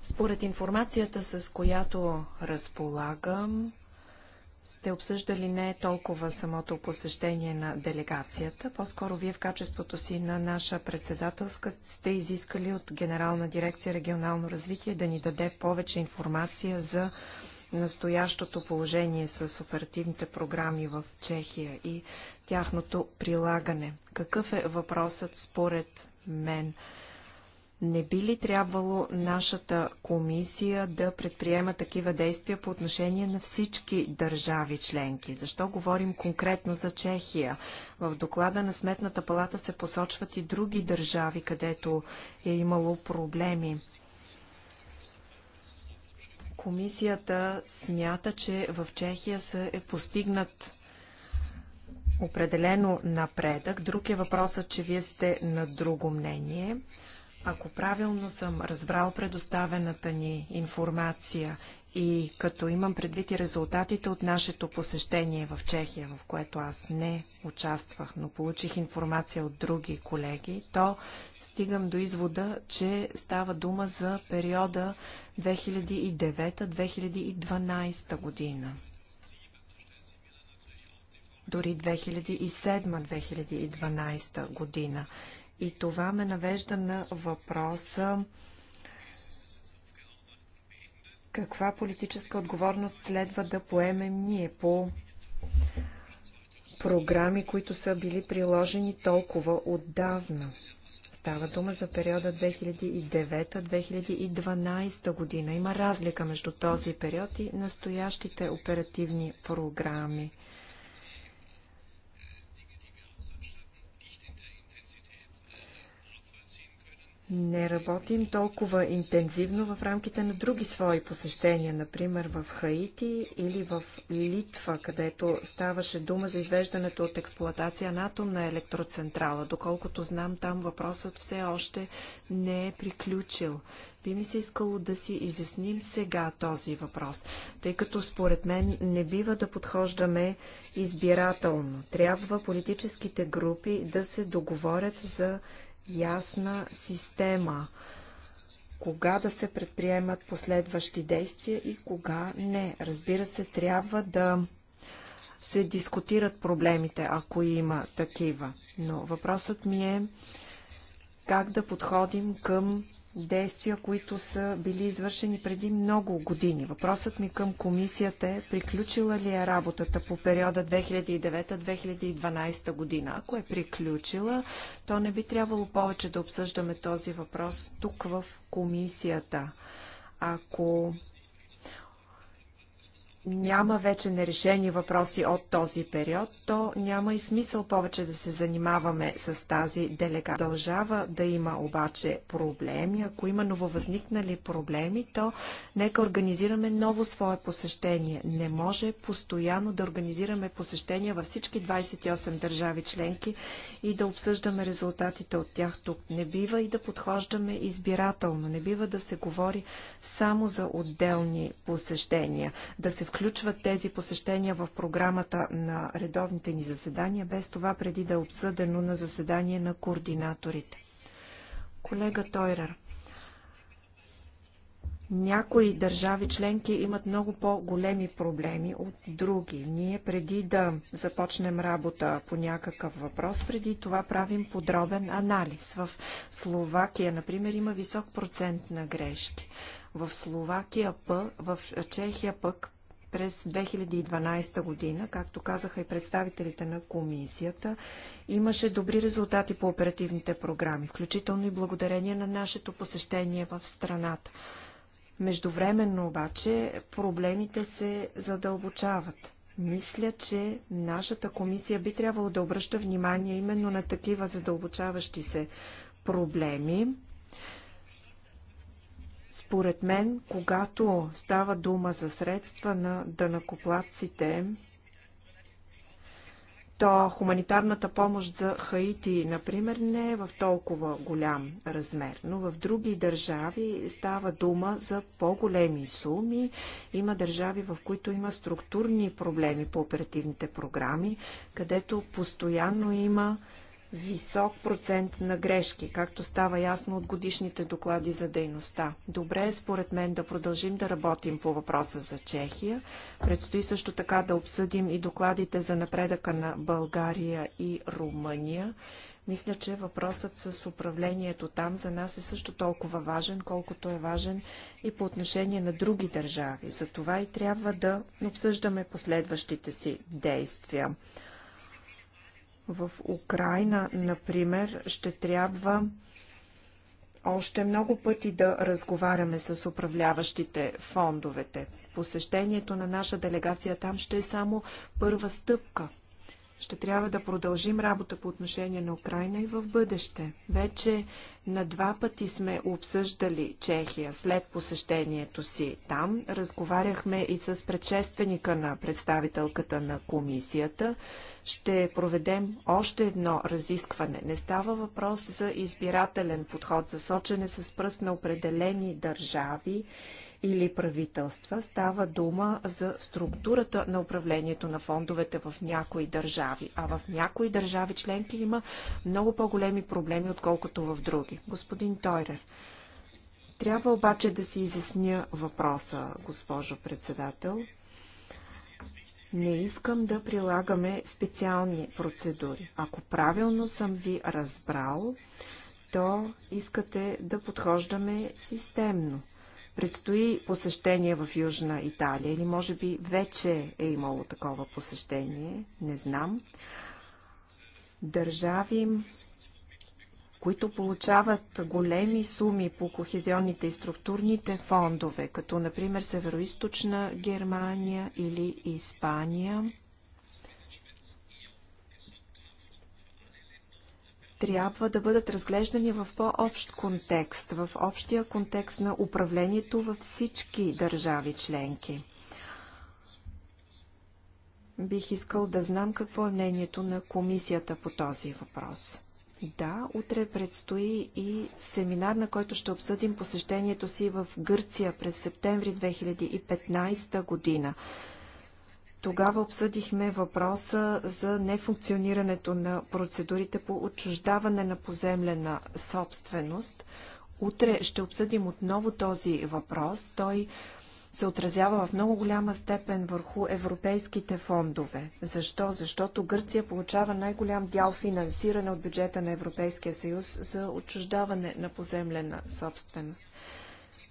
Според информацията, с която разполагам, сте обсъждали не толкова самото посещение на делегацията, по-скоро вие в качеството си на наша председателска сте изискали от Генерална дирекция регионално развитие да ни даде повече информация за настоящото положение с оперативните програми в Чехия и тяхното прилагане. Какъв е въпросът според мен? Не би ли трябвало нашата комисия да предприема такива действия по отношение на всички държави членки? Защо говорим конкретно за Чехия? В доклада на Сметната палата се посочват и други държави, където е имало проблеми. Комисията смята, че в Чехия се е постигнат определено напредък. Друг е въпросът, че вие сте на друго мнение. Ако правилно съм разбрал предоставената ни информация и като имам предвид и резултатите от нашето посещение в Чехия, в което аз не участвах, но получих информация от други колеги, то стигам до извода, че става дума за периода 2009-2012 година. Дори 2007-2012 година. И това ме навежда на въпроса каква политическа отговорност следва да поемем ние по програми, които са били приложени толкова отдавна. Става дума за периода 2009-2012 година. Има разлика между този период и настоящите оперативни програми. не работим толкова интензивно в рамките на други свои посещения, например в Хаити или в Литва, където ставаше дума за извеждането от експлоатация на атомна електроцентрала. Доколкото знам, там въпросът все още не е приключил. Би ми се искало да си изясним сега този въпрос, тъй като според мен не бива да подхождаме избирателно. Трябва политическите групи да се договорят за ясна система. Кога да се предприемат последващи действия и кога не. Разбира се, трябва да се дискутират проблемите, ако има такива. Но въпросът ми е как да подходим към действия, които са били извършени преди много години. Въпросът ми към комисията е, приключила ли е работата по периода 2009-2012 година? Ако е приключила, то не би трябвало повече да обсъждаме този въпрос тук в комисията. Ако няма вече нерешени въпроси от този период, то няма и смисъл повече да се занимаваме с тази делегация. Дължава да има обаче проблеми. Ако има нововъзникнали проблеми, то нека организираме ново свое посещение. Не може постоянно да организираме посещения във всички 28 държави членки и да обсъждаме резултатите от тях тук. Не бива и да подхождаме избирателно. Не бива да се говори само за отделни посещения. Да се включват тези посещения в програмата на редовните ни заседания, без това преди да е обсъдено на заседание на координаторите. Колега Тойрер, някои държави членки имат много по-големи проблеми от други. Ние преди да започнем работа по някакъв въпрос, преди това правим подробен анализ. В Словакия, например, има висок процент на грешки. В Словакия, пък, в Чехия пък през 2012 година, както казаха и представителите на комисията, имаше добри резултати по оперативните програми, включително и благодарение на нашето посещение в страната. Междувременно обаче проблемите се задълбочават. Мисля, че нашата комисия би трябвало да обръща внимание именно на такива задълбочаващи се проблеми. Според мен, когато става дума за средства на дънакоплатците, то хуманитарната помощ за Хаити, например, не е в толкова голям размер, но в други държави става дума за по-големи суми. Има държави, в които има структурни проблеми по оперативните програми, където постоянно има висок процент на грешки, както става ясно от годишните доклади за дейността. Добре е според мен да продължим да работим по въпроса за Чехия. Предстои също така да обсъдим и докладите за напредъка на България и Румъния. Мисля, че въпросът с управлението там за нас е също толкова важен, колкото е важен и по отношение на други държави. Затова и трябва да обсъждаме последващите си действия. В Украина, например, ще трябва още много пъти да разговаряме с управляващите фондовете. Посещението на наша делегация там ще е само първа стъпка – ще трябва да продължим работа по отношение на Украина и в бъдеще. Вече на два пъти сме обсъждали Чехия след посещението си там. Разговаряхме и с предшественика на представителката на комисията. Ще проведем още едно разискване. Не става въпрос за избирателен подход, за сочене с пръст на определени държави или правителства. Става дума за структурата на управлението на фондовете в някои държави. А в някои държави членки има много по-големи проблеми, отколкото в други. Господин Тойрер, трябва обаче да си изясня въпроса, госпожо председател. Не искам да прилагаме специални процедури. Ако правилно съм ви разбрал, то искате да подхождаме системно. Предстои посещение в Южна Италия или може би вече е имало такова посещение, не знам. Държави, които получават големи суми по кохезионните и структурните фондове, като например Североизточна Германия или Испания, трябва да бъдат разглеждани в по-общ контекст, в общия контекст на управлението във всички държави членки. Бих искал да знам какво е мнението на комисията по този въпрос. Да, утре предстои и семинар, на който ще обсъдим посещението си в Гърция през септември 2015 година. Тогава обсъдихме въпроса за нефункционирането на процедурите по отчуждаване на поземлена собственост. Утре ще обсъдим отново този въпрос. Той се отразява в много голяма степен върху европейските фондове. Защо? Защото Гърция получава най-голям дял финансиране от бюджета на Европейския съюз за отчуждаване на поземлена собственост.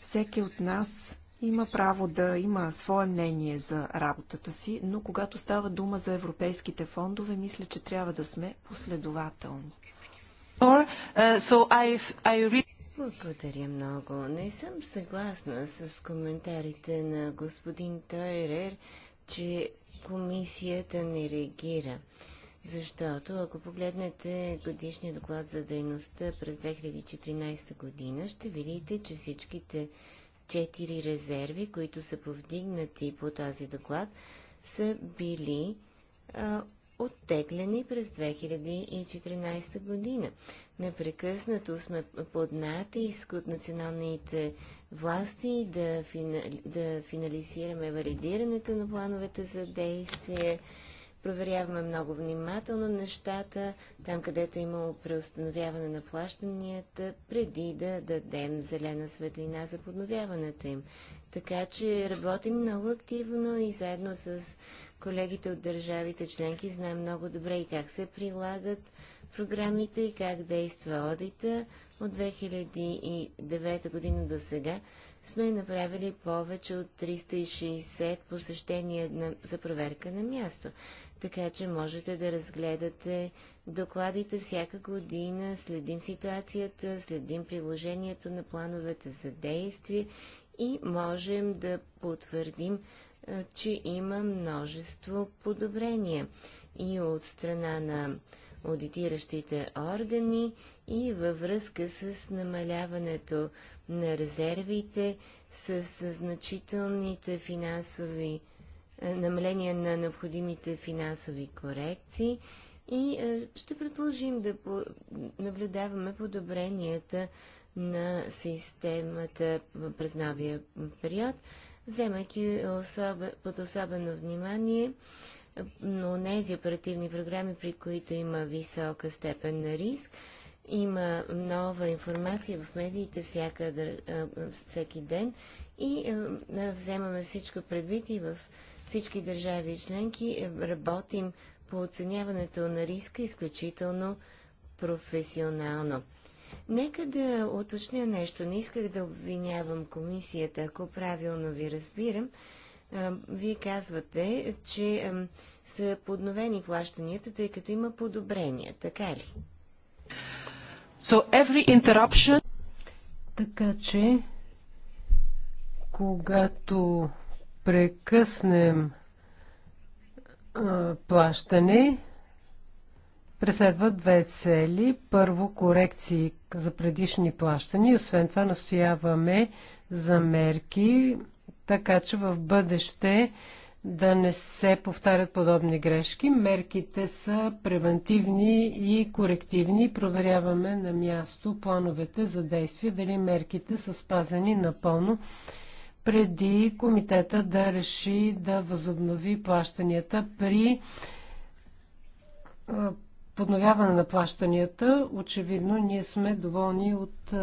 Всеки от нас има право да има свое мнение за работата си, но когато става дума за европейските фондове, мисля, че трябва да сме последователни. Uh, Благодаря много. Не съм съгласна с коментарите на господин Тойрер, че комисията не реагира. Защото ако погледнете годишния доклад за дейността през 2014 година, ще видите, че всичките четири резерви, които са повдигнати по този доклад, са били а, оттеглени през 2014 година. Непрекъснато сме под натиск от националните власти да, финали, да финализираме валидирането на плановете за действие Проверяваме много внимателно нещата, там където е имало преустановяване на плащанията, преди да дадем зелена светлина за подновяването им. Така че работим много активно и заедно с колегите от държавите членки знаем много добре и как се прилагат програмите и как действа одита от 2009 година до сега сме направили повече от 360 посещения на, за проверка на място. Така че можете да разгледате докладите всяка година, следим ситуацията, следим приложението на плановете за действие и можем да потвърдим, че има множество подобрения и от страна на аудитиращите органи и във връзка с намаляването на резервите, с значителните финансови е, намаления на необходимите финансови корекции и е, ще продължим да наблюдаваме подобренията на системата през новия период, вземайки под особено внимание но тези оперативни програми, при които има висока степен на риск, има нова информация в медиите всяка, всеки ден и вземаме всичко предвид и в всички държави и членки е, работим по оценяването на риска изключително професионално. Нека да уточня нещо. Не исках да обвинявам комисията, ако правилно ви разбирам. Е, вие казвате, че е, са подновени плащанията, тъй като има подобрения. Така ли? So every interruption... Така че, когато прекъснем а, плащане, преследват две цели. Първо, корекции за предишни плащания. Освен това, настояваме за мерки, така че в бъдеще да не се повтарят подобни грешки. Мерките са превентивни и корективни. Проверяваме на място плановете за действие, дали мерките са спазени напълно преди комитета да реши да възобнови плащанията при подновяване на плащанията. Очевидно, ние сме доволни от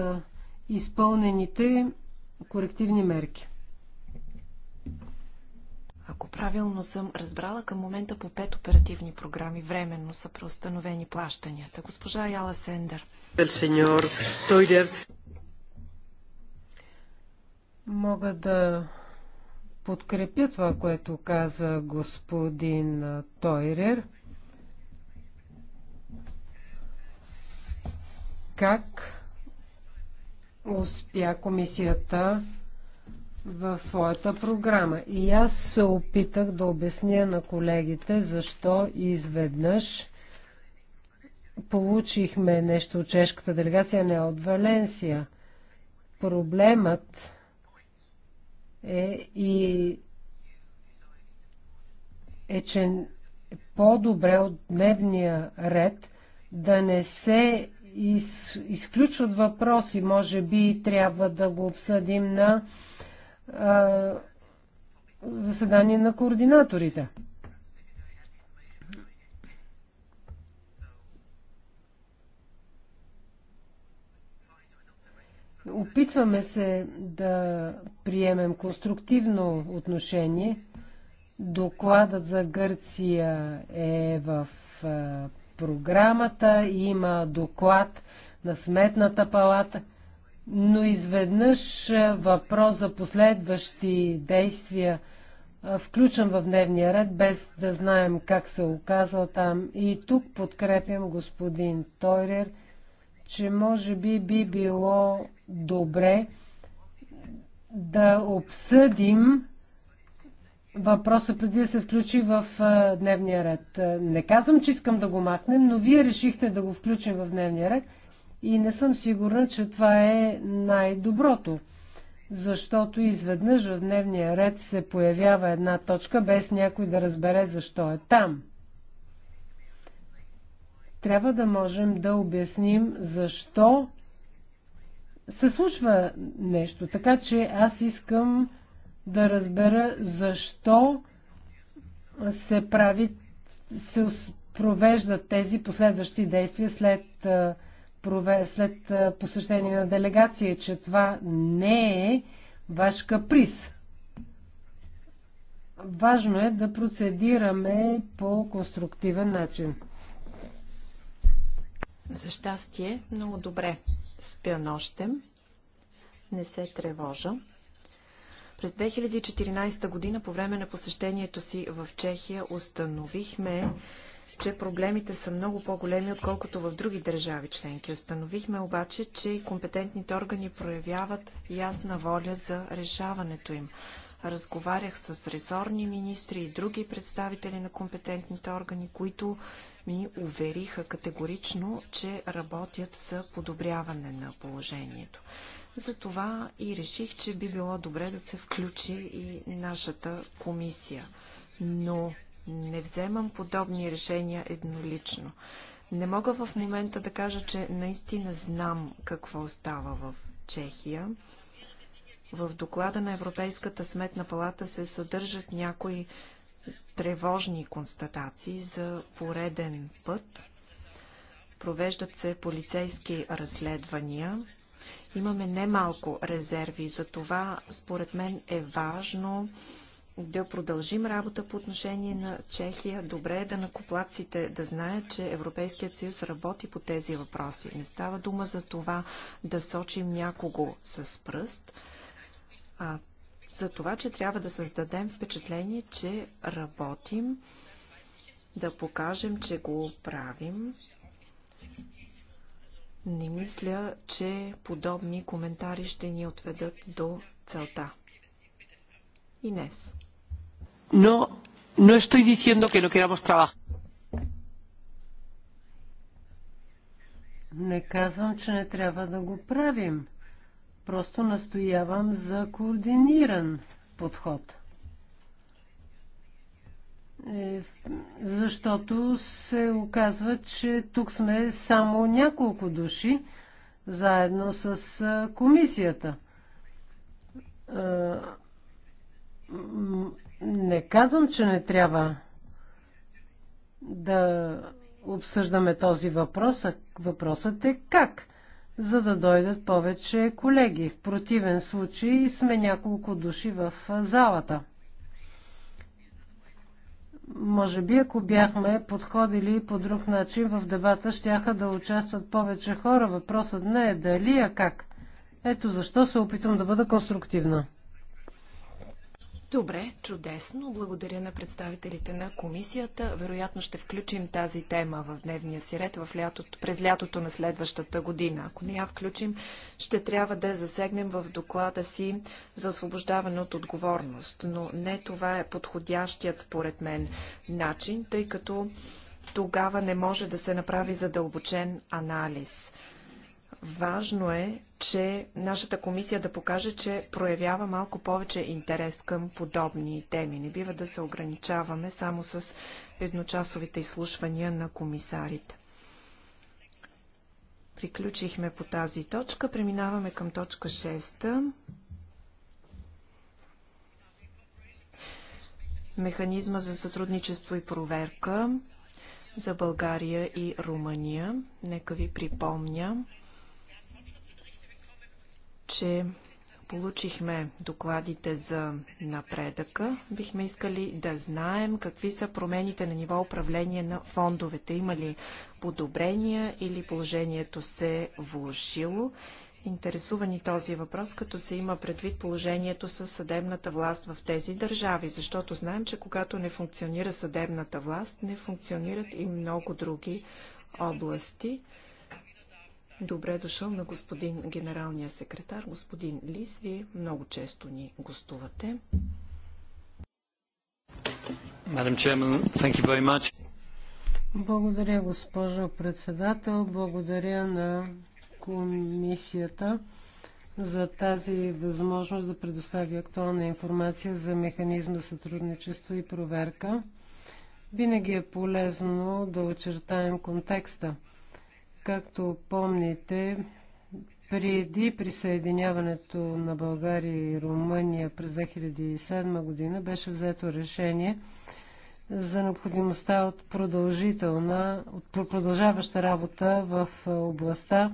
изпълнените корективни мерки. Ако правилно съм разбрала, към момента по пет оперативни програми временно са преустановени плащанията. Госпожа Яла Сендер. Мога да подкрепя това, което каза господин Тойрер. Как успя комисията в своята програма. И аз се опитах да обясня на колегите защо изведнъж получихме нещо от чешката делегация, не от Валенсия. Проблемът е и е, че по-добре от дневния ред да не се из, изключват въпроси. Може би трябва да го обсъдим на а, заседание на координаторите. Опитваме се да приемем конструктивно отношение. Докладът за Гърция е в програмата. Има доклад на Сметната палата – но изведнъж е, въпрос за последващи действия е, включвам в дневния ред, без да знаем как се е оказал там. И тук подкрепям господин Тойрер, че може би би било добре да обсъдим въпроса преди да се включи в дневния ред. Не казвам, че искам да го махнем, но вие решихте да го включим в дневния ред – и не съм сигурна, че това е най-доброто, защото изведнъж в дневния ред се появява една точка, без някой да разбере защо е там. Трябва да можем да обясним защо се случва нещо. Така че аз искам да разбера защо се прави, се провеждат тези последващи действия след след посещение на делегация, че това не е ваш каприз. Важно е да процедираме по конструктивен начин. За щастие, много добре спя нощем. Не се тревожа. През 2014 година по време на посещението си в Чехия установихме, че проблемите са много по-големи, отколкото в други държави членки. Установихме обаче, че и компетентните органи проявяват ясна воля за решаването им. Разговарях с ресорни министри и други представители на компетентните органи, които ми увериха категорично, че работят за подобряване на положението. Затова и реших, че би било добре да се включи и нашата комисия. Но не вземам подобни решения еднолично. Не мога в момента да кажа, че наистина знам какво става в Чехия. В доклада на Европейската сметна палата се съдържат някои тревожни констатации за пореден път. Провеждат се полицейски разследвания. Имаме немалко резерви. За това, според мен, е важно да продължим работа по отношение на Чехия. Добре е да накоплаците да знаят, че Европейският съюз работи по тези въпроси. Не става дума за това да сочим някого с пръст, а за това, че трябва да създадем впечатление, че работим, да покажем, че го правим. Не мисля, че подобни коментари ще ни отведат до целта. Инес no, no estoy diciendo que no queramos trabajar. Не казвам, че не трябва да го правим. Просто настоявам за координиран подход. Е, защото се оказва, че тук сме само няколко души, заедно с комисията не казвам, че не трябва да обсъждаме този въпрос. А въпросът е как, за да дойдат повече колеги. В противен случай сме няколко души в залата. Може би, ако бяхме подходили по друг начин в дебата, щяха да участват повече хора. Въпросът не е дали, а как. Ето защо се опитвам да бъда конструктивна. Добре, чудесно. Благодаря на представителите на комисията. Вероятно ще включим тази тема в дневния си ред в лятото, през лятото на следващата година. Ако не я включим, ще трябва да я засегнем в доклада си за освобождаване от отговорност. Но не това е подходящият според мен начин, тъй като тогава не може да се направи задълбочен анализ – Важно е, че нашата комисия да покаже, че проявява малко повече интерес към подобни теми. Не бива да се ограничаваме само с едночасовите изслушвания на комисарите. Приключихме по тази точка. Преминаваме към точка 6. Механизма за сътрудничество и проверка за България и Румъния. Нека ви припомня, че получихме докладите за напредъка, бихме искали да знаем какви са промените на ниво управление на фондовете. Има ли подобрения или положението се е влушило? Интересува ни този въпрос, като се има предвид положението с съдебната власт в тези държави, защото знаем, че когато не функционира съдебната власт, не функционират и много други области. Добре дошъл на господин генералния секретар, господин Лис. Вие много често ни гостувате. Благодаря, госпожо председател. Благодаря на комисията за тази възможност да предостави актуална информация за механизма за сътрудничество и проверка. Винаги е полезно да очертаем контекста – Както помните, преди присъединяването на България и Румъния през 2007 година беше взето решение за необходимостта от продължителна, от продължаваща работа в областта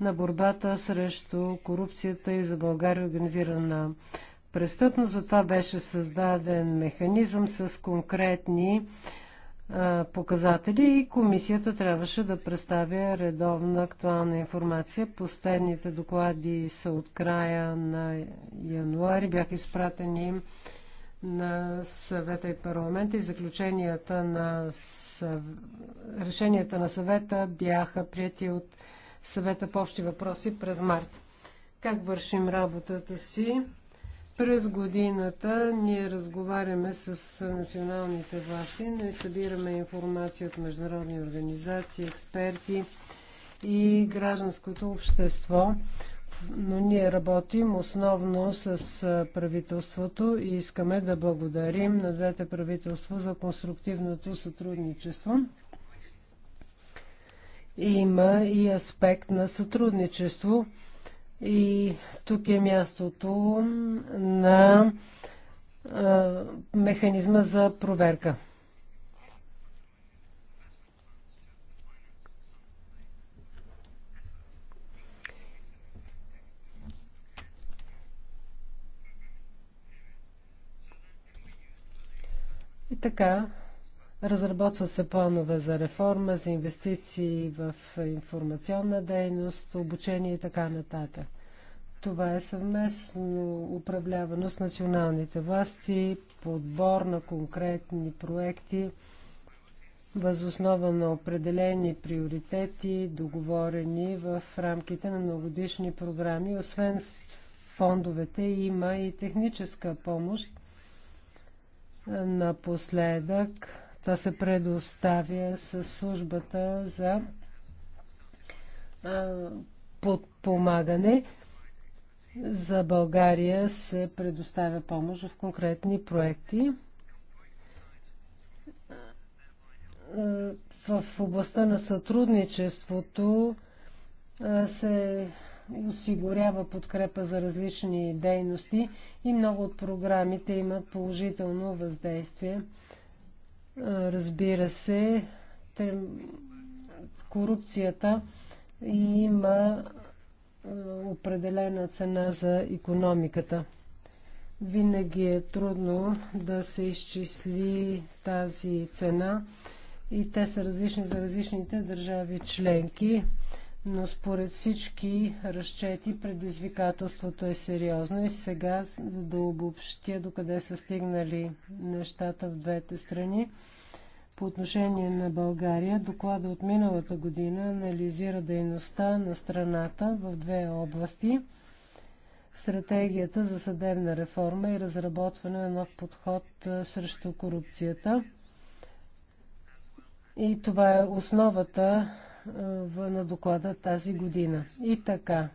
на борбата срещу корупцията и за България организирана престъпност. Затова беше създаден механизъм с конкретни е, показатели и комисията трябваше да представя редовна актуална информация. Последните доклади са от края на януари, бяха изпратени на съвета и парламента и заключенията на съв... решенията на съвета бяха прияти от съвета по общи въпроси през март. Как вършим работата си? През годината ние разговаряме с националните власти, но и събираме информация от международни организации, експерти и гражданското общество. Но ние работим основно с правителството и искаме да благодарим на двете правителства за конструктивното сътрудничество. Има и аспект на сътрудничество – и тук е мястото на механизма за проверка. И така, Разработват се планове за реформа, за инвестиции в информационна дейност, обучение и така нататък. Това е съвместно управлявано с националните власти, подбор на конкретни проекти, възоснова на определени приоритети, договорени в рамките на многодишни програми. Освен фондовете има и техническа помощ. Напоследък това се предоставя с службата за подпомагане. За България се предоставя помощ в конкретни проекти. В областта на сътрудничеството се осигурява подкрепа за различни дейности и много от програмите имат положително въздействие Разбира се, корупцията има е, определена цена за економиката. Винаги е трудно да се изчисли тази цена и те са различни за различните държави членки но според всички разчети предизвикателството е сериозно и сега, за да обобщя къде са стигнали нещата в двете страни, по отношение на България, доклада от миналата година анализира дейността на страната в две области – стратегията за съдебна реформа и разработване на нов подход срещу корупцията. И това е основата на доклада тази година. И така,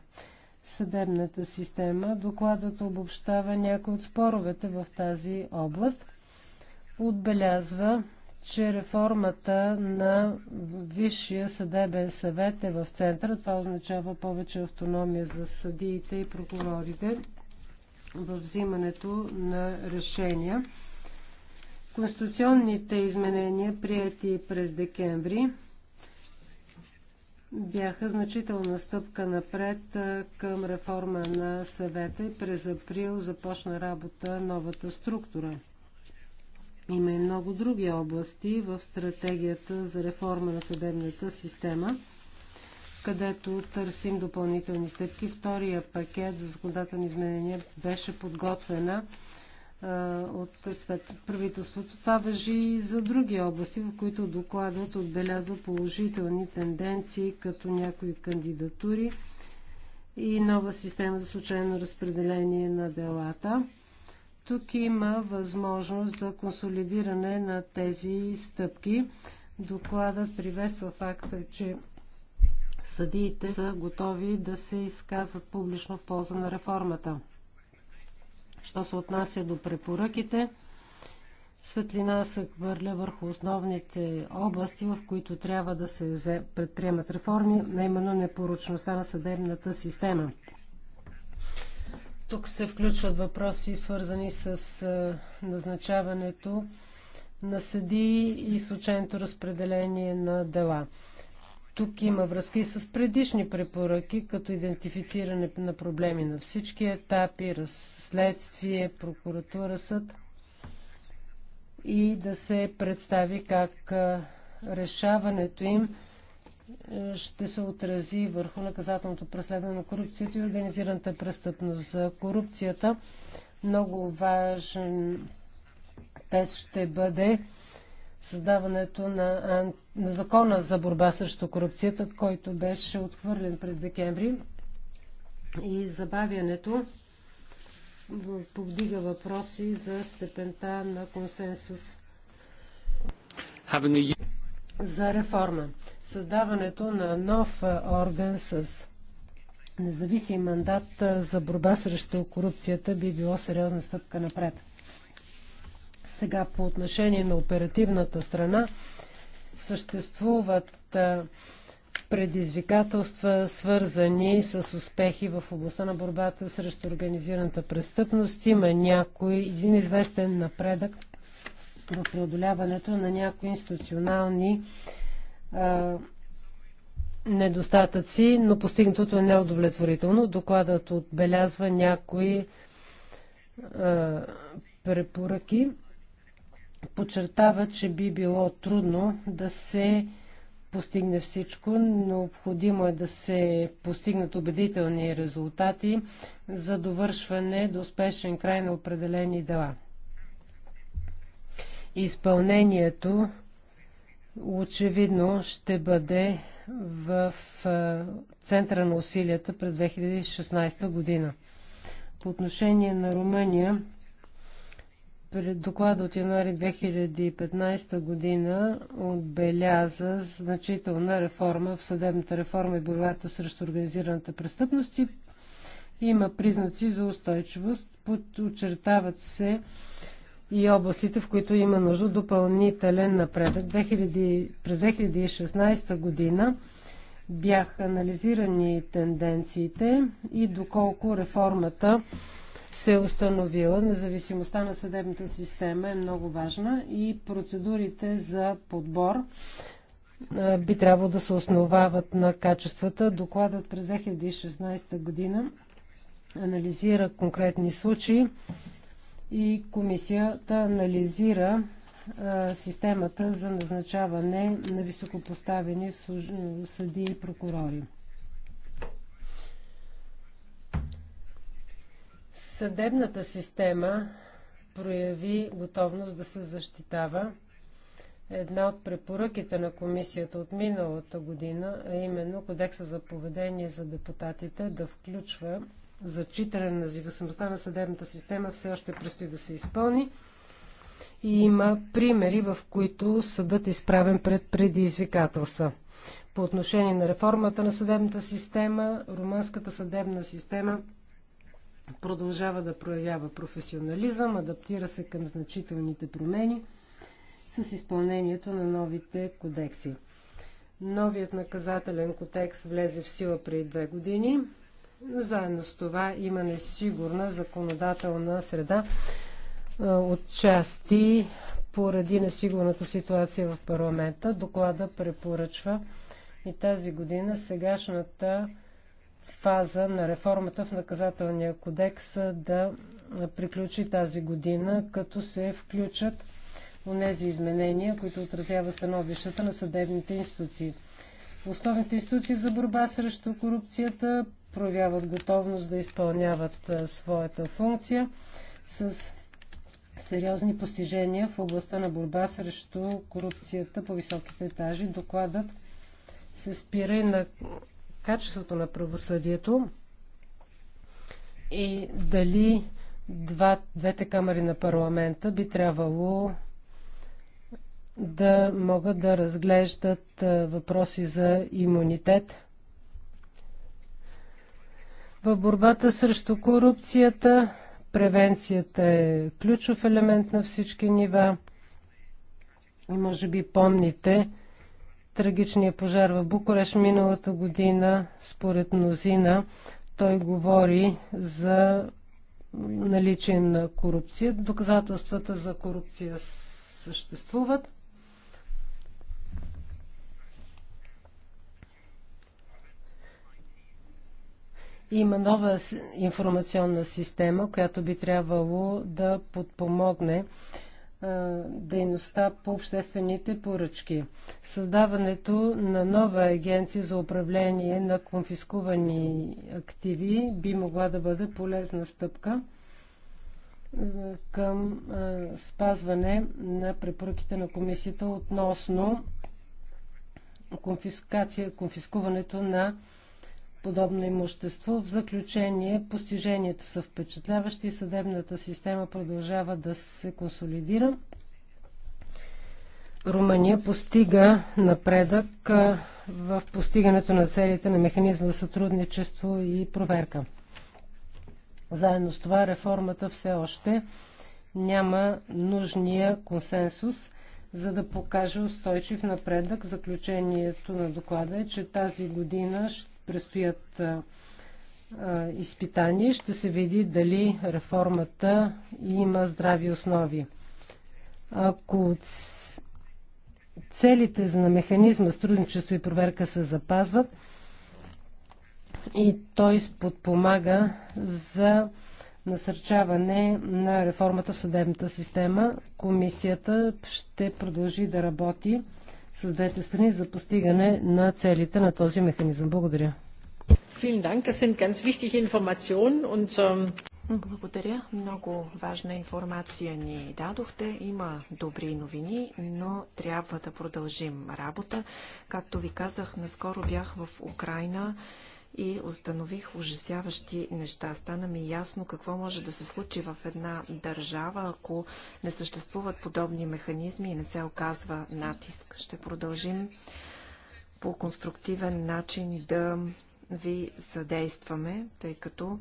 съдебната система. Докладът обобщава някои от споровете в тази област. Отбелязва, че реформата на Висшия съдебен съвет е в центъра. Това означава повече автономия за съдиите и прокурорите в взимането на решения. Конституционните изменения, прияти през декември, бяха значителна стъпка напред към реформа на съвета и през април започна работа новата структура. Има и много други области в стратегията за реформа на съдебната система, където търсим допълнителни стъпки. Втория пакет за законодателни изменения беше подготвена от свет, правителството. Това въжи и за други области, в които докладът отбеляза положителни тенденции, като някои кандидатури и нова система за случайно разпределение на делата. Тук има възможност за консолидиране на тези стъпки. Докладът приветства факта, че съдиите са готови да се изказват публично в полза на реформата. Що се отнася до препоръките, светлина се хвърля върху основните области, в които трябва да се предприемат реформи, наименно непоручността на съдебната система. Тук се включват въпроси, свързани с назначаването на съди и случайното разпределение на дела. Тук има връзки с предишни препоръки, като идентифициране на проблеми на всички етапи, разследствие, прокуратура, съд и да се представи как решаването им ще се отрази върху наказателното преследване на корупцията и организираната престъпност. За корупцията много важен тест ще бъде създаването на, на закона за борба срещу корупцията, който беше отхвърлен през декември и забавянето повдига въпроси за степента на консенсус за реформа. Създаването на нов орган с независим мандат за борба срещу корупцията би било сериозна стъпка напред. Сега по отношение на оперативната страна съществуват предизвикателства, свързани с успехи в областта на борбата срещу организираната престъпност. Има някой, един известен напредък в преодоляването на някои институционални а, недостатъци, но постигнатото е неудовлетворително. Докладът отбелязва някои а, препоръки подчертава, че би било трудно да се постигне всичко. Необходимо е да се постигнат убедителни резултати за довършване до успешен край на определени дела. Изпълнението очевидно ще бъде в центъра на усилията през 2016 година. По отношение на Румъния, пред доклада от януари 2015 година отбеляза значителна реформа в съдебната реформа и борбата срещу организираната престъпност и има признаци за устойчивост. Очертават се и областите, в които има нужда допълнителен напредък. 2000, през 2016 година бяха анализирани тенденциите и доколко реформата се е установила. Независимостта на съдебната система е много важна и процедурите за подбор би трябвало да се основават на качествата. Докладът през 2016 година анализира конкретни случаи и комисията анализира системата за назначаване на високопоставени съди и прокурори. Съдебната система прояви готовност да се защитава. Една от препоръките на комисията от миналата година, а е именно Кодекса за поведение за депутатите да включва зачитане на зависимостта на съдебната система, все още предстои да се изпълни. И има примери, в които съдът е изправен пред предизвикателства. По отношение на реформата на съдебната система, румънската съдебна система – продължава да проявява професионализъм, адаптира се към значителните промени с изпълнението на новите кодекси. Новият наказателен кодекс влезе в сила преди две години. но Заедно с това има несигурна законодателна среда от части поради несигурната ситуация в парламента. Доклада препоръчва и тази година сегашната фаза на реформата в наказателния кодекс да приключи тази година, като се включат у нези изменения, които отразяват становищата на съдебните институции. Основните институции за борба срещу корупцията проявяват готовност да изпълняват своята функция с сериозни постижения в областта на борба срещу корупцията по високите етажи. Докладът се спира и на качеството на правосъдието и дали два, двете камери на парламента би трябвало да могат да разглеждат въпроси за имунитет. В борбата срещу корупцията превенцията е ключов елемент на всички нива. И може би помните, трагичния пожар в Букурещ миналата година, според мнозина, той говори за наличие на корупция. Доказателствата за корупция съществуват. Има нова информационна система, която би трябвало да подпомогне дейността по обществените поръчки. Създаването на нова агенция за управление на конфискувани активи би могла да бъде полезна стъпка към спазване на препоръките на комисията относно конфискация, конфискуването на подобно имущество. В заключение, постиженията са впечатляващи и съдебната система продължава да се консолидира. Румъния постига напредък в постигането на целите на механизма за сътрудничество и проверка. Заедно с това реформата все още няма нужния консенсус, за да покаже устойчив напредък. Заключението на доклада е, че тази година ще предстоят изпитания. Ще се види дали реформата има здрави основи. Ако целите на механизма сътрудничество и проверка се запазват и той подпомага за насърчаване на реформата в съдебната система, комисията ще продължи да работи с двете страни за постигане на целите на този механизъм. Благодаря. Ähm, Благодаря. Много важна информация ни дадохте. Има добри новини, но трябва да продължим работа. Както ви казах, наскоро бях в Украина и установих ужасяващи неща. Стана ми ясно какво може да се случи в една държава, ако не съществуват подобни механизми и не се оказва натиск. Ще продължим по конструктивен начин да ви съдействаме, тъй като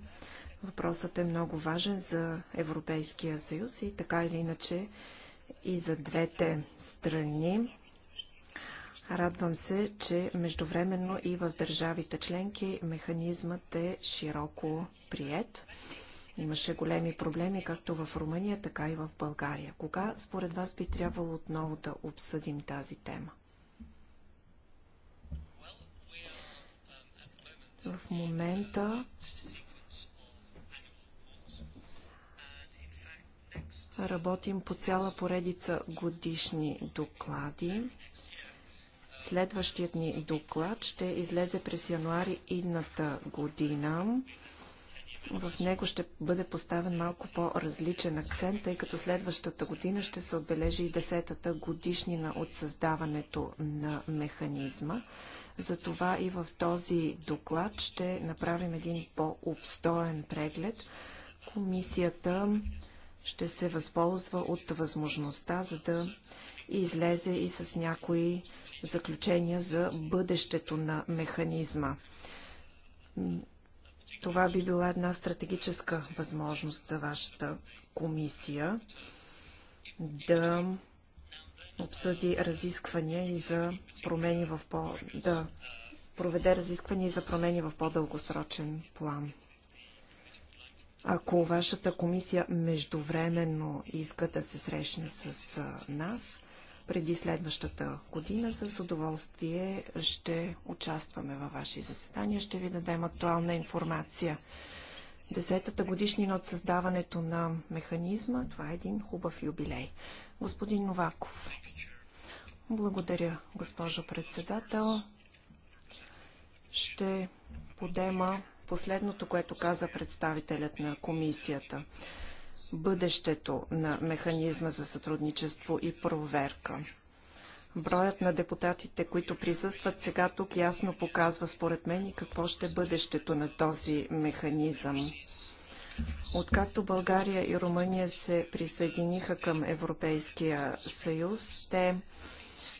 въпросът е много важен за Европейския съюз и така или иначе и за двете страни. Радвам се, че междувременно и в държавите членки механизмът е широко прият. Имаше големи проблеми както в Румъния, така и в България. Кога според вас би трябвало отново да обсъдим тази тема? В момента работим по цяла поредица годишни доклади. Следващият ни доклад ще излезе през януари идната година. В него ще бъде поставен малко по-различен акцент, тъй като следващата година ще се отбележи и десетата годишнина от създаването на механизма. Затова и в този доклад ще направим един по-обстоен преглед. Комисията ще се възползва от възможността, за да и излезе и с някои заключения за бъдещето на механизма. Това би била една стратегическа възможност за вашата комисия да обсъди разисквания и за промени в по... да проведе разисквания и за промени в по-дългосрочен план. Ако вашата комисия междувременно иска да се срещне с нас, преди следващата година. С удоволствие ще участваме във ваши заседания, ще ви дадем актуална информация. Десетата годишнина от създаването на механизма, това е един хубав юбилей. Господин Новаков. Благодаря, госпожо председател. Ще подема последното, което каза представителят на комисията бъдещето на механизма за сътрудничество и проверка. Броят на депутатите, които присъстват сега тук, ясно показва според мен и какво ще е бъдещето на този механизъм. Откакто България и Румъния се присъединиха към Европейския съюз, те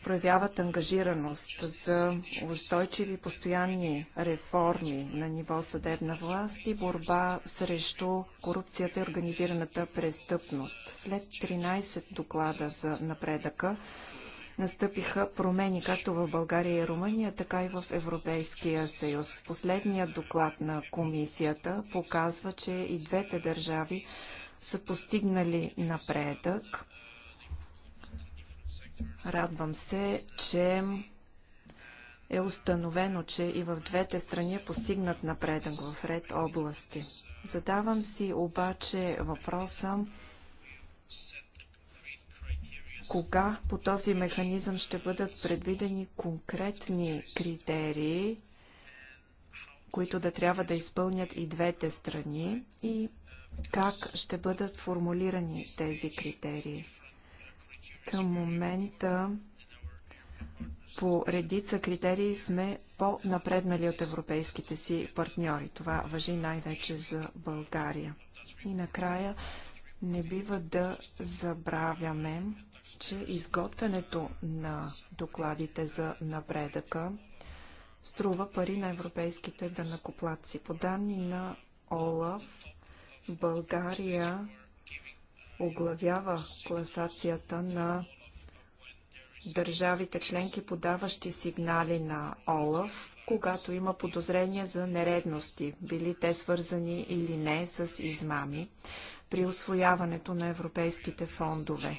проявяват ангажираност за устойчиви постоянни реформи на ниво съдебна власт и борба срещу корупцията и организираната престъпност. След 13 доклада за напредъка настъпиха промени както в България и Румъния, така и в Европейския съюз. Последният доклад на комисията показва, че и двете държави са постигнали напредък Радвам се, че е установено, че и в двете страни е постигнат напредък в ред области. Задавам си обаче въпроса кога по този механизъм ще бъдат предвидени конкретни критерии, които да трябва да изпълнят и двете страни и как ще бъдат формулирани тези критерии. Към момента по редица критерии сме по-напреднали от европейските си партньори. Това въжи най-вече за България. И накрая не бива да забравяме, че изготвянето на докладите за напредъка струва пари на европейските данакоплатци. По данни на ОЛАФ, България оглавява класацията на държавите членки, подаващи сигнали на ОЛАФ, когато има подозрения за нередности, били те свързани или не с измами при освояването на европейските фондове.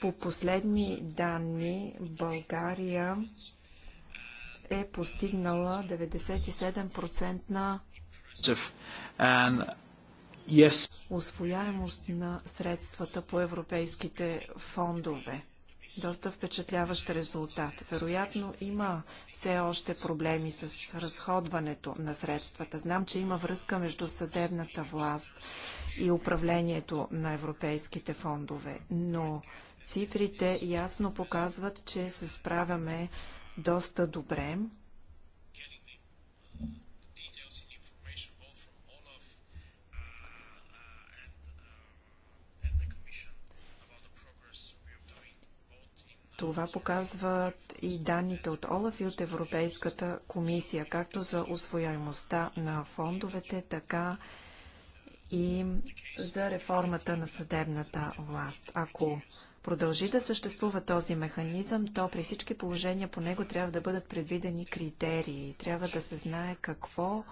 По последни данни, България е постигнала 97% на yes. освояемост на средствата по европейските фондове. Доста впечатляващ резултат. Вероятно има все още проблеми с разходването на средствата. Знам, че има връзка между съдебната власт и управлението на европейските фондове, но цифрите ясно показват, че се справяме доста добре Това показват и данните от ОЛАФ и от Европейската комисия, както за освояемостта на фондовете, така и за реформата на съдебната власт. Ако продължи да съществува този механизъм, то при всички положения по него трябва да бъдат предвидени критерии. Трябва да се знае какво,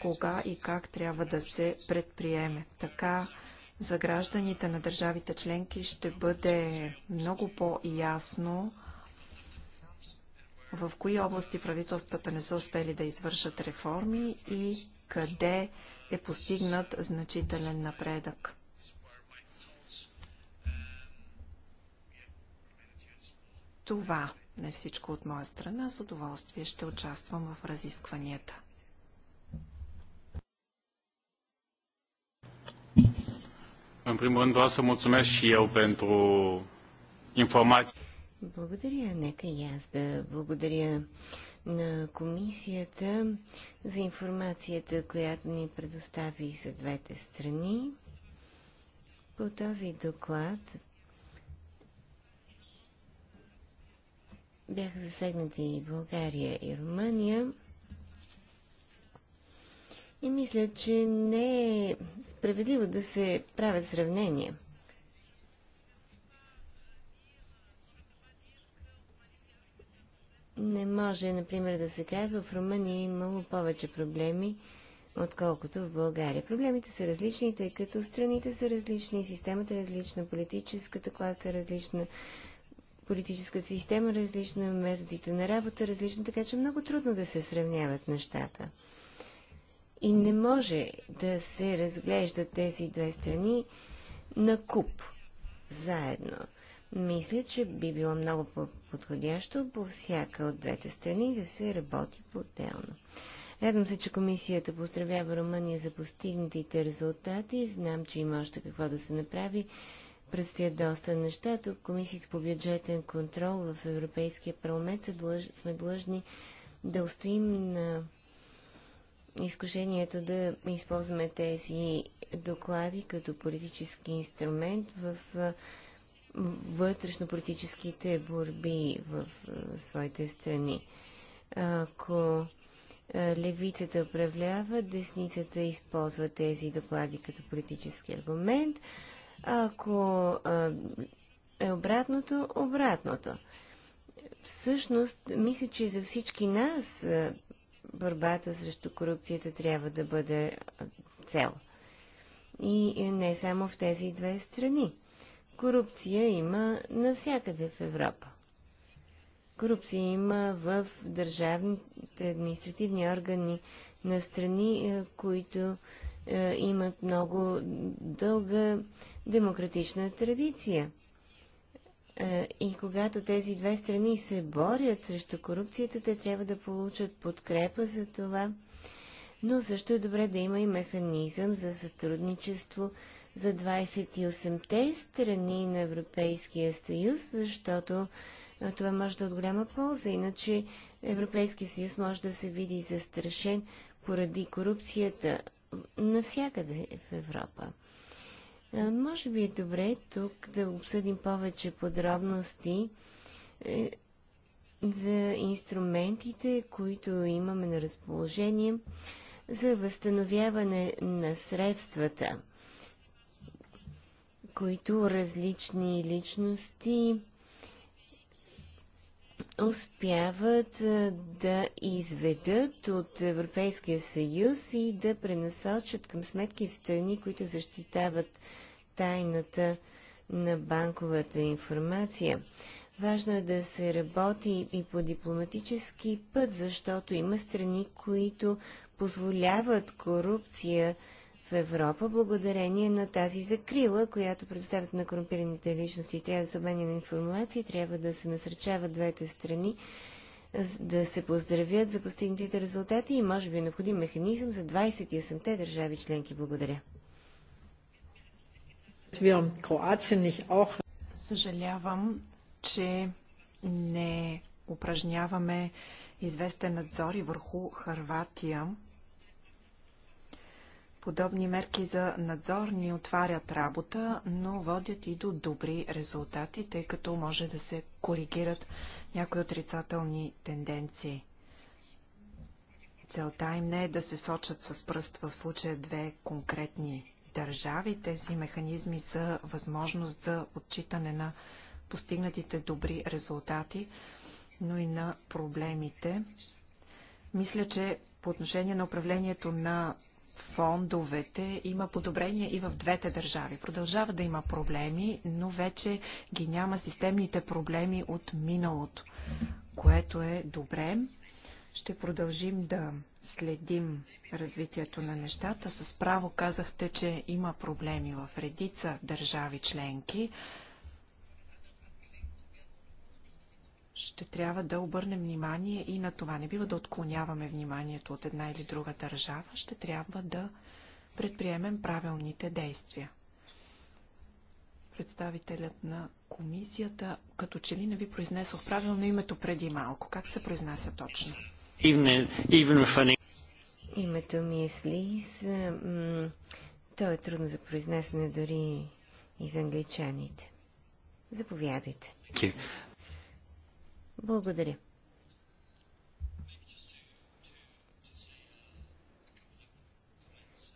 кога и как трябва да се предприеме. Така за гражданите на държавите членки ще бъде много по-ясно в кои области правителствата не са успели да извършат реформи и къде е постигнат значителен напредък. Това не всичко от моя страна. С удоволствие ще участвам в разискванията. În primul rând vreau să mulțumesc și eu pentru informații. Благодаря, нека и аз да благодаря на комисията за информацията, която ни предостави за двете страни. По този доклад бяха засегнати и България и Румъния. И мисля, че не е справедливо да се правят сравнения. Не може, например, да се казва, в Румъния е имало повече проблеми, отколкото в България. Проблемите са различни, тъй като страните са различни, системата е различна, политическата класа е различна, политическата система е различна, методите на работа е различна, така че много трудно да се сравняват нещата. И не може да се разглеждат тези две страни на куп заедно. Мисля, че би било много подходящо по всяка от двете страни да се работи по-отделно. Радвам се, че комисията поздравява Румъния за постигнатите резултати. Знам, че има още какво да се направи. Предстоят доста неща. Тук комисията по бюджетен контрол в Европейския парламент сме длъжни да устоим на изкушението да използваме тези доклади като политически инструмент в вътрешно-политическите борби в своите страни. Ако левицата управлява, десницата използва тези доклади като политически аргумент. Ако е обратното, обратното. Всъщност, мисля, че за всички нас борбата срещу корупцията трябва да бъде цел. И не само в тези две страни. Корупция има навсякъде в Европа. Корупция има в държавните административни органи на страни, които имат много дълга демократична традиция – е, и когато тези две страни се борят срещу корупцията, те трябва да получат подкрепа за това. Но също е добре да има и механизъм за сътрудничество за 28-те страни на Европейския съюз, защото е, това може да е от голяма полза. Иначе Европейския съюз може да се види застрашен поради корупцията навсякъде в Европа. Може би е добре тук да обсъдим повече подробности е, за инструментите, които имаме на разположение за възстановяване на средствата, които различни личности успяват да изведат от Европейския съюз и да пренасочат към сметки в страни, които защитават тайната на банковата информация. Важно е да се работи и по дипломатически път, защото има страни, които позволяват корупция в Европа, благодарение на тази закрила, която предоставят на корумпираните личности. Трябва да се обменя на информация, трябва да се насръчават двете страни, да се поздравят за постигнатите резултати и може би е необходим механизъм за 28-те държави членки. Благодаря. Съжалявам, че не упражняваме известен надзор и върху Харватия. Подобни мерки за надзор ни отварят работа, но водят и до добри резултати, тъй като може да се коригират някои отрицателни тенденции. Целта им не е да се сочат с пръст в случая две конкретни държави. Тези механизми са възможност за отчитане на постигнатите добри резултати, но и на проблемите. Мисля, че по отношение на управлението на фондовете има подобрения и в двете държави. Продължава да има проблеми, но вече ги няма системните проблеми от миналото, което е добре. Ще продължим да следим развитието на нещата. С право казахте, че има проблеми в редица държави членки. ще трябва да обърнем внимание и на това. Не бива да отклоняваме вниманието от една или друга държава, ще трябва да предприемем правилните действия. Представителят на комисията, като че ли не ви произнесох правилно името преди малко. Как се произнася точно? Името ми е Слиз. То е трудно за произнесене дори и за англичаните. Заповядайте. Благодаря.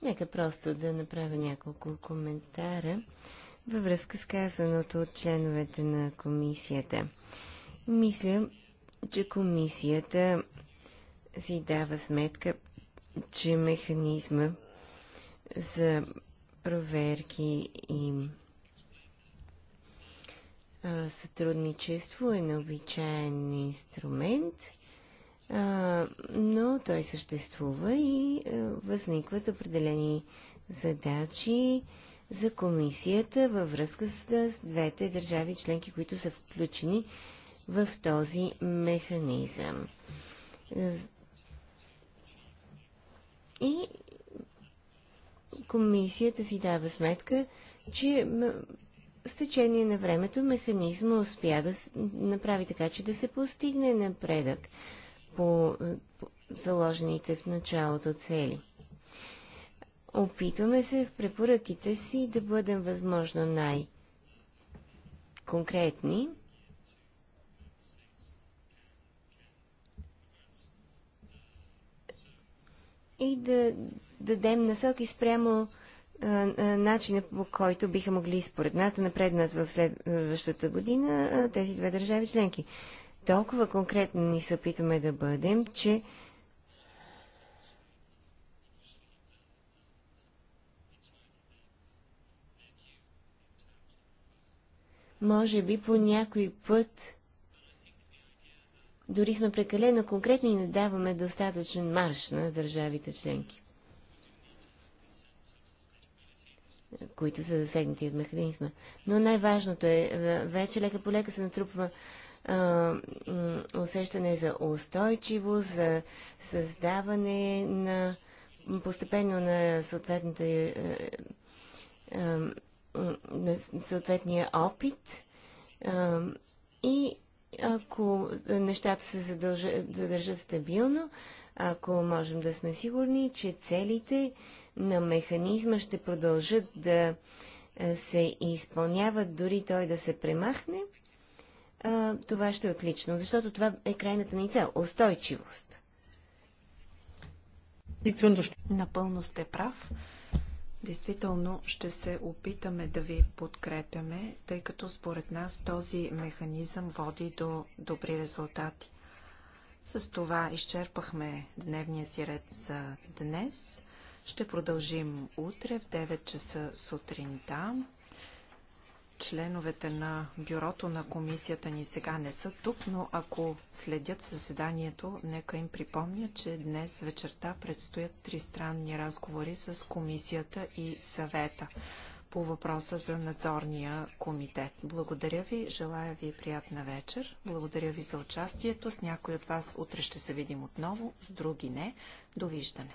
Нека просто да направя няколко коментара във връзка с казаното от членовете на комисията. Мисля, че комисията си дава сметка, че механизма за проверки и сътрудничество е необичайен инструмент, но той съществува и възникват определени задачи за комисията във връзка с двете държави членки, които са включени в този механизъм. И комисията си дава сметка, че с течение на времето механизма успя да направи така, че да се постигне напредък по, е, по заложените в началото цели. Опитваме се в препоръките си да бъдем възможно най-конкретни. И да дадем насоки спрямо начина по който биха могли според нас да напреднат в следващата година тези две държави членки. Толкова конкретно ни се опитваме да бъдем, че може би по някой път дори сме прекалено конкретни и не даваме достатъчен марш на държавите членки. които са засегнати от механизма. Но най-важното е, вече лека по лека се натрупва а, усещане за устойчивост, за създаване на постепенно на съответната е, е, е, на съответния опит и ако нещата се задържат стабилно, ако можем да сме сигурни, че целите на механизма ще продължат да се изпълняват, дори той да се премахне, това ще е отлично, защото това е крайната ни цел – устойчивост. Напълно сте прав. Действително ще се опитаме да ви подкрепяме, тъй като според нас този механизъм води до добри резултати. С това изчерпахме дневния си ред за днес. Ще продължим утре в 9 часа сутринта. Членовете на бюрото на комисията ни сега не са тук, но ако следят заседанието, нека им припомня, че днес вечерта предстоят три странни разговори с комисията и съвета по въпроса за надзорния комитет. Благодаря ви, желая ви приятна вечер. Благодаря ви за участието. С някой от вас утре ще се видим отново, с други не. Довиждане.